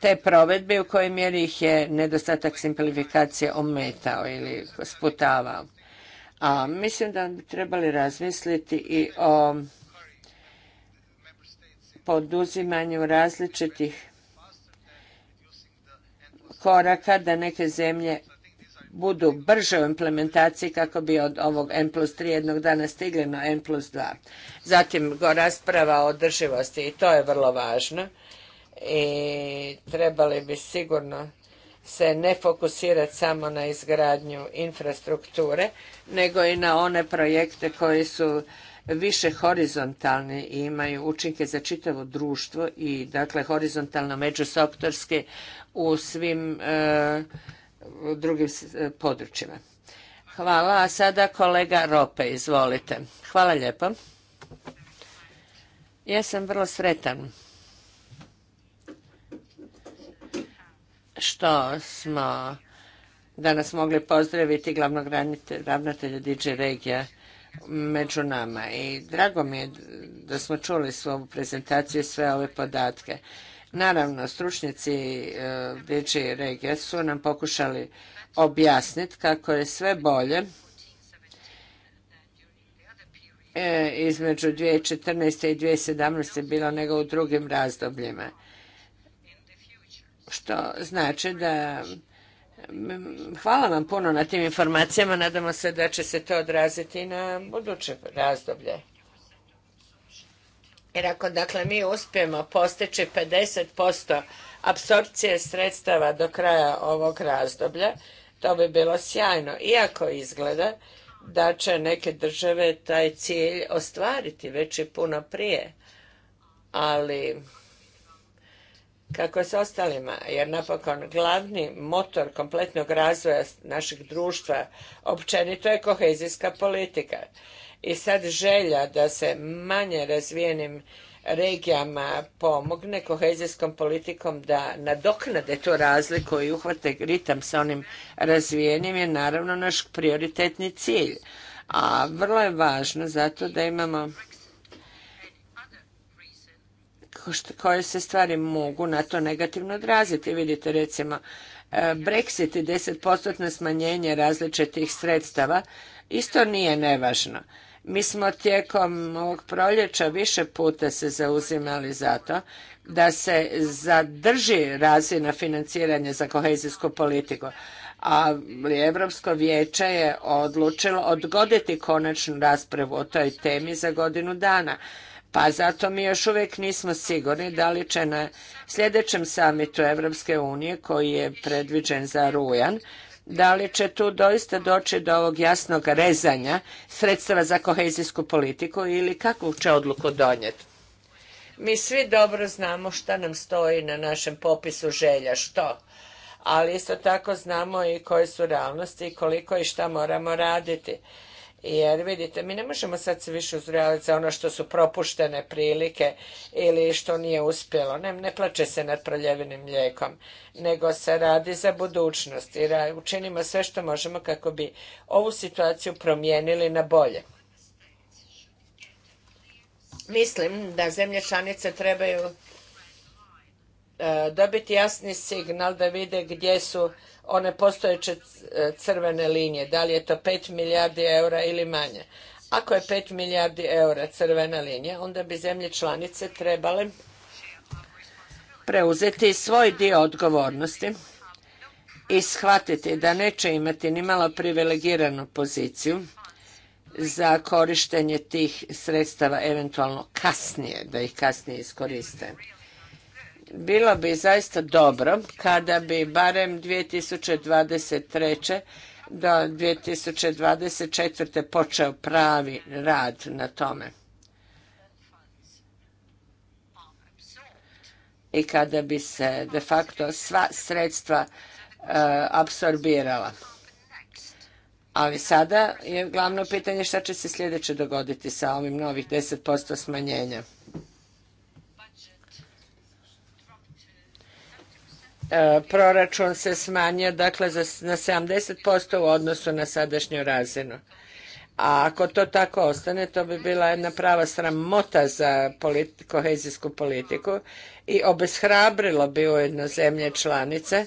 te provedbe u kojoj mjeri ih je nedostatak simplifikacije ometao ili sputavao. A mislim da bi trebali razmisliti i o poduzimanju različitih koraka da neke zemlje budu brže u implementaciji kako bi od ovog M plus jednog dana stigli na N plus Zatim go rasprava o održivosti i to je vrlo važno i trebali bi sigurno se ne fokusirati samo na izgradnju infrastrukture, nego i na one projekte koji su više horizontalni i imaju učinke za čitavo društvo i dakle horizontalno međusektorski u svim e, u drugim e, područjima. Hvala, a sada kolega Rope, izvolite. Hvala lijepo. Ja sam vrlo sretan što smo danas mogli pozdraviti glavnog ravnatelja DJ Regija među nama i drago mi je da smo čuli svoju prezentaciju i sve ove podatke. Naravno, stručnjaci Digi e, regije su nam pokušali objasniti kako je sve bolje e, između 2014. i 2017. bilo nego u drugim razdobljima. Što znači da Hvala vam puno na tim informacijama. Nadamo se da će se to odraziti na buduće razdoblje. Jer ako dakle mi uspijemo postići 50% apsorpcije sredstava do kraja ovog razdoblja, to bi bilo sjajno. Iako izgleda da će neke države taj cilj ostvariti već i puno prije. Ali kako je s ostalima, jer napokon glavni motor kompletnog razvoja našeg društva općenito je kohezijska politika. I sad želja da se manje razvijenim regijama pomogne kohezijskom politikom da nadoknade tu razliku i uhvate ritam sa onim razvijenim je naravno naš prioritetni cilj. A vrlo je važno zato da imamo koje se stvari mogu na to negativno odraziti. Vidite recimo e, Brexit i 10% smanjenje različitih sredstava isto nije nevažno. Mi smo tijekom ovog proljeća više puta se zauzimali za to da se zadrži razina financiranja za kohezijsku politiku, a Europsko vijeće je odlučilo odgoditi konačnu raspravu o toj temi za godinu dana. Pa zato mi još uvijek nismo sigurni da li će na sljedećem samitu Europske unije koji je predviđen za rujan da li će tu doista doći do ovog jasnog rezanja sredstava za kohezijsku politiku ili kakvu će odluku donijeti. Mi svi dobro znamo šta nam stoji na našem popisu želja, što, ali isto tako znamo i koje su realnosti i koliko i šta moramo raditi. Jer vidite, mi ne možemo sad se više uzrujavati za ono što su propuštene prilike ili što nije uspjelo. Ne, ne plače se nad proljevinim mlijekom, nego se radi za budućnost i učinimo sve što možemo kako bi ovu situaciju promijenili na bolje. Mislim da zemlje članice trebaju e, dobiti jasni signal da vide gdje su one postojeće e, crvene linije, da li je to 5 milijardi eura ili manje. Ako je 5 milijardi eura crvena linija, onda bi zemlje članice trebale preuzeti svoj dio odgovornosti i shvatiti da neće imati ni malo privilegiranu poziciju za korištenje tih sredstava eventualno kasnije, da ih kasnije iskoriste bilo bi zaista dobro kada bi barem 2023. do 2024. počeo pravi rad na tome. I kada bi se de facto sva sredstva e, apsorbirala. Ali sada je glavno pitanje šta će se sljedeće dogoditi sa ovim novih 10% smanjenja. E, proračun se smanjio dakle za, na 70% u odnosu na sadašnju razinu. A ako to tako ostane, to bi bila jedna prava sramota za kohezijsku politiku i obeshrabrilo bi ujedno zemlje članice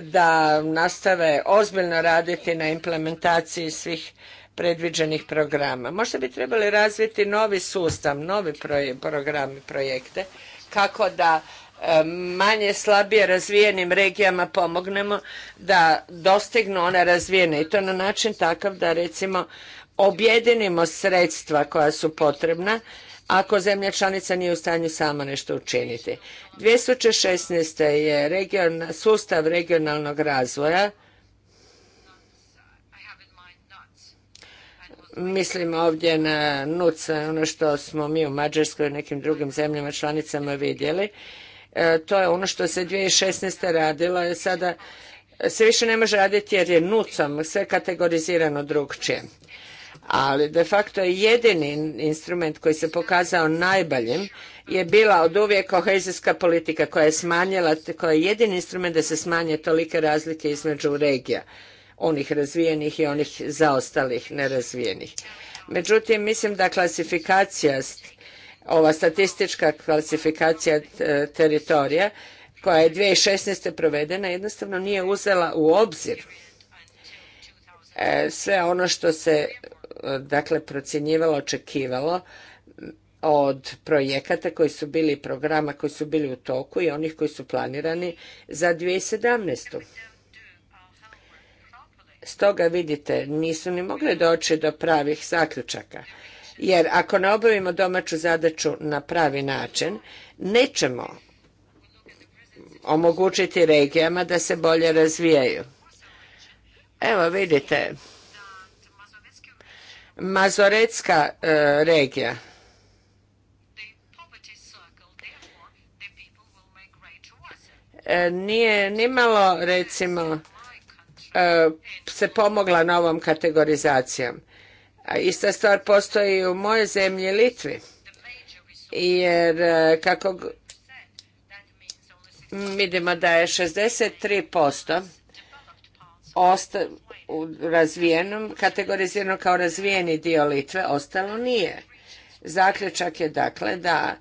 da nastave ozbiljno raditi na implementaciji svih predviđenih programa. Možda bi trebali razviti novi sustav, novi proje, program i projekte kako da E, manje slabije razvijenim regijama pomognemo da dostignu one razvijene i to na način takav da recimo objedinimo sredstva koja su potrebna ako zemlja članica nije u stanju sama nešto učiniti. 2016. je sustav regionalnog razvoja mislim ovdje na NUC, ono što smo mi u Mađarskoj i nekim drugim zemljama članicama vidjeli, E, to je ono što se 2016. radilo, je sada se više ne može raditi jer je nucom sve kategorizirano drugčije. Ali de facto je jedini instrument koji se pokazao najboljim je bila od uvijek kohezijska politika koja je smanjila, koja je jedini instrument da se smanje tolike razlike između regija, onih razvijenih i onih zaostalih nerazvijenih. Međutim, mislim da klasifikacija ova statistička klasifikacija e, teritorija koja je 2016. provedena jednostavno nije uzela u obzir e, sve ono što se e, dakle procjenjivalo, očekivalo od projekata koji su bili programa koji su bili u toku i onih koji su planirani za 2017. Stoga vidite, nisu ni mogli doći do pravih zaključaka jer ako ne obavimo domaću zadaću na pravi način, nećemo omogućiti regijama da se bolje razvijaju. Evo vidite, Mazoretska e, regija. E, nije nimalo recimo e, se pomogla novom kategorizacijom. A ista stvar postoji u mojoj zemlji Litvi. Jer e, kako vidimo da je 63% osta, u razvijenom, kategorizirano kao razvijeni dio Litve, ostalo nije. Zaključak je dakle da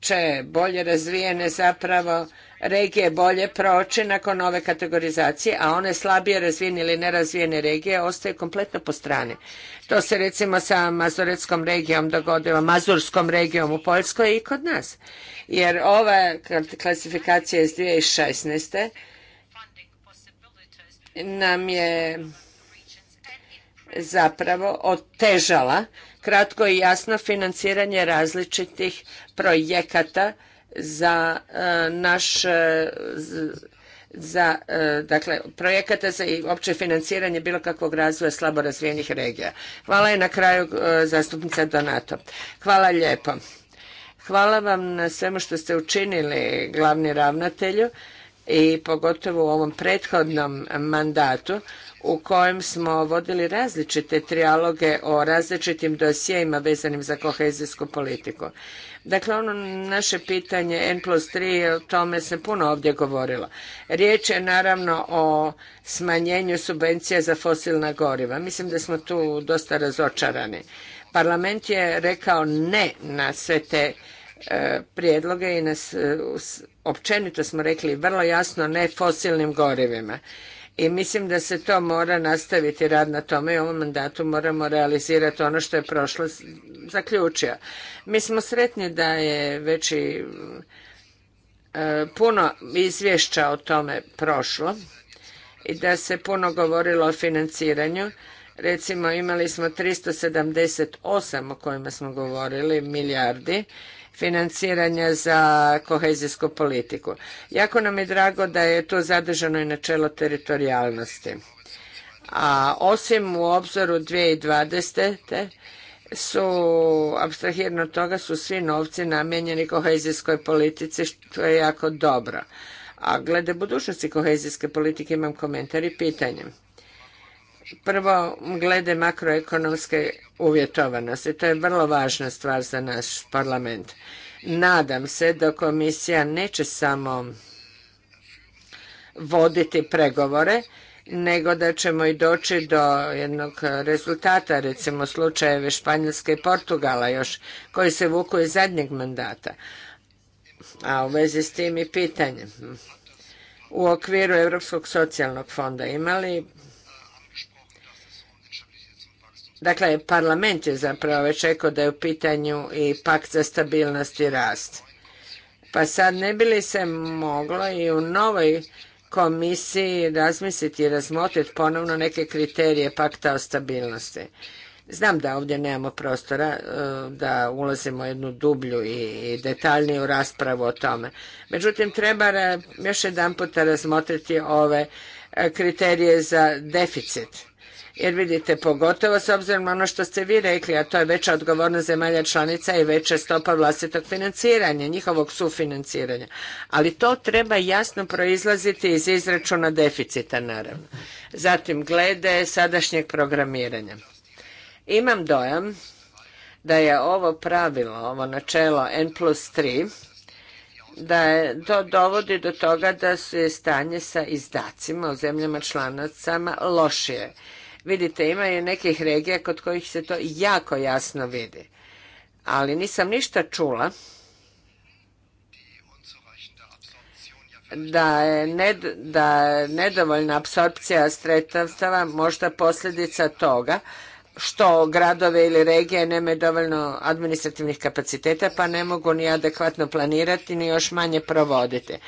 će bolje razvijene zapravo regije bolje proći nakon ove kategorizacije, a one slabije razvijene ili nerazvijene regije ostaju kompletno po strani. To se recimo sa mazoretskom regijom dogodilo, Mazurskom regijom u Poljskoj i kod nas. Jer ova klasifikacija iz 2016. nam je zapravo otežala kratko i jasno financiranje različitih projekata za e, naš e, za, e, dakle, projekata za i opće financiranje bilo kakvog razvoja slabo razvijenih regija. Hvala je na kraju zastupnica Donato. Hvala lijepo. Hvala vam na svemu što ste učinili glavni ravnatelju i pogotovo u ovom prethodnom mandatu u kojem smo vodili različite trijaloge o različitim dosijejima vezanim za kohezijsku politiku. Dakle, ono naše pitanje N plus 3, o tome se puno ovdje govorilo. Riječ je naravno o smanjenju subvencija za fosilna goriva. Mislim da smo tu dosta razočarani. Parlament je rekao ne na sve te e, prijedloge i nas, općenito smo rekli vrlo jasno ne fosilnim gorivima i mislim da se to mora nastaviti rad na tome i u ovom mandatu moramo realizirati ono što je prošlo zaključio. Mi smo sretni da je već i e, puno izvješća o tome prošlo i da se puno govorilo o financiranju. Recimo imali smo 378 o kojima smo govorili milijardi financiranja za kohezijsku politiku. Jako nam je drago da je to zadržano i načelo teritorijalnosti. A osim u obzoru 2020. su, abstrahirno toga, su svi novci namijenjeni kohezijskoj politici, što je jako dobro. A glede budućnosti kohezijske politike imam komentar i pitanje. Prvo, glede makroekonomske uvjetovanosti. To je vrlo važna stvar za naš parlament. Nadam se da komisija neće samo voditi pregovore, nego da ćemo i doći do jednog rezultata, recimo slučajeve Španjolske i Portugala još, koji se vuku iz zadnjeg mandata. A u vezi s tim i pitanje. U okviru Europskog socijalnog fonda imali Dakle, parlament je zapravo već rekao da je u pitanju i pakt za stabilnost i rast. Pa sad ne bi li se moglo i u novoj komisiji razmisliti i razmotriti ponovno neke kriterije pakta o stabilnosti. Znam da ovdje nemamo prostora e, da ulazimo u jednu dublju i detaljniju raspravu o tome. Međutim, treba još jedan puta razmotriti ove e, kriterije za deficit jer vidite pogotovo s obzirom na ono što ste vi rekli, a to je veća odgovornost zemalja članica i veća stopa vlastitog financiranja, njihovog sufinanciranja. Ali to treba jasno proizlaziti iz izračuna deficita naravno. Zatim glede sadašnjeg programiranja. Imam dojam da je ovo pravilo, ovo načelo N plus 3, da je, to dovodi do toga da je stanje sa izdacima u zemljama članacama lošije Vidite, ima je nekih regija kod kojih se to jako jasno vidi. Ali nisam ništa čula da je, da nedovoljna apsorpcija sredstava možda posljedica toga što gradove ili regije nemaju dovoljno administrativnih kapaciteta pa ne mogu ni adekvatno planirati ni još manje provoditi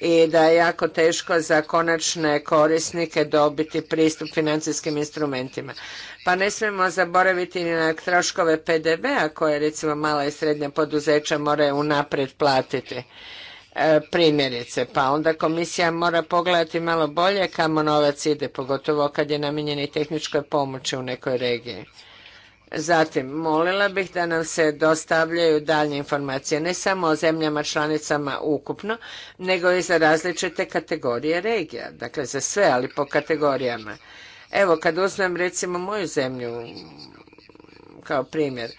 i da je jako teško za konačne korisnike dobiti pristup financijskim instrumentima. Pa ne smijemo zaboraviti ni na troškove PDV-a koje recimo mala i srednja poduzeća moraju unaprijed platiti. E, primjerice. Pa onda komisija mora pogledati malo bolje kamo novac ide, pogotovo kad je namijenjen i tehničkoj pomoći u nekoj regiji. Zatim, molila bih da nam se dostavljaju dalje informacije, ne samo o zemljama članicama ukupno, nego i za različite kategorije regija, dakle za sve, ali po kategorijama. Evo, kad uzmem recimo moju zemlju kao primjer,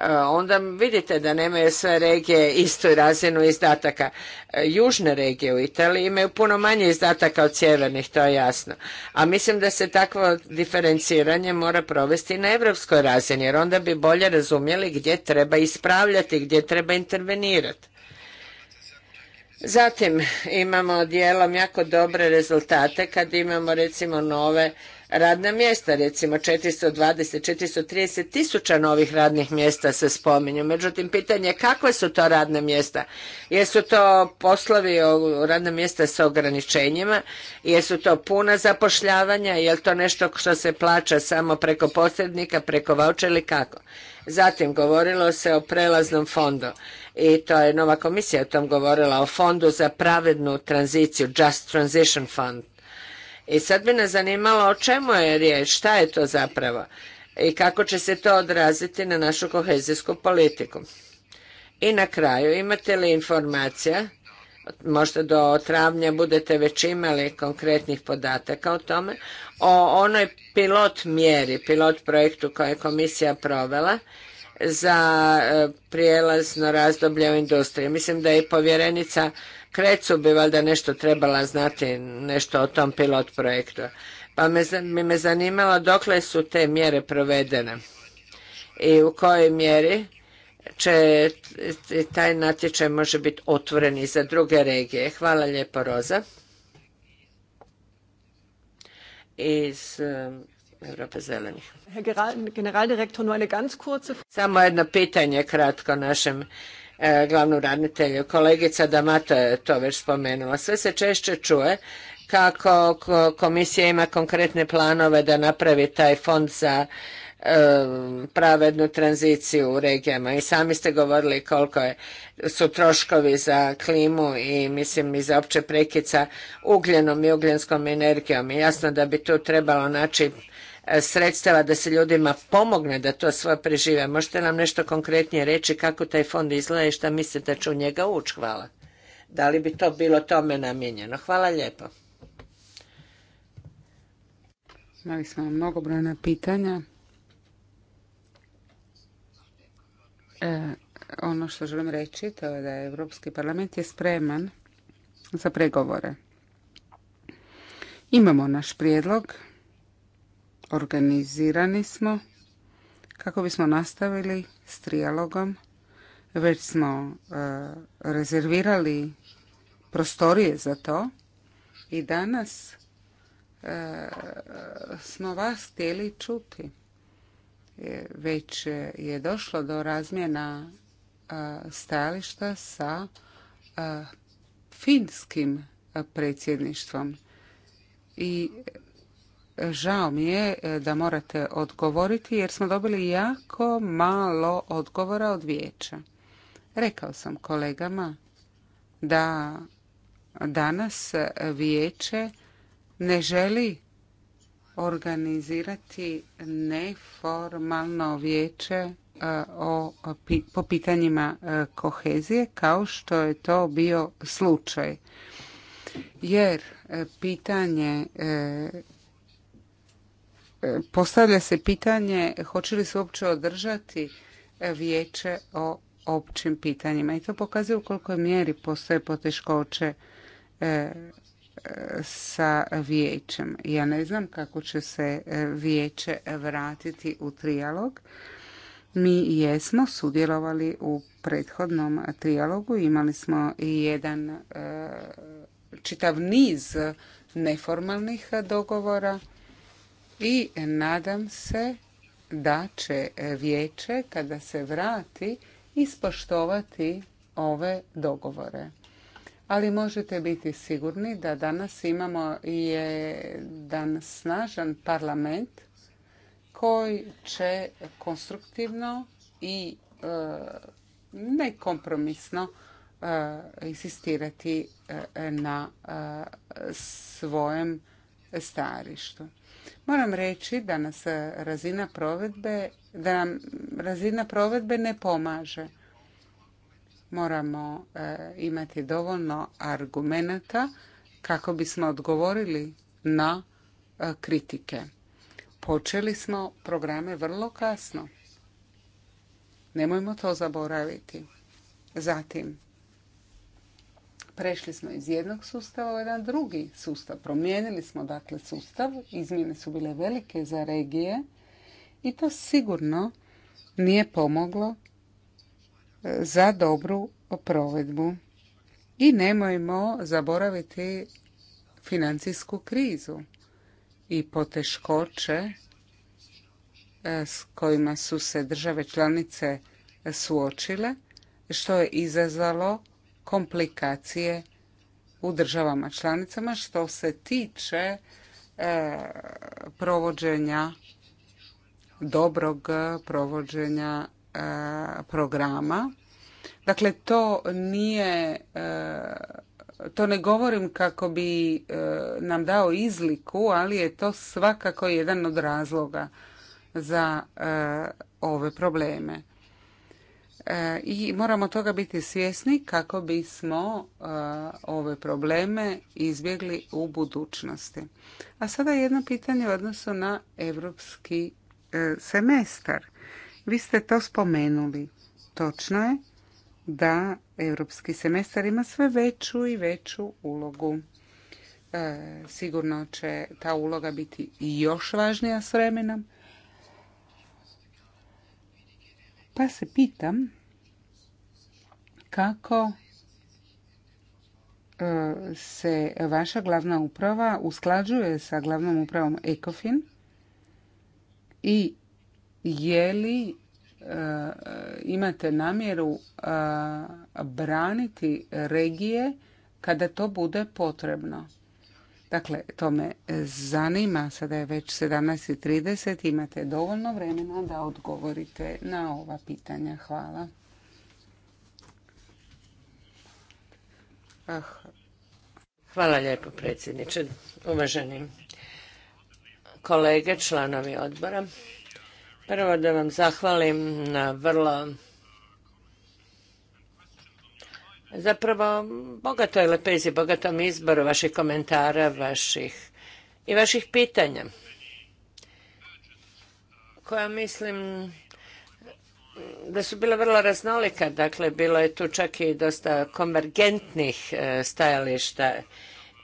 E, onda vidite da nemaju sve regije istu razinu izdataka. E, južne regije u Italiji imaju puno manje izdataka od sjevernih, to je jasno. A mislim da se takvo diferenciranje mora provesti na evropskoj razini, jer onda bi bolje razumjeli gdje treba ispravljati, gdje treba intervenirati. Zatim imamo dijelom jako dobre rezultate kad imamo recimo nove radna mjesta, recimo 420, 430 tisuća novih radnih mjesta se spominju. Međutim, pitanje je kakve su to radna mjesta? Jesu to poslovi, radna mjesta sa ograničenjima? Jesu to puna zapošljavanja? Je li to nešto što se plaća samo preko posrednika, preko vauča ili kako? Zatim govorilo se o prelaznom fondu i to je nova komisija o tom govorila, o fondu za pravednu tranziciju, Just Transition Fund. I sad bi nas zanimalo o čemu je riječ, šta je to zapravo i kako će se to odraziti na našu kohezijsku politiku. I na kraju, imate li informacija, možda do travnja budete već imali konkretnih podataka o tome, o onoj pilot mjeri, pilot projektu koje je komisija provela za e, prijelazno razdoblje u industriji. Mislim da je povjerenica Krecu bi valjda nešto trebala znati, nešto o tom pilot projektu. Pa mi me zanimalo dokle su te mjere provedene i u kojoj mjeri će taj natječaj može biti otvoren i za druge regije. Hvala lijepo Roza. Iz um, Europe zelenih. Samo jedno pitanje kratko našem E, glavnu radnitelju. Kolegica Damata je to već spomenula. Sve se češće čuje kako komisija ima konkretne planove da napravi taj fond za e, pravednu tranziciju u regijama i sami ste govorili koliko su troškovi za klimu i mislim i za opće prekica ugljenom i ugljenskom energijom i jasno da bi tu trebalo naći E, sredstava da se ljudima pomogne da to svoje prežive. Možete nam nešto konkretnije reći kako taj fond izgleda i šta mislite da će u njega ući? Hvala. Da li bi to bilo tome namijenjeno? Hvala lijepo. Imali smo brojna pitanja. E, ono što želim reći to je da je Europski parlament je spreman za pregovore. Imamo naš prijedlog organizirani smo kako bismo nastavili s trijalogom. Već smo e, rezervirali prostorije za to i danas e, smo vas htjeli čuti. E, već je došlo do razmjena stajališta sa finskim predsjedništvom i Žao mi je e, da morate odgovoriti jer smo dobili jako malo odgovora od vijeća. Rekao sam kolegama da danas vijeće ne želi organizirati neformalno vijeće e, o, po pitanjima e, kohezije kao što je to bio slučaj. Jer pitanje postavlja se pitanje hoće li se uopće održati vijeće o općim pitanjima i to pokazuje u kolikoj mjeri postoje poteškoće e, sa vijećem. Ja ne znam kako će se e, vijeće vratiti u trijalog. Mi jesmo sudjelovali u prethodnom trijalogu, imali smo jedan e, čitav niz neformalnih dogovora i nadam se da će vijeće kada se vrati ispoštovati ove dogovore. Ali možete biti sigurni da danas imamo jedan snažan parlament koji će konstruktivno i e, nekompromisno e, insistirati e, na svojem stajalištu. Moram reći da nas razina provedbe, da nam razina provedbe ne pomaže. Moramo e, imati dovoljno argumenata kako bismo odgovorili na e, kritike. Počeli smo programe vrlo kasno. Nemojmo to zaboraviti. Zatim, Prešli smo iz jednog sustava u jedan drugi sustav. Promijenili smo dakle sustav, izmjene su bile velike za regije i to sigurno nije pomoglo e, za dobru provedbu. I nemojmo zaboraviti financijsku krizu i poteškoće e, s kojima su se države članice suočile, što je izazvalo komplikacije u državama članicama što se tiče e, provođenja dobrog provođenja e, programa. Dakle, to nije, e, to ne govorim kako bi nam dao izliku, ali je to svakako jedan od razloga za ove probleme. E, i moramo toga biti svjesni kako bismo e, ove probleme izbjegli u budućnosti. A sada jedno pitanje u odnosu na europski e, semestar. Vi ste to spomenuli. Točno je da europski semestar ima sve veću i veću ulogu. Sigurno će ta uloga biti još važnija s vremenom Pa se pitam kako e, se vaša glavna uprava usklađuje sa glavnom upravom ECOFIN i je li e, imate namjeru e, braniti regije kada to bude potrebno. Dakle, to me e, zanima, sada je već 17.30, imate dovoljno vremena da odgovorite na ova pitanja. Hvala. Ah. Hvala lijepo predsjedniče, uvaženi kolege, članovi odbora. Prvo da vam zahvalim na vrlo Zapravo, bogato je lepezi, bogatom izboru vaših komentara, vaših i vaših pitanja, koja mislim da su bila vrlo raznolika, dakle bilo je tu čak i dosta konvergentnih e, stajališta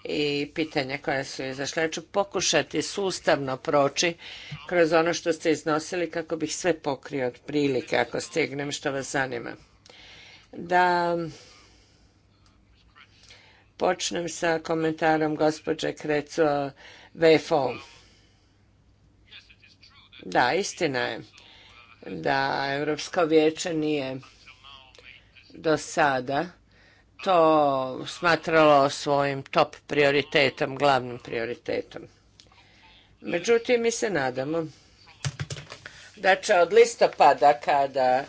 i pitanja koja su izašla. Ja ću pokušati sustavno proći kroz ono što ste iznosili kako bih sve pokrio prilike ako stignem što vas zanima. Da počnem sa komentarom gospođe Krecu o VFO. Da, istina je da Europsko vijeće nije do sada to smatralo svojim top prioritetom, glavnim prioritetom. Međutim, mi se nadamo da će od listopada kada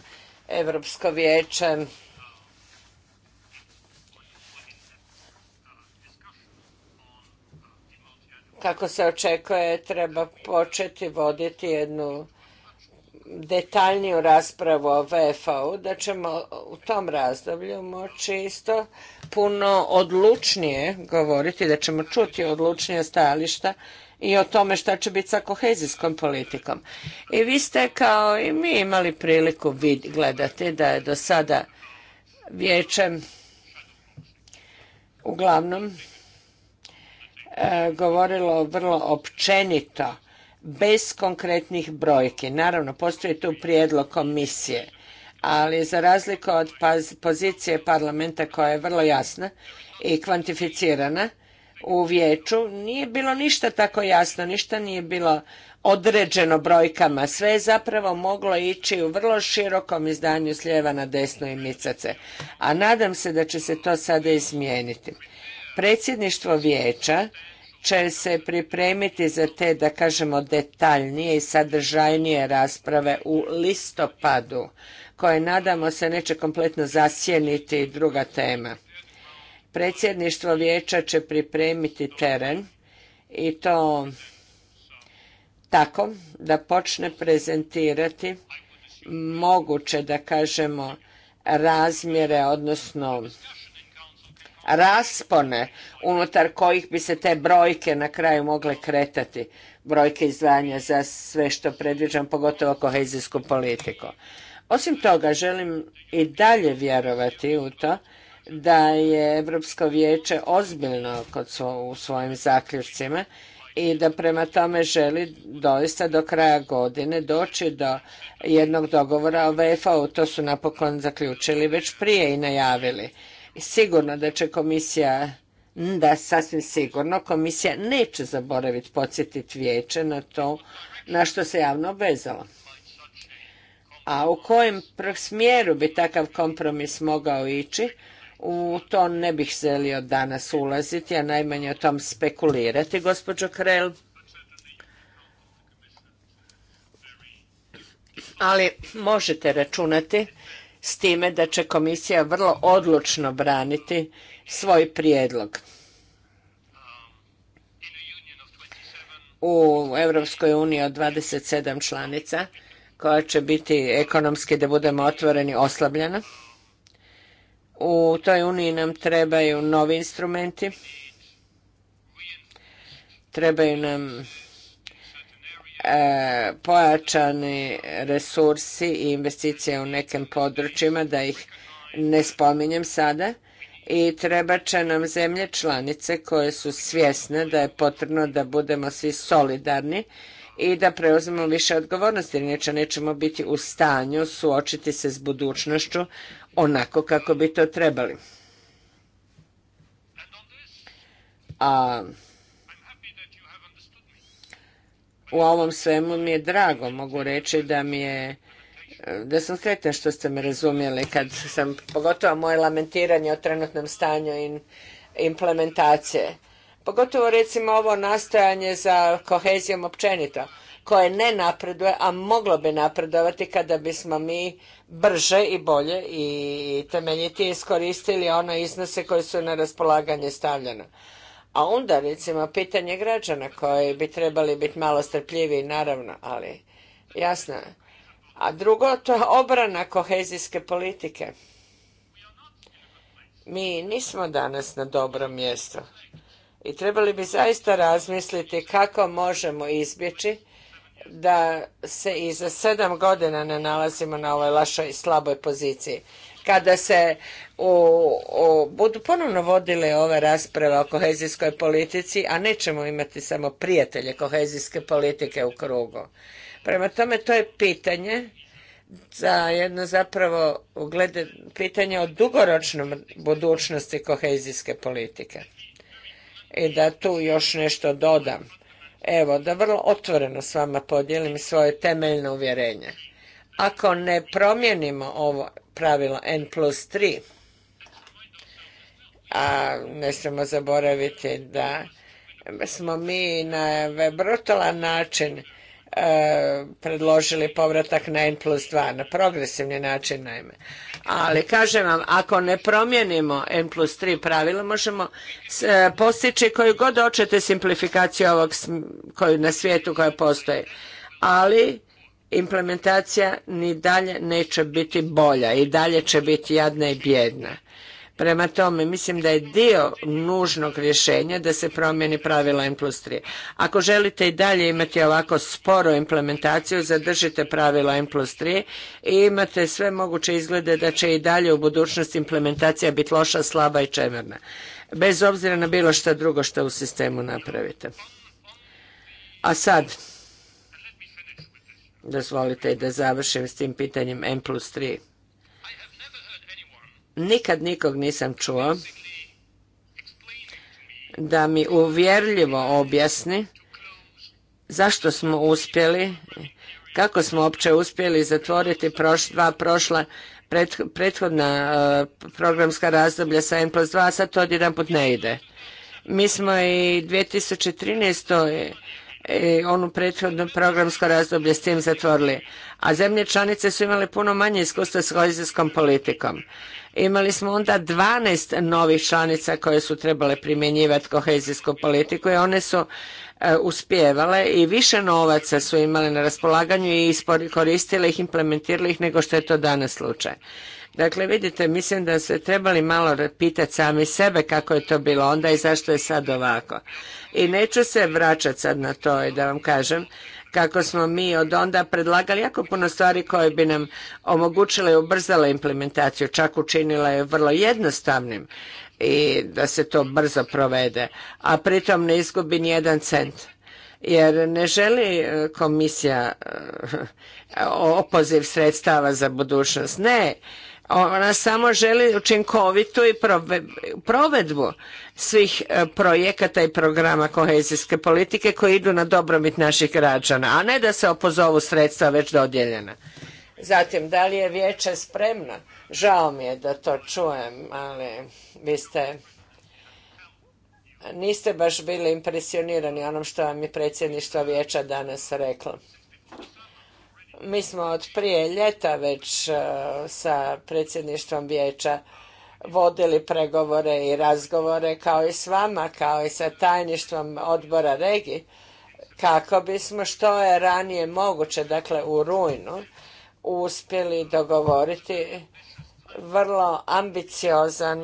Europsko vijeće kako se očekuje, treba početi voditi jednu detaljniju raspravu o VFO-u, da ćemo u tom razdoblju moći isto puno odlučnije govoriti, da ćemo čuti odlučnije stajališta i o tome šta će biti sa kohezijskom politikom. I vi ste kao i mi imali priliku vid gledati da je do sada vijećem uglavnom govorilo vrlo općenito, bez konkretnih brojki. Naravno, postoji tu prijedlog komisije, ali za razliku od pozicije parlamenta koja je vrlo jasna i kvantificirana u vijeću, nije bilo ništa tako jasno, ništa nije bilo određeno brojkama. Sve je zapravo moglo ići u vrlo širokom izdanju s lijeva na desno i micati A nadam se da će se to sada izmijeniti. Predsjedništvo vijeća će se pripremiti za te, da kažemo, detaljnije i sadržajnije rasprave u listopadu, koje nadamo se neće kompletno zasjeniti druga tema. Predsjedništvo vijeća će pripremiti teren i to tako da počne prezentirati moguće, da kažemo, razmjere, odnosno raspone unutar kojih bi se te brojke na kraju mogle kretati, brojke izdvajanja za sve što predviđam, pogotovo kohezijsku politiku. Osim toga, želim i dalje vjerovati u to da je Europsko vijeće ozbiljno u svojim zaključcima i da prema tome želi doista do kraja godine doći do jednog dogovora o VFO-u. To su napokon zaključili već prije i najavili sigurno da će komisija da sasvim sigurno komisija neće zaboraviti podsjetiti vijeće na to na što se javno obvezalo. A u kojem smjeru bi takav kompromis mogao ići, u to ne bih želio danas ulaziti, a najmanje o tom spekulirati, gospođo Krell. Ali možete računati s time da će komisija vrlo odlučno braniti svoj prijedlog. U Europskoj uniji od 27 članica koja će biti ekonomski da budemo otvoreni oslabljena. U toj uniji nam trebaju novi instrumenti. Trebaju nam pojačani resursi i investicije u nekim područjima, da ih ne spominjem sada, i treba će nam zemlje članice koje su svjesne da je potrebno da budemo svi solidarni i da preuzmemo više odgovornosti, inače nećemo biti u stanju suočiti se s budućnošću onako kako bi to trebali. A u ovom svemu mi je drago, mogu reći da mi je da sam sretna što ste me razumjeli kad sam, pogotovo moje lamentiranje o trenutnom stanju i implementacije. Pogotovo recimo ovo nastojanje za kohezijom općenito, koje ne napreduje, a moglo bi napredovati kada bismo mi brže i bolje i temeljitije iskoristili one iznose koji su na raspolaganje stavljene. A onda recimo pitanje građana koji bi trebali biti malo strpljiviji naravno, ali jasno. A drugo, to je obrana kohezijske politike. Mi nismo danas na dobrom mjestu i trebali bi zaista razmisliti kako možemo izbjeći da se i za sedam godina ne nalazimo na ovoj lašoj slaboj poziciji kada se u, budu ponovno vodile ove rasprave o kohezijskoj politici, a nećemo imati samo prijatelje kohezijske politike u krugu. Prema tome, to je pitanje za jedno zapravo pitanje o dugoročnom budućnosti kohezijske politike. I da tu još nešto dodam. Evo, da vrlo otvoreno s vama podijelim svoje temeljno uvjerenje. Ako ne promijenimo ovo pravilo N plus 3. A ne smemo zaboraviti da smo mi na brutalan način e, predložili povratak na N plus 2, na progresivni način naime. Ali kažem vam, ako ne promijenimo N plus 3 pravila, možemo e, postići koju god očete simplifikaciju ovog koju na svijetu koja postoji. Ali implementacija ni dalje neće biti bolja i dalje će biti jadna i bjedna. Prema tome, mislim da je dio nužnog rješenja da se promijeni pravila M plus 3. Ako želite i dalje imati ovako sporu implementaciju, zadržite pravila M plus 3 i imate sve moguće izglede da će i dalje u budućnosti implementacija biti loša, slaba i čemerna. Bez obzira na bilo što drugo što u sistemu napravite. A sad, dozvolite da završim s tim pitanjem M plus 3. Nikad nikog nisam čuo da mi uvjerljivo objasni zašto smo uspjeli, kako smo uopće uspjeli zatvoriti proš, dva prošla prethodna e, programska razdoblja sa N plus 2, a sad to put ne ide. Mi smo i 2013 i onu prethodno programsko razdoblje s tim zatvorili. A zemlje članice su imale puno manje iskustva s kohezijskom politikom. Imali smo onda 12 novih članica koje su trebale primjenjivati kohezijsku politiku i one su e, uspjevale i više novaca su imale na raspolaganju i koristile ih, implementirale ih nego što je to danas slučaj. Dakle, vidite, mislim da ste trebali malo pitati sami sebe kako je to bilo onda i zašto je sad ovako. I neću se vraćati sad na to i da vam kažem kako smo mi od onda predlagali jako puno stvari koje bi nam omogućile i ubrzale implementaciju, čak učinila je vrlo jednostavnim i da se to brzo provede, a pritom ne izgubi ni jedan cent. Jer ne želi e, komisija e, opoziv sredstava za budućnost. Ne, ona samo želi učinkovitu i provedbu svih e, projekata i programa kohezijske politike koji idu na dobrobit naših građana, a ne da se opozovu sredstva već dodijeljena. Zatim, da li je vijeće spremno? Žao mi je da to čujem, ali vi ste niste baš bili impresionirani onom što vam je predsjedništvo vijeća danas reklo. Mi smo od prije ljeta već e, sa predsjedništvom vijeća vodili pregovore i razgovore kao i s vama, kao i sa tajništvom odbora regi, kako bismo što je ranije moguće, dakle u rujnu, uspjeli dogovoriti vrlo ambiciozan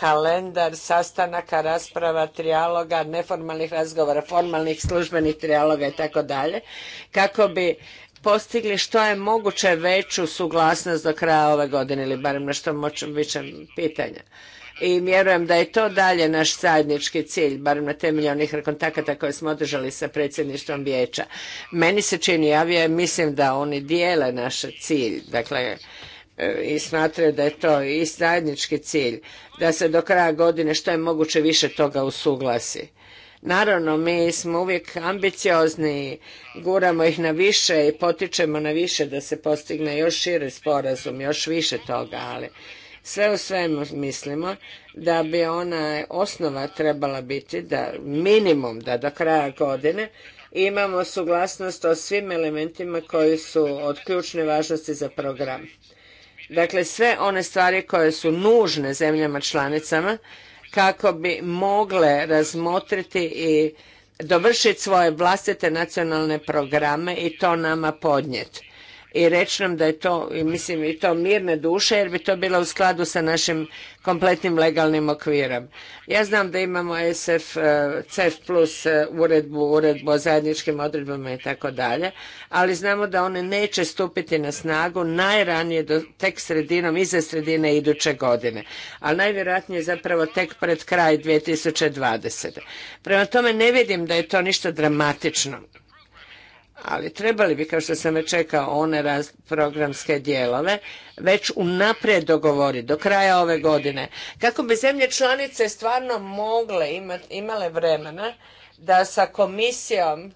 kalendar sastanaka, rasprava, trijaloga, neformalnih razgovora, formalnih službenih trijaloga i tako dalje, kako bi postigli što je moguće veću suglasnost do kraja ove godine ili barem na što moć, više pitanja. I vjerujem da je to dalje naš zajednički cilj, barem na temelju onih kontakata koje smo održali sa predsjedništvom vijeća. Meni se čini, ja mislim da oni dijele naš cilj, dakle, e, i smatraju da je to i zajednički cilj, da se do kraja godine što je moguće više toga usuglasi. Naravno, mi smo uvijek ambiciozni, guramo ih na više i potičemo na više da se postigne još širi sporazum, još više toga, ali sve u svemu mislimo da bi ona osnova trebala biti da minimum da do kraja godine imamo suglasnost o svim elementima koji su od ključne važnosti za program. Dakle, sve one stvari koje su nužne zemljama članicama kako bi mogle razmotriti i dovršiti svoje vlastite nacionalne programe i to nama podnijeti i reći nam da je to, i mislim, i to mirne duše, jer bi to bilo u skladu sa našim kompletnim legalnim okvirom. Ja znam da imamo SF, e, CEF plus e, uredbu, uredbu o zajedničkim odredbama i tako dalje, ali znamo da one neće stupiti na snagu najranije tek sredinom, iza sredine iduće godine, ali najvjerojatnije zapravo tek pred kraj 2020. Prema tome ne vidim da je to ništa dramatično ali trebali bi, kao što sam već čekao, one programske dijelove već unaprijed dogovoriti do kraja ove godine, kako bi zemlje članice stvarno mogle imale vremena da sa komisijom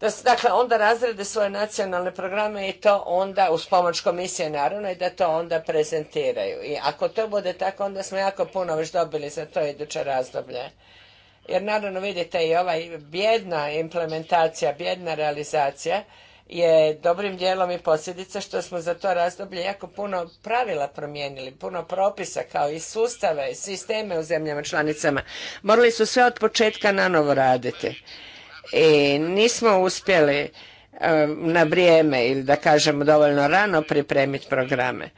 da, dakle, onda razrede svoje nacionalne programe i to onda uz pomoć komisije naravno i da to onda prezentiraju. I ako to bude tako, onda smo jako puno već dobili za to iduće razdoblje. Jer naravno vidite i ovaj bjedna implementacija, bjedna realizacija je dobrim dijelom i posljedica što smo za to razdoblje jako puno pravila promijenili, puno propisa kao i sustave, i sisteme u zemljama članicama. Morali su sve od početka na novo raditi. I nismo uspjeli eh, na vrijeme ili da kažemo dovoljno rano pripremiti programe.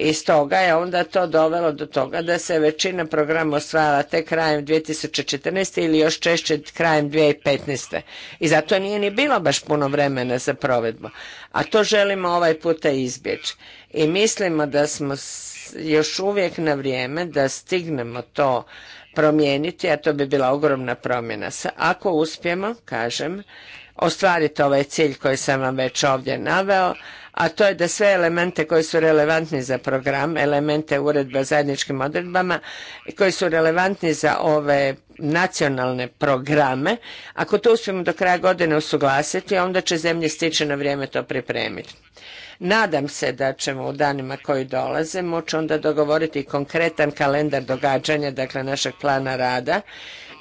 I stoga je onda to dovelo do toga da se većina programa osvajala tek krajem 2014. ili još češće krajem 2015. I zato nije ni bilo baš puno vremena za provedbu. A to želimo ovaj puta izbjeći. I mislimo da smo još uvijek na vrijeme da stignemo to promijeniti, a to bi bila ogromna promjena. Ako uspijemo, kažem, ostvariti ovaj cilj koji sam vam već ovdje naveo, a to je da sve elemente koji su relevantni za program, elemente uredbe o zajedničkim odredbama koji su relevantni za ove nacionalne programe, ako to uspijemo do kraja godine usuglasiti, onda će zemlje stići na vrijeme to pripremiti. Nadam se da ćemo u danima koji dolaze moći onda dogovoriti konkretan kalendar događanja, dakle našeg plana rada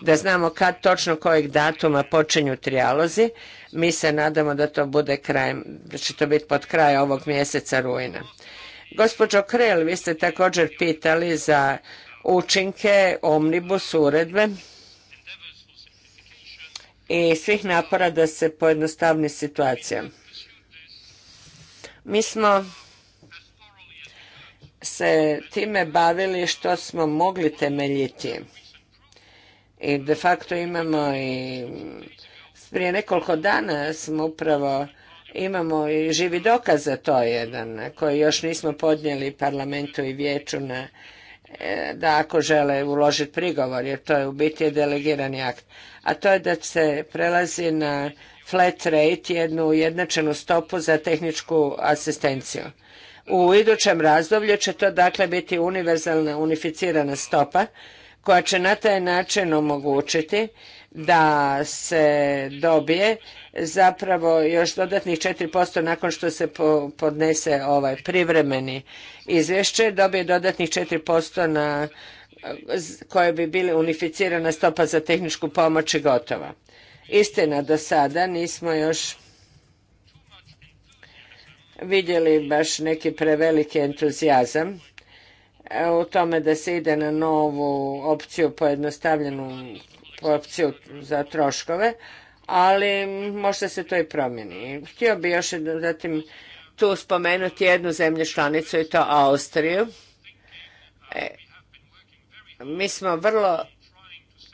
da znamo kad točno kojeg datuma počinju trijalozi. Mi se nadamo da to bude krajem, da će to biti pod kraj ovog mjeseca rujna. Gospođo Krel, vi ste također pitali za učinke omnibus uredbe i svih napora da se pojednostavni situacija. Mi smo se time bavili što smo mogli temeljiti i de facto imamo i prije nekoliko dana smo upravo imamo i živi dokaz za to jedan koji još nismo podnijeli parlamentu i vijeću na e, da ako žele uložiti prigovor, jer to je u biti delegirani akt. A to je da se prelazi na flat rate, jednu ujednačenu stopu za tehničku asistenciju. U idućem razdoblju će to dakle biti univerzalna, unificirana stopa koja će na taj način omogućiti da se dobije zapravo još dodatnih 4% nakon što se podnese ovaj privremeni izvješće, dobije dodatnih 4% na koje bi bili unificirana stopa za tehničku pomoć i gotova. Istina, do sada nismo još vidjeli baš neki preveliki entuzijazam E, u tome da se ide na novu opciju pojednostavljenu opciju za troškove, ali možda se to i promjeni. Htio bi još zatim tu spomenuti jednu zemlju članicu i to Austriju. E, mi smo vrlo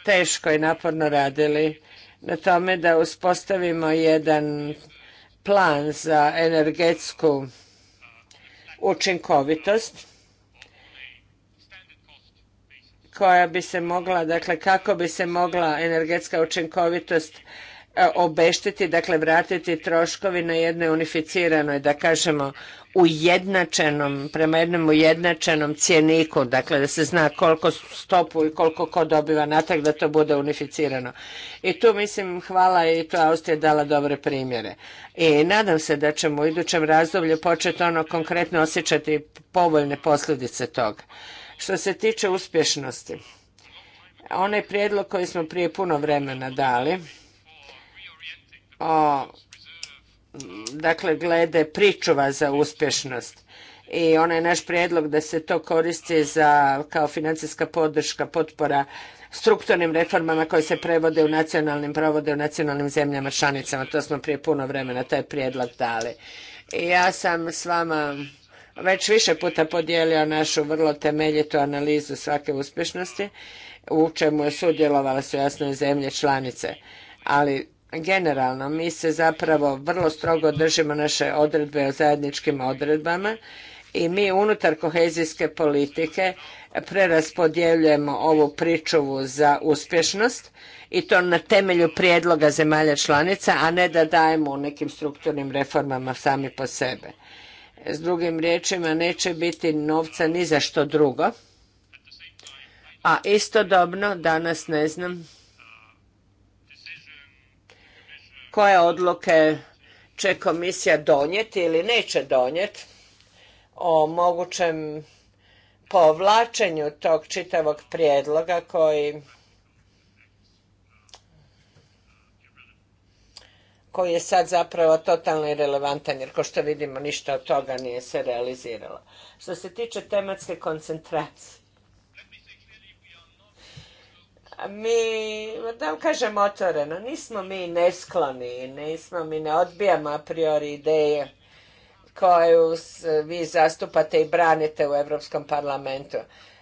teško i naporno radili na tome da uspostavimo jedan plan za energetsku učinkovitost koja bi se mogla, dakle kako bi se mogla energetska učinkovitost e, obeštetiti, dakle vratiti troškovi na jednoj unificiranoj, da kažemo, ujednačenom, prema jednom ujednačenom cjeniku, dakle da se zna koliko stopu i koliko ko dobiva natrag da to bude unificirano. I tu mislim hvala i tu Austrija dala dobre primjere. I nadam se da ćemo u idućem razdoblju početi ono konkretno osjećati povoljne posljedice toga. Što se tiče uspješnosti, onaj prijedlog koji smo prije puno vremena dali, o, dakle, glede pričuva za uspješnost, i onaj naš prijedlog da se to koristi za, kao financijska podrška, potpora strukturnim reformama koje se prevode u nacionalnim, provode u nacionalnim zemljama članicama. To smo prije puno vremena taj prijedlog dali. I ja sam s vama već više puta podijelio našu vrlo temeljitu analizu svake uspješnosti, u čemu je sudjelovala su jasno i zemlje članice. Ali generalno mi se zapravo vrlo strogo držimo naše odredbe o zajedničkim odredbama i mi unutar kohezijske politike preraspodjeljujemo ovu pričuvu za uspješnost i to na temelju prijedloga zemalja članica, a ne da dajemo u nekim strukturnim reformama sami po sebe. S drugim riječima neće biti novca ni za što drugo. A istodobno danas ne znam koje odluke će komisija donijeti ili neće donijeti o mogućem povlačenju tog čitavog prijedloga koji koji je sad zapravo totalno irelevantan, jer ko što vidimo ništa od toga nije se realiziralo. Što se tiče tematske koncentracije, mi, da vam kažem otvoreno, nismo mi neskloni, nismo mi ne odbijamo a priori ideje koju vi zastupate i branite u Europskom parlamentu,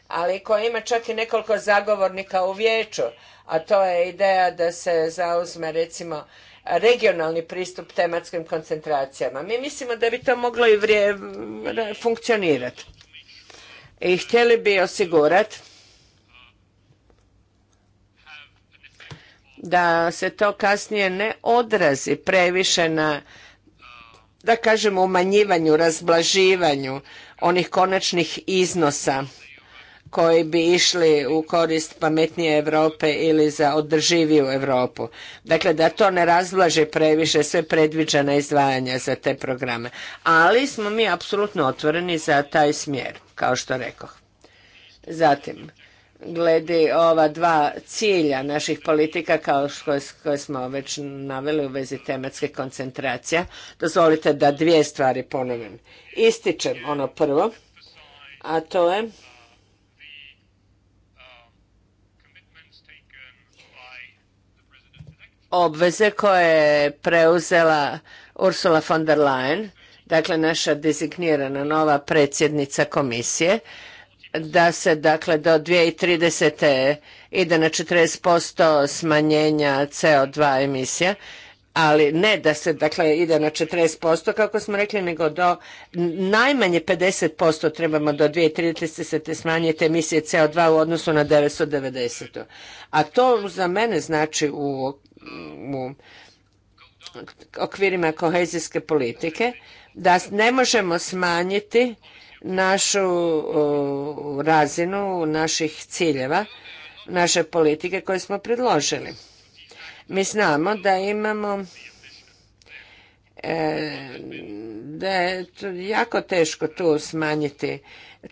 ali koja ima čak i nekoliko zagovornika u vijeću, a to je ideja da se zauzme recimo regionalni pristup tematskim koncentracijama. Mi mislimo da bi to moglo i vrije funkcionirati. I htjeli bi osigurati da se to kasnije ne odrazi previše na, da kažemo, umanjivanju, razblaživanju onih konačnih iznosa koji bi išli u korist pametnije Europe ili za održiviju Europu. Dakle, da to ne razvlaže previše sve predviđena izdvajanja za te programe. Ali smo mi apsolutno otvoreni za taj smjer, kao što rekao. Zatim, gledi ova dva cilja naših politika kao što koje smo već naveli u vezi tematske koncentracija, dozvolite da dvije stvari ponovim. Ističem ono prvo, a to je obveze koje je preuzela Ursula von der Leyen, dakle naša dezignirana nova predsjednica komisije, da se dakle do 2030. ide na 40% smanjenja CO2 emisija, ali ne da se dakle ide na 40% kako smo rekli, nego do najmanje 50% trebamo do 2030. se te smanjiti emisije CO2 u odnosu na 990. A to za mene znači u u okvirima kohezijske politike, da ne možemo smanjiti našu razinu naših ciljeva, naše politike koje smo predložili. Mi znamo da imamo E, da je jako teško tu smanjiti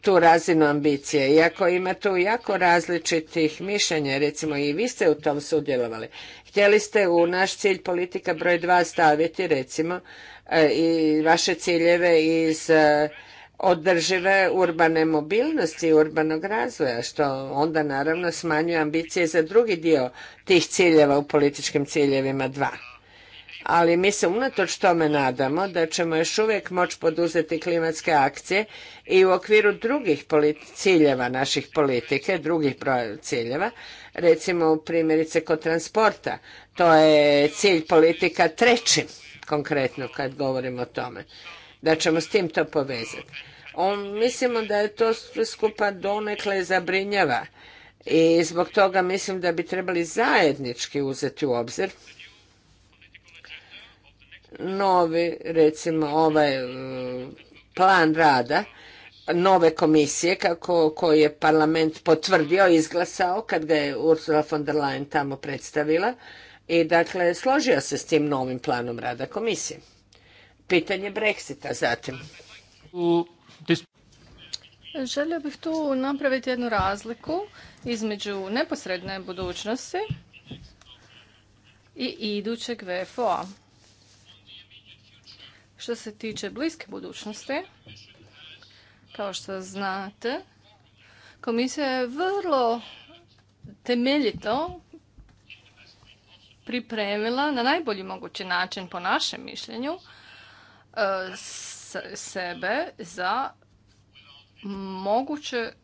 tu razinu ambicije. Iako ima tu jako različitih mišljenja, recimo i vi ste u tom sudjelovali. Htjeli ste u naš cilj politika broj dva staviti recimo e, i vaše ciljeve iz e, održive urbane mobilnosti i urbanog razvoja, što onda naravno smanjuje ambicije za drugi dio tih ciljeva u političkim ciljevima dva ali mi se unatoč tome nadamo da ćemo još uvijek moći poduzeti klimatske akcije i u okviru drugih ciljeva naših politike, drugih ciljeva, recimo primjerice kod transporta. To je cilj politika treći, konkretno kad govorimo o tome, da ćemo s tim to povezati. mislimo da je to skupa donekle zabrinjava i zbog toga mislim da bi trebali zajednički uzeti u obzir novi, recimo, ovaj e, plan rada nove komisije kako, koji je parlament potvrdio, izglasao kad ga je Ursula von der Leyen tamo predstavila i dakle složio se s tim novim planom rada komisije. Pitanje Brexita zatim. Želio bih tu napraviti jednu razliku između neposredne budućnosti i idućeg VFO-a. Što se tiče bliske budućnosti, kao što znate, komisija je vrlo temeljito pripremila na najbolji mogući način, po našem mišljenju, e, sebe za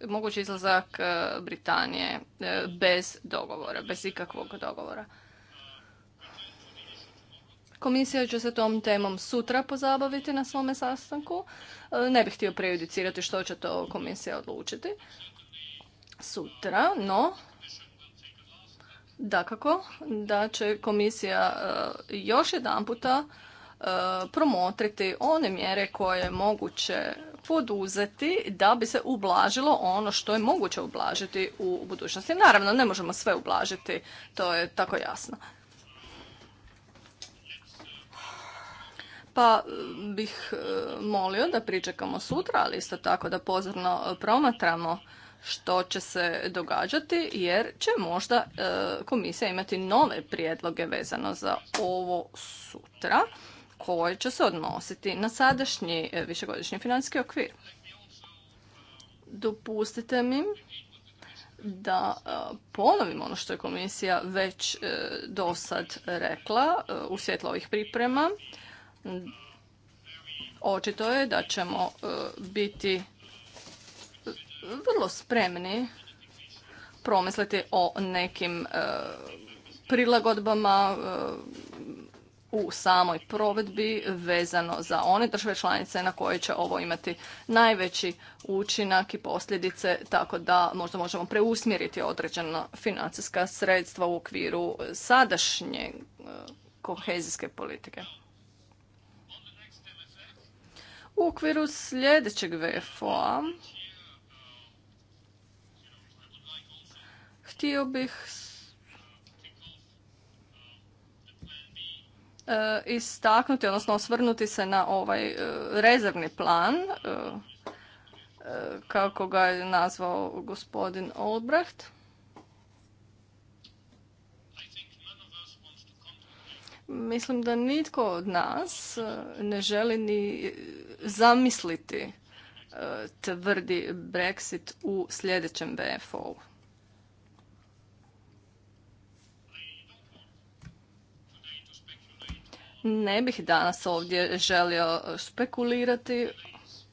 mogući izlazak e, Britanije e, bez dogovora, bez ikakvog dogovora. Komisija će se tom temom sutra pozabaviti na svome sastanku. E, ne bih htio prejudicirati što će to komisija odlučiti sutra, no dakako da će komisija e, još jedan puta e, promotriti one mjere koje je moguće poduzeti da bi se ublažilo ono što je moguće ublažiti u budućnosti. Naravno, ne možemo sve ublažiti, to je tako jasno. pa e, bih e, molio da pričekamo sutra, ali isto tako da pozorno promatramo što će se događati jer će možda e, komisija imati nove prijedloge vezano za ovo sutra koje će se odnositi na sadašnji višegodišnji financijski okvir. Dopustite mi da ponovim ono što je komisija već do sad rekla u svjetlu ovih priprema Očito je da ćemo e, biti vrlo spremni promisliti o nekim e, prilagodbama e, u samoj provedbi vezano za one države članice na koje će ovo imati najveći učinak i posljedice, tako da možda možemo preusmjeriti određena financijska sredstva u okviru sadašnje kohezijske politike. U okviru sljedećeg VFO-a htio bih e, istaknuti, odnosno osvrnuti se na ovaj e, rezervni plan, e, kako ga je nazvao gospodin Olbrecht. Mislim da nitko od nas e, ne želi ni zamisliti e, tvrdi Brexit u sljedećem BFO-u. Ne bih danas ovdje želio spekulirati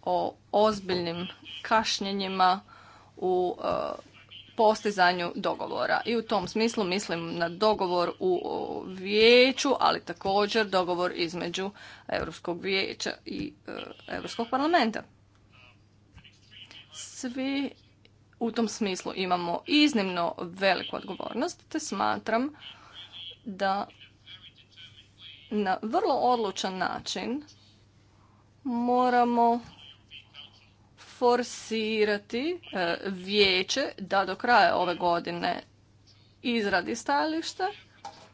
o ozbiljnim kašnjenjima u e, postizanju dogovora. I u tom smislu mislim na dogovor u vijeću, ali također dogovor između Europskog vijeća i e, Europskog parlamenta. Svi u tom smislu imamo iznimno veliku odgovornost, te smatram da na vrlo odlučan način moramo forsirati e, vijeće da do kraja ove godine izradi stajalište,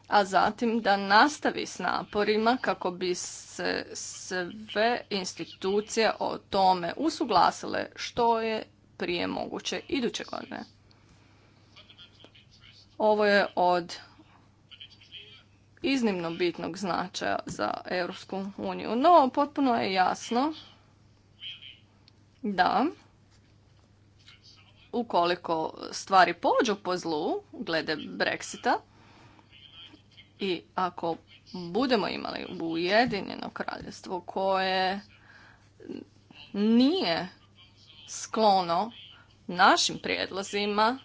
a zatim da nastavi s naporima kako bi se sve institucije o tome usuglasile što je prije moguće iduće godine. Ovo je od iznimno bitnog značaja za Europsku uniju, no potpuno je jasno da ukoliko stvari pođu po zlu glede Brexita i ako budemo imali Ujedinjeno kraljevstvo koje nije sklono našim prijedlozima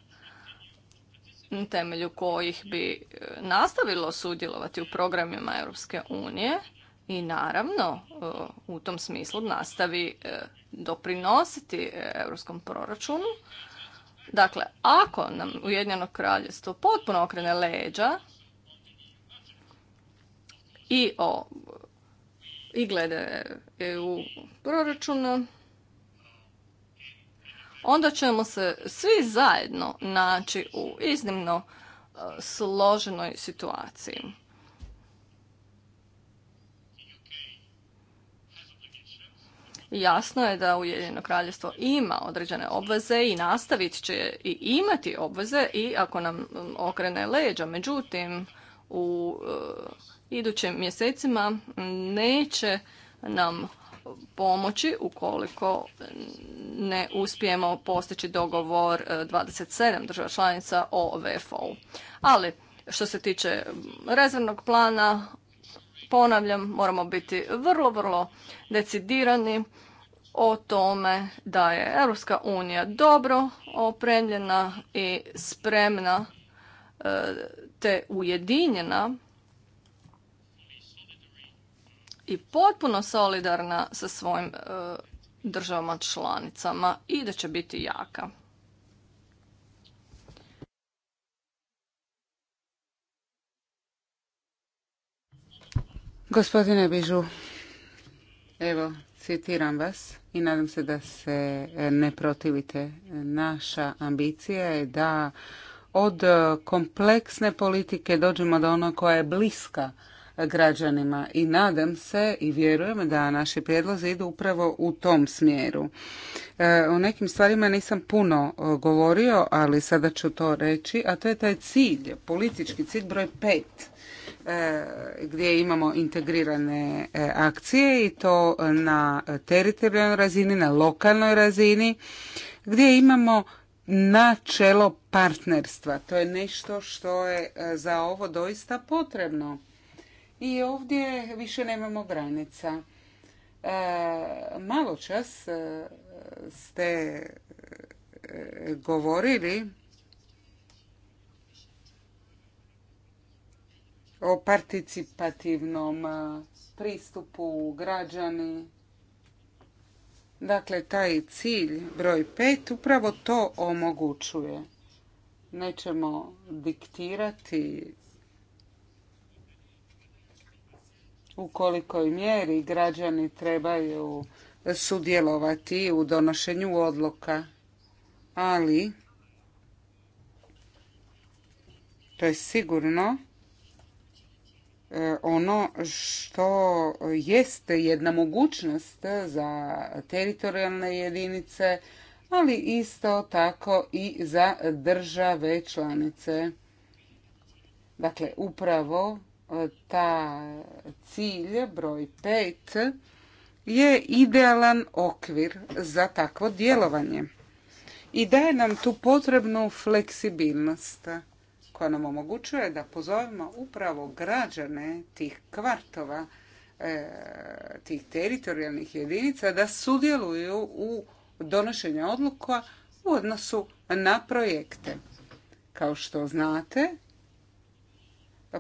na temelju kojih bi e, nastavilo sudjelovati u programima Europske unije, i naravno e, u tom smislu nastavi e, doprinositi e, europskom proračunu. Dakle, ako nam Ujedinjeno kraljevstvo potpuno okrene leđa i o i glede EU proračuna, onda ćemo se svi zajedno naći u iznimno složenoj situaciji. Jasno je da Ujedinjeno kraljestvo ima određene obveze i nastavit će i imati obveze i ako nam um, okrene leđa. Međutim, u uh, idućim mjesecima neće nam pomoći ukoliko ne uspijemo postići dogovor 27 uh, država članica o VFO-u. Ali što se tiče rezervnog plana, ponavljam, moramo biti vrlo, vrlo decidirani o tome da je Europska unija dobro opremljena i spremna e, te ujedinjena i potpuno solidarna sa svojim e, državama članicama i da će biti jaka. Gospodine Bižu, evo, citiram vas i nadam se da se e, ne protivite. Naša ambicija je da od kompleksne politike dođemo do one koja je bliska građanima i nadam se i vjerujem da naši prijedlozi idu upravo u tom smjeru. E, o nekim stvarima nisam puno e, govorio, ali sada ću to reći, a to je taj cilj, politički cilj broj pet E, gdje imamo integrirane e, akcije i to na teritorijalnoj razini, na lokalnoj razini, gdje imamo načelo partnerstva. To je nešto što je e, za ovo doista potrebno. I ovdje više nemamo granica. Malo čas ste govorili o participativnom pristupu građani. Dakle, taj cilj broj pet upravo to omogućuje. Nećemo diktirati u kolikoj mjeri građani trebaju sudjelovati u donošenju odluka, ali to je sigurno E, ono što jeste jedna mogućnost za teritorijalne jedinice, ali isto tako i za države članice. Dakle, upravo e, ta cilj broj 5 je idealan okvir za takvo djelovanje i daje nam tu potrebnu fleksibilnost koja nam omogućuje da pozovemo upravo građane tih kvartova, e, tih teritorijalnih jedinica da sudjeluju u donošenju odluka u odnosu na projekte. Kao što znate,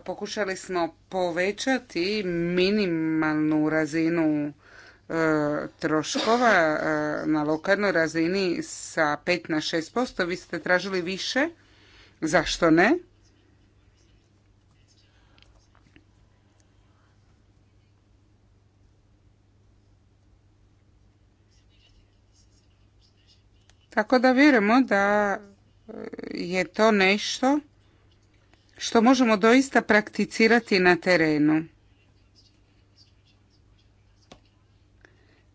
pokušali smo povećati minimalnu razinu e, troškova e, na lokalnoj razini sa 5 na 6%. Vi ste tražili više. Zašto ne? Tako da vjerujemo da e, je to nešto što možemo doista prakticirati na terenu.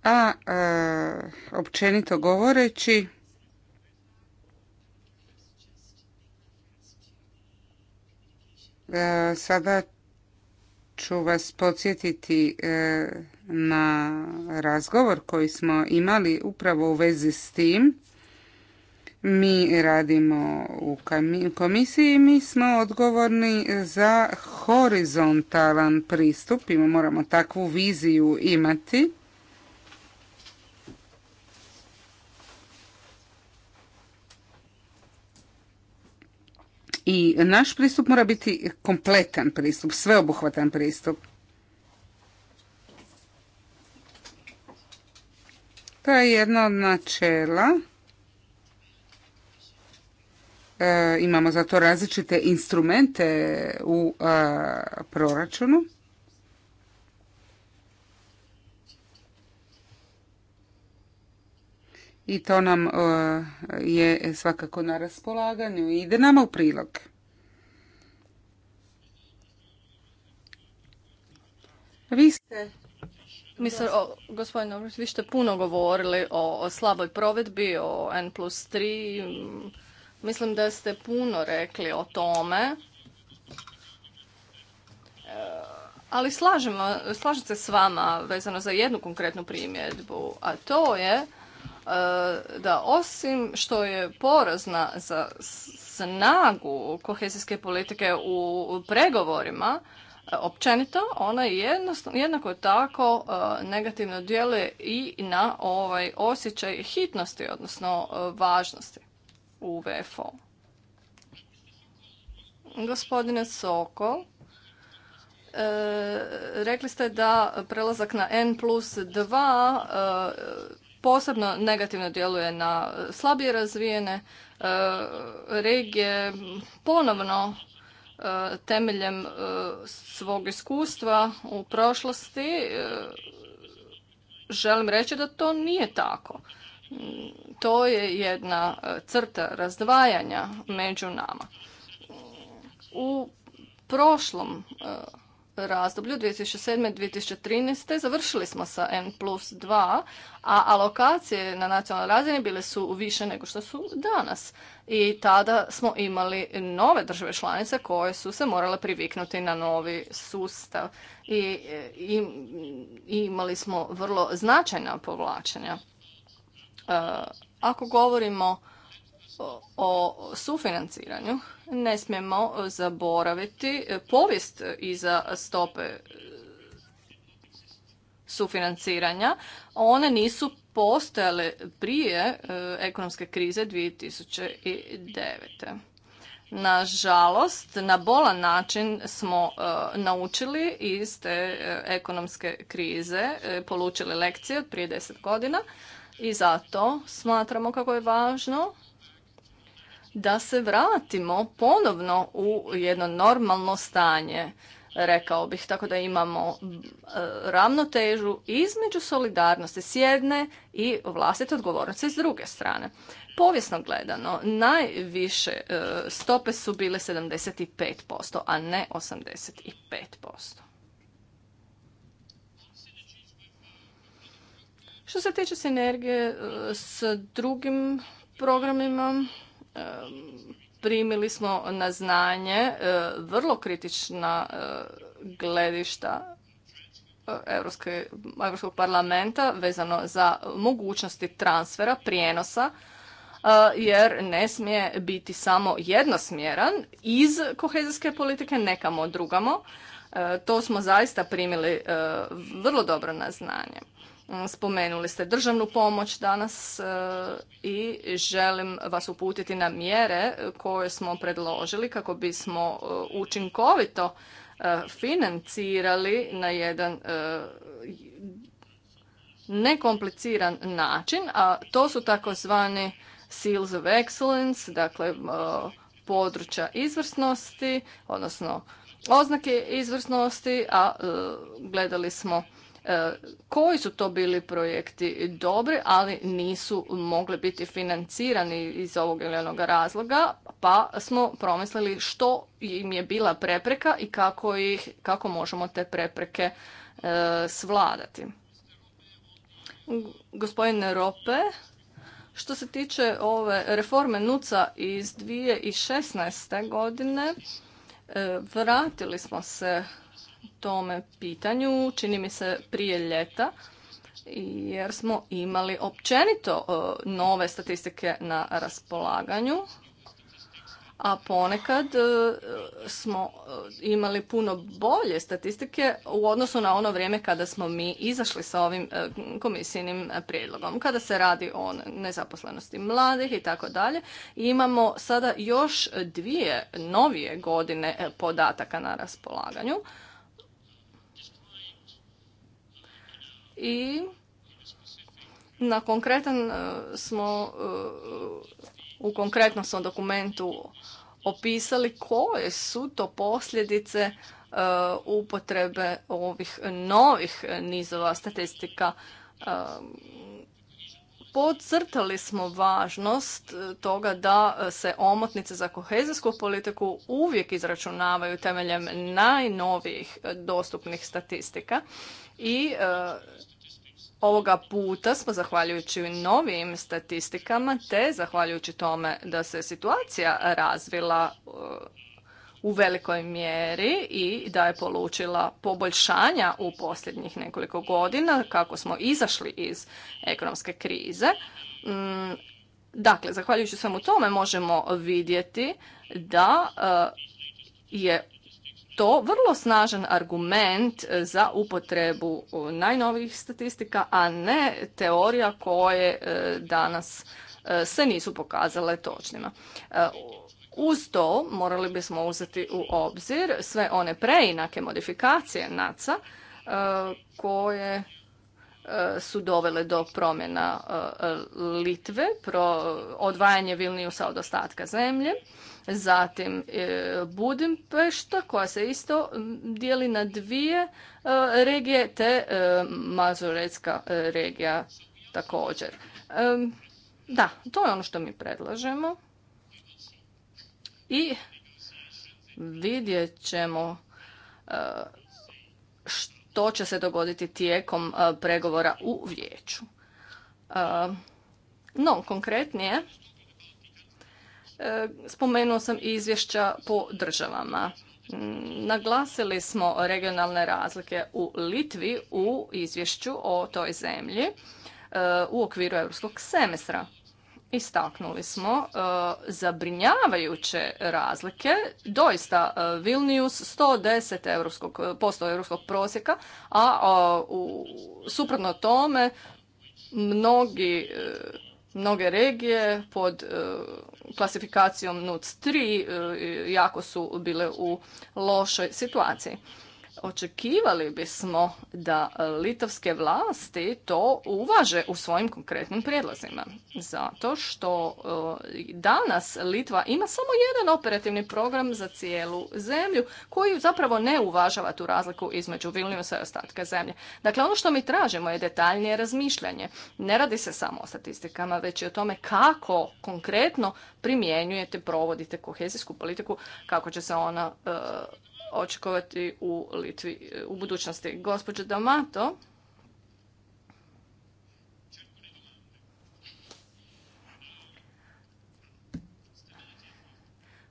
A e, općenito govoreći, e, sada ću vas podsjetiti na razgovor koji smo imali upravo u vezi s tim mi radimo u komisiji, i mi smo odgovorni za horizontalan pristup, mi moramo takvu viziju imati. I naš pristup mora biti kompletan pristup, sveobuhvatan pristup. To je jedno od načela E, imamo za to različite instrumente u e, proračunu. I to nam e, je svakako na raspolaganju i ide nama u prilog. Vi ste... Mislim, gospodin vi ste puno govorili o, o slaboj provedbi, o N plus 3, Mislim da ste puno rekli o tome. E, ali slažem se s vama vezano za jednu konkretnu primjedbu, a to je e, da osim što je porazna za snagu kohezijske politike u pregovorima, e, općenito, ona jednako tako negativno djeluje i na ovaj osjećaj hitnosti, odnosno važnosti u VFO. Gospodine Soko, e, rekli ste da prelazak na N plus 2 e, posebno negativno djeluje na slabije razvijene e, regije. Ponovno temeljem svog iskustva u prošlosti želim reći da to nije tako. To je jedna e, crta razdvajanja među nama. U prošlom e, razdoblju 2007-2013 završili smo sa N plus 2, a alokacije na nacionalnoj razini bile su više nego što su danas. I tada smo imali nove države članice koje su se morale priviknuti na novi sustav. I, e, i imali smo vrlo značajna povlačenja Eh, ako govorimo o sufinanciranju, ne smijemo zaboraviti povijest iza stope eh, sufinanciranja. One nisu postojale prije eh, ekonomske krize 2009. Nažalost, na bolan način smo naučili iz te ekonomske krize, polučili lekcije od prije deset godina i zato smatramo kako je važno da se vratimo ponovno u jedno normalno stanje, rekao bih, tako da imamo e, ravnotežu između solidarnosti s jedne i vlastite odgovornosti s druge strane. Povijesno gledano, najviše e, stope su bile 75%, a ne 85%. Što se tiče sinergije e, s drugim programima, e, primili smo na znanje e, vrlo kritična gledišta Europskog parlamenta vezano za mogućnosti transfera, prijenosa, jer ne smije biti samo jednosmjeran iz kohezijske politike nekamo drugamo. To smo zaista primili vrlo dobro na znanje. Mm, spomenuli ste državnu pomoć danas e, i želim vas uputiti na mjere koje smo predložili kako bismo e, učinkovito e, financirali na jedan nekompliciran način, a to su takozvani seals of excellence, dakle područja izvrsnosti, odnosno oznake izvrsnosti, a gledali smo E, koji su to bili projekti dobri, ali nisu mogli biti financirani iz ovog ili onoga razloga, pa smo promislili što im je bila prepreka i kako, ih, kako možemo te prepreke e, svladati. Gospodine Rope, što se tiče ove reforme NUCA iz 2016. godine, e, vratili smo se tome pitanju, čini mi se prije ljeta, jer smo imali općenito e, nove statistike na raspolaganju, a ponekad e, smo e, imali puno bolje statistike u odnosu na ono vrijeme kada smo mi izašli sa ovim komisijnim prijedlogom. Kada se radi o nezaposlenosti mladih i tako dalje, imamo sada još dvije novije godine podataka na raspolaganju i na konkretan e, smo, e, u konkretnom smo dokumentu opisali koje su to posljedice e, upotrebe ovih novih nizova statistika. Podcrtali smo važnost toga da se omotnice za kohezijsku politiku uvijek izračunavaju temeljem najnovijih dostupnih statistika i e, ovoga puta smo zahvaljujući novim statistikama te zahvaljujući tome da se situacija razvila e, u velikoj mjeri i da je polučila poboljšanja u posljednjih nekoliko godina kako smo izašli iz ekonomske krize. Mm, dakle, zahvaljujući svemu tome možemo vidjeti da e, je to vrlo snažan argument e, za upotrebu e, najnovijih statistika, a ne teorija koje e, danas se nisu pokazale točnima. Uz to morali bismo uzeti u obzir sve one preinake modifikacije NACA koje su dovele do promjena Litve, odvajanje Vilniusa od ostatka zemlje, Zatim e, Budimpešta koja se isto dijeli na dvije e, regije te e, mazoretska regija također. Da, to je ono što mi predlažemo. I vidjet ćemo što će se dogoditi tijekom pregovora u vijeću. No, konkretnije, E, spomenuo sam i izvješća po državama. Mm, naglasili smo regionalne razlike u Litvi u izvješću o toj zemlji e, u okviru europskog semestra. Istaknuli smo e, zabrinjavajuće razlike, doista Vilnius 110 europskog, posto europskog prosjeka, a suprotno tome mnogi mnoge regije pod e, klasifikacijom NUC 3 e, jako su bile u lošoj situaciji očekivali bismo da litovske vlasti to uvaže u svojim konkretnim prijedlozima. Zato što e, danas Litva ima samo jedan operativni program za cijelu zemlju koji zapravo ne uvažava tu razliku između Vilniusa i ostatka zemlje. Dakle, ono što mi tražimo je detaljnije razmišljanje. Ne radi se samo o statistikama, već i o tome kako konkretno primjenjujete, provodite kohezijsku politiku, kako će se ona e, očekovati u Litvi u budućnosti. Gospođo D'Amato,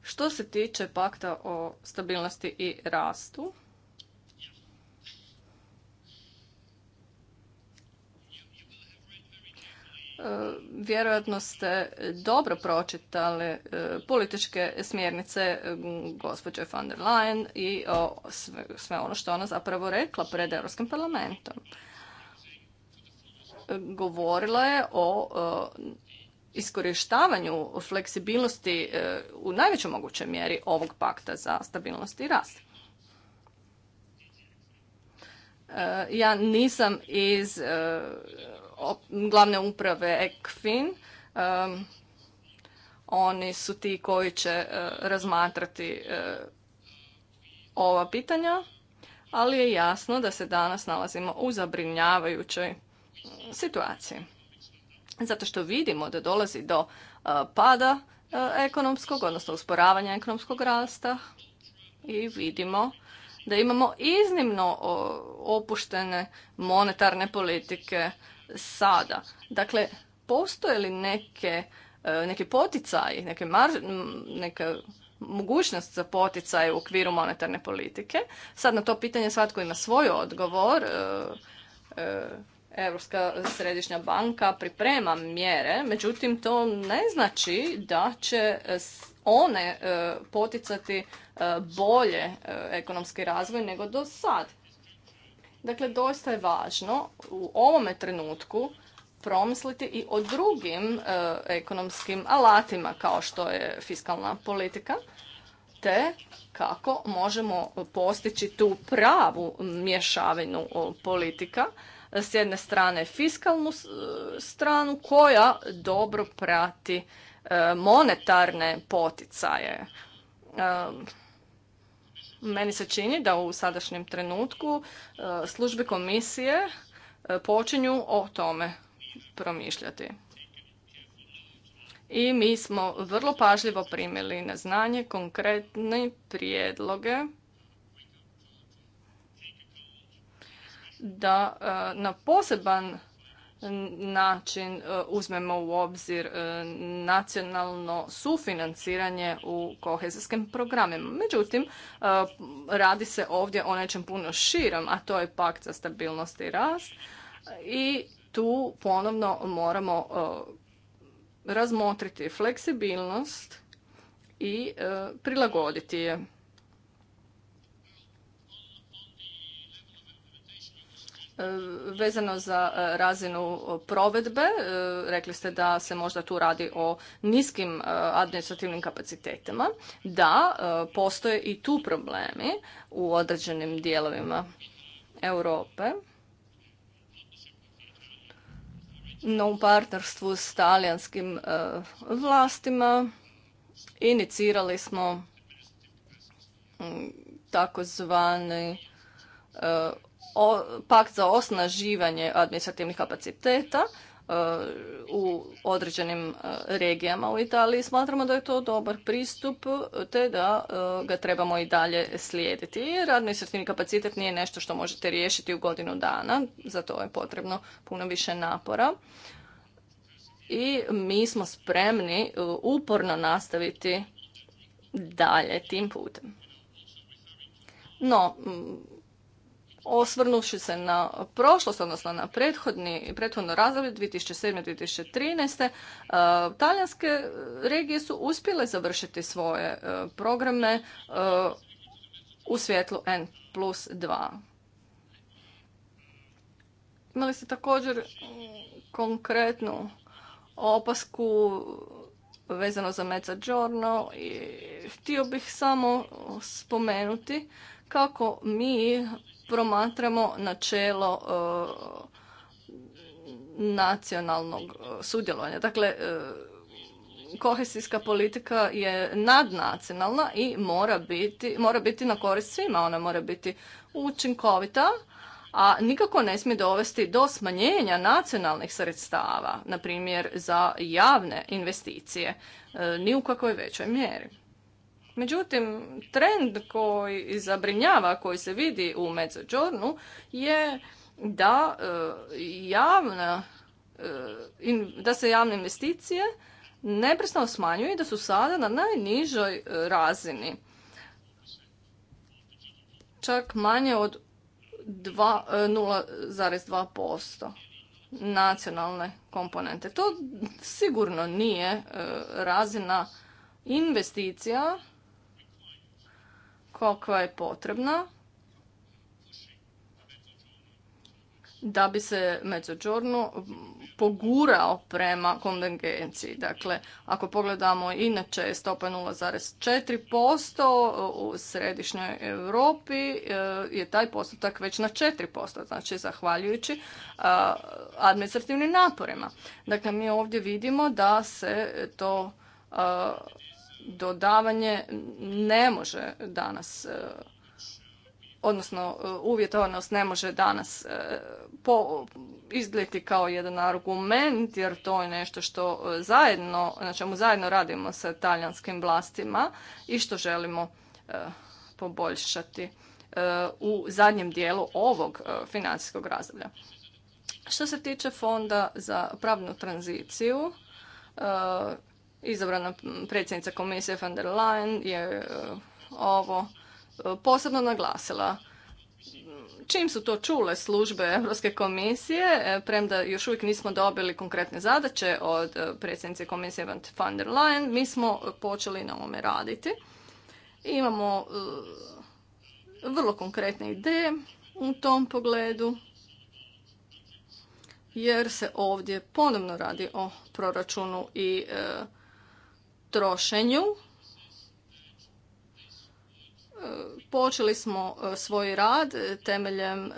što se tiče pakta o stabilnosti i rastu, Vjerojatno ste dobro pročitali e, političke smjernice e, gospođe von der Leyen i sve ono što ona zapravo rekla pred Europskim parlamentom. E, govorila je o iskorištavanju fleksibilnosti u najvećoj mogućoj mjeri ovog pakta za stabilnost i rast. Ja nisam iz glavne uprave ECFIN. oni su ti koji će e, razmatrati e, ova pitanja, ali je jasno da se danas nalazimo u zabrinjavajućoj mm, situaciji. Zato što vidimo da dolazi do e, pada ekonomskog, odnosno usporavanja ekonomskog rasta i vidimo da imamo iznimno opuštene monetarne politike sada. Dakle, postoje li neke, e, neke poticaji, neke, neke mogućnost za poticaje u okviru monetarne politike? Sad na to pitanje svatko ima svoj odgovor. E, e, Europska središnja banka priprema mjere, međutim to ne znači da će one poticati bolje ekonomski razvoj nego do sad. Dakle, dosta je važno u ovome trenutku promisliti i o drugim e, ekonomskim alatima kao što je fiskalna politika, te kako možemo postići tu pravu mješavinu e, politika, s jedne strane fiskalnu e, stranu koja dobro prati monetarne poticaje. Meni se čini da u sadašnjem trenutku e, službe komisije e, počinju o tome promišljati. I mi smo vrlo pažljivo primili na znanje konkretne prijedloge da e, na poseban način e, uzmemo u obzir e, nacionalno sufinanciranje u kohezijskim programima. Međutim, e, radi se ovdje o nečem puno širom, a to je pakt za stabilnost i rast i tu ponovno moramo razmotriti fleksibilnost i prilagoditi je. Vezano za e, razinu provedbe, e, rekli ste da se možda tu radi o niskim e, administrativnim kapacitetima. Da, postoje i tu problemi u određenim dijelovima Europe. No u partnerstvu s talijanskim vlastima inicirali smo takozvani o, pakt za osnaživanje administrativnih kapaciteta e, u određenim e, regijama u Italiji. Smatramo da je to dobar pristup te da e, ga trebamo i dalje slijediti. Jer administrativni kapacitet nije nešto što možete riješiti u godinu dana. Za to je potrebno puno više napora. I mi smo spremni uporno nastaviti dalje tim putem. No, osvrnuši se na prošlost, odnosno na prethodni, prethodno razdoblje 2007-2013, e, talijanske regije su uspjele završiti svoje e, programe e, u svjetlu N plus 2. Imali ste također konkretnu opasku vezano za Giorno i htio bih samo spomenuti kako mi promatramo načelo e, nacionalnog e, sudjelovanja. Dakle, e, kohesijska politika je nadnacionalna i mora biti, mora biti na korist svima. Ona mora biti učinkovita, a nikako ne smije dovesti do smanjenja nacionalnih sredstava, na primjer za javne investicije, ni u kakvoj većoj mjeri. Međutim, trend koji zabrinjava, koji se vidi u Medzađornu, je da e, e, da se javne investicije neprestano smanjuju i da su sada na najnižoj e, razini. Čak manje od 0,2% nacionalne komponente. To sigurno nije razina investicija koliko je potrebna da bi se Mezzogiorno pogurao prema konvergenciji. Dakle, ako pogledamo inače stopa 0,4% u središnjoj Europi eh, je taj postotak već na 4%, znači zahvaljujući eh, administrativnim naporima. Dakle, mi ovdje vidimo da se to eh, dodavanje ne može danas, e, odnosno e, uvjetovanost ne može danas e, po, izgledati kao jedan argument, jer to je nešto što zajedno, na čemu zajedno radimo sa talijanskim vlastima i što želimo poboljšati u zadnjem dijelu ovog financijskog razdoblja. Što se tiče fonda za pravnu tranziciju, izabrana predsjednica komisije van der Leyen je e, ovo e, posebno naglasila. Čim su to čule službe Europske komisije, e, premda još uvijek nismo dobili konkretne zadaće od predsjednice komisije van der Leyen, mi smo počeli na ovome raditi. Imamo vrlo konkretne ideje u tom pogledu, jer se ovdje ponovno radi o proračunu i trošenju. E, počeli smo e, svoj rad e, temeljem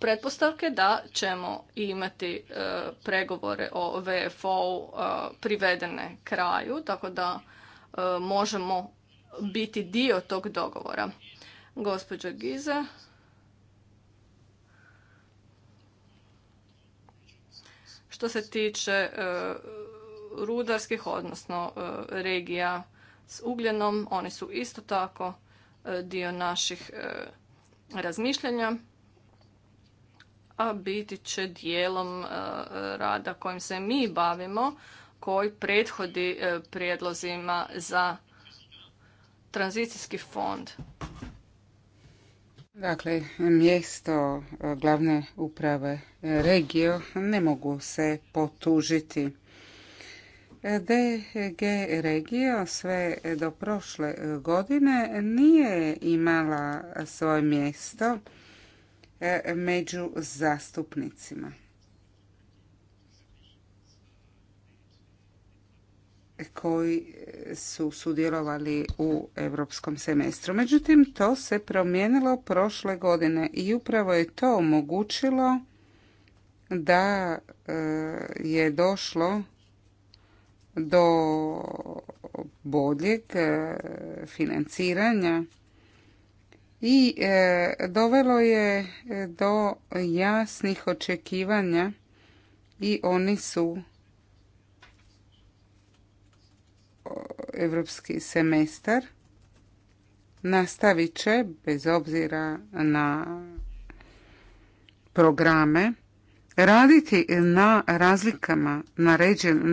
pretpostavke da ćemo imati pregovore o VFO privedene kraju, tako da možemo biti dio tog dogovora. Gospođa Giza. Što se tiče rudarskih, odnosno e, regija s ugljenom. Oni su isto tako e, dio naših e, razmišljanja, a biti će dijelom rada kojim se mi bavimo, koji prethodi prijedlozima za tranzicijski fond. Dakle, mjesto glavne uprave regio ne mogu se potužiti DG regija sve do prošle godine nije imala svoje mjesto e, među zastupnicima. koji su sudjelovali u europskom semestru. Međutim, to se promijenilo prošle godine i upravo je to omogućilo da e, je došlo do boljeg e, financiranja i e, dovelo je do jasnih očekivanja i oni su europski semestar nastavit će bez obzira na programe raditi na razlikama na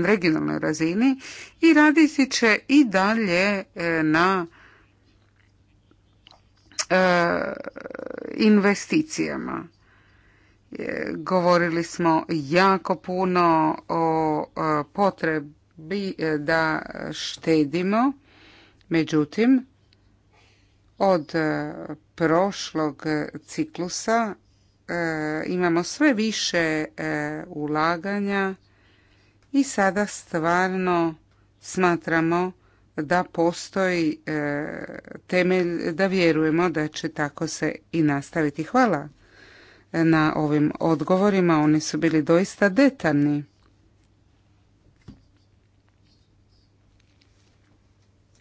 regionalnoj razini i raditi će i dalje e, na e, investicijama. Govorili smo jako puno o e, potrebi da štedimo, međutim, od prošlog ciklusa E, imamo sve više e, ulaganja i sada stvarno smatramo da postoji e, temelj da vjerujemo da će tako se i nastaviti. Hvala na ovim odgovorima, oni su bili doista detaljni.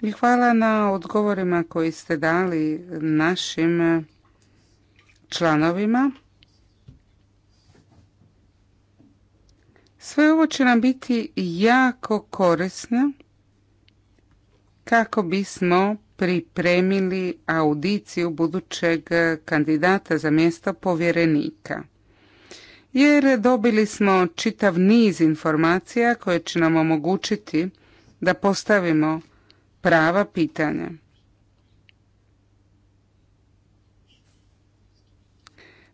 I hvala na odgovorima koji ste dali našim članovima. Sve ovo će nam biti jako korisno kako bismo pripremili audiciju budućeg kandidata za mjesto povjerenika. Jer dobili smo čitav niz informacija koje će nam omogućiti da postavimo prava pitanja.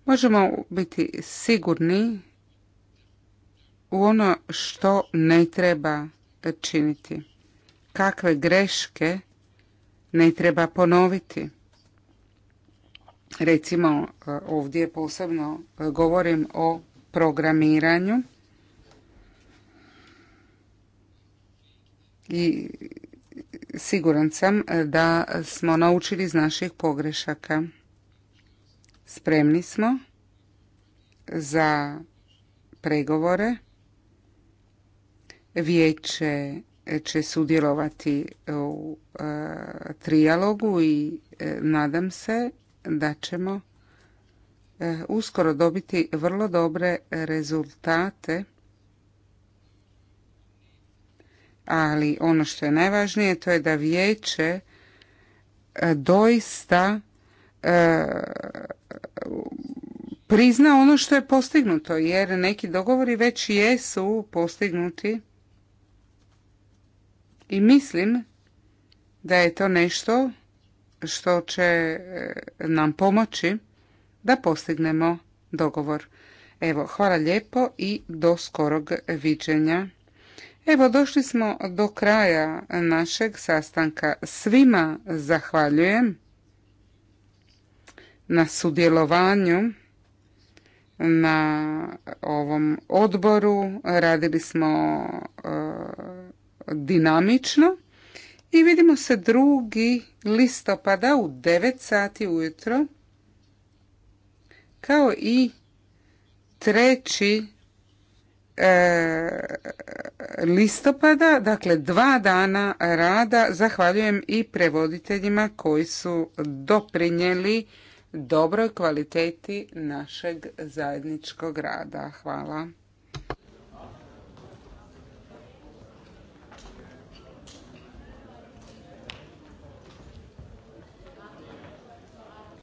Možemo biti sigurni u ono što ne treba činiti. Kakve greške ne treba ponoviti. Recimo ovdje posebno govorim o programiranju i siguran sam da smo naučili iz naših pogrešaka. Spremni smo za pregovore Vijeće će sudjelovati u e, trijalogu i e, nadam se da ćemo e, uskoro dobiti vrlo dobre rezultate. Ali ono što je najvažnije to je da vijeće doista prizna ono što je postignuto jer neki dogovori već jesu postignuti i mislim da je to nešto što će e, nam pomoći da postignemo dogovor. Evo, hvala lijepo i do skorog viđenja. Evo, došli smo do kraja našeg sastanka. Svima zahvaljujem na sudjelovanju na ovom odboru. Radili smo e, dinamično i vidimo se drugi listopada u 9 sati ujutro kao i treći e, listopada, dakle dva dana rada. Zahvaljujem i prevoditeljima koji su doprinijeli dobroj kvaliteti našeg zajedničkog rada. Hvala.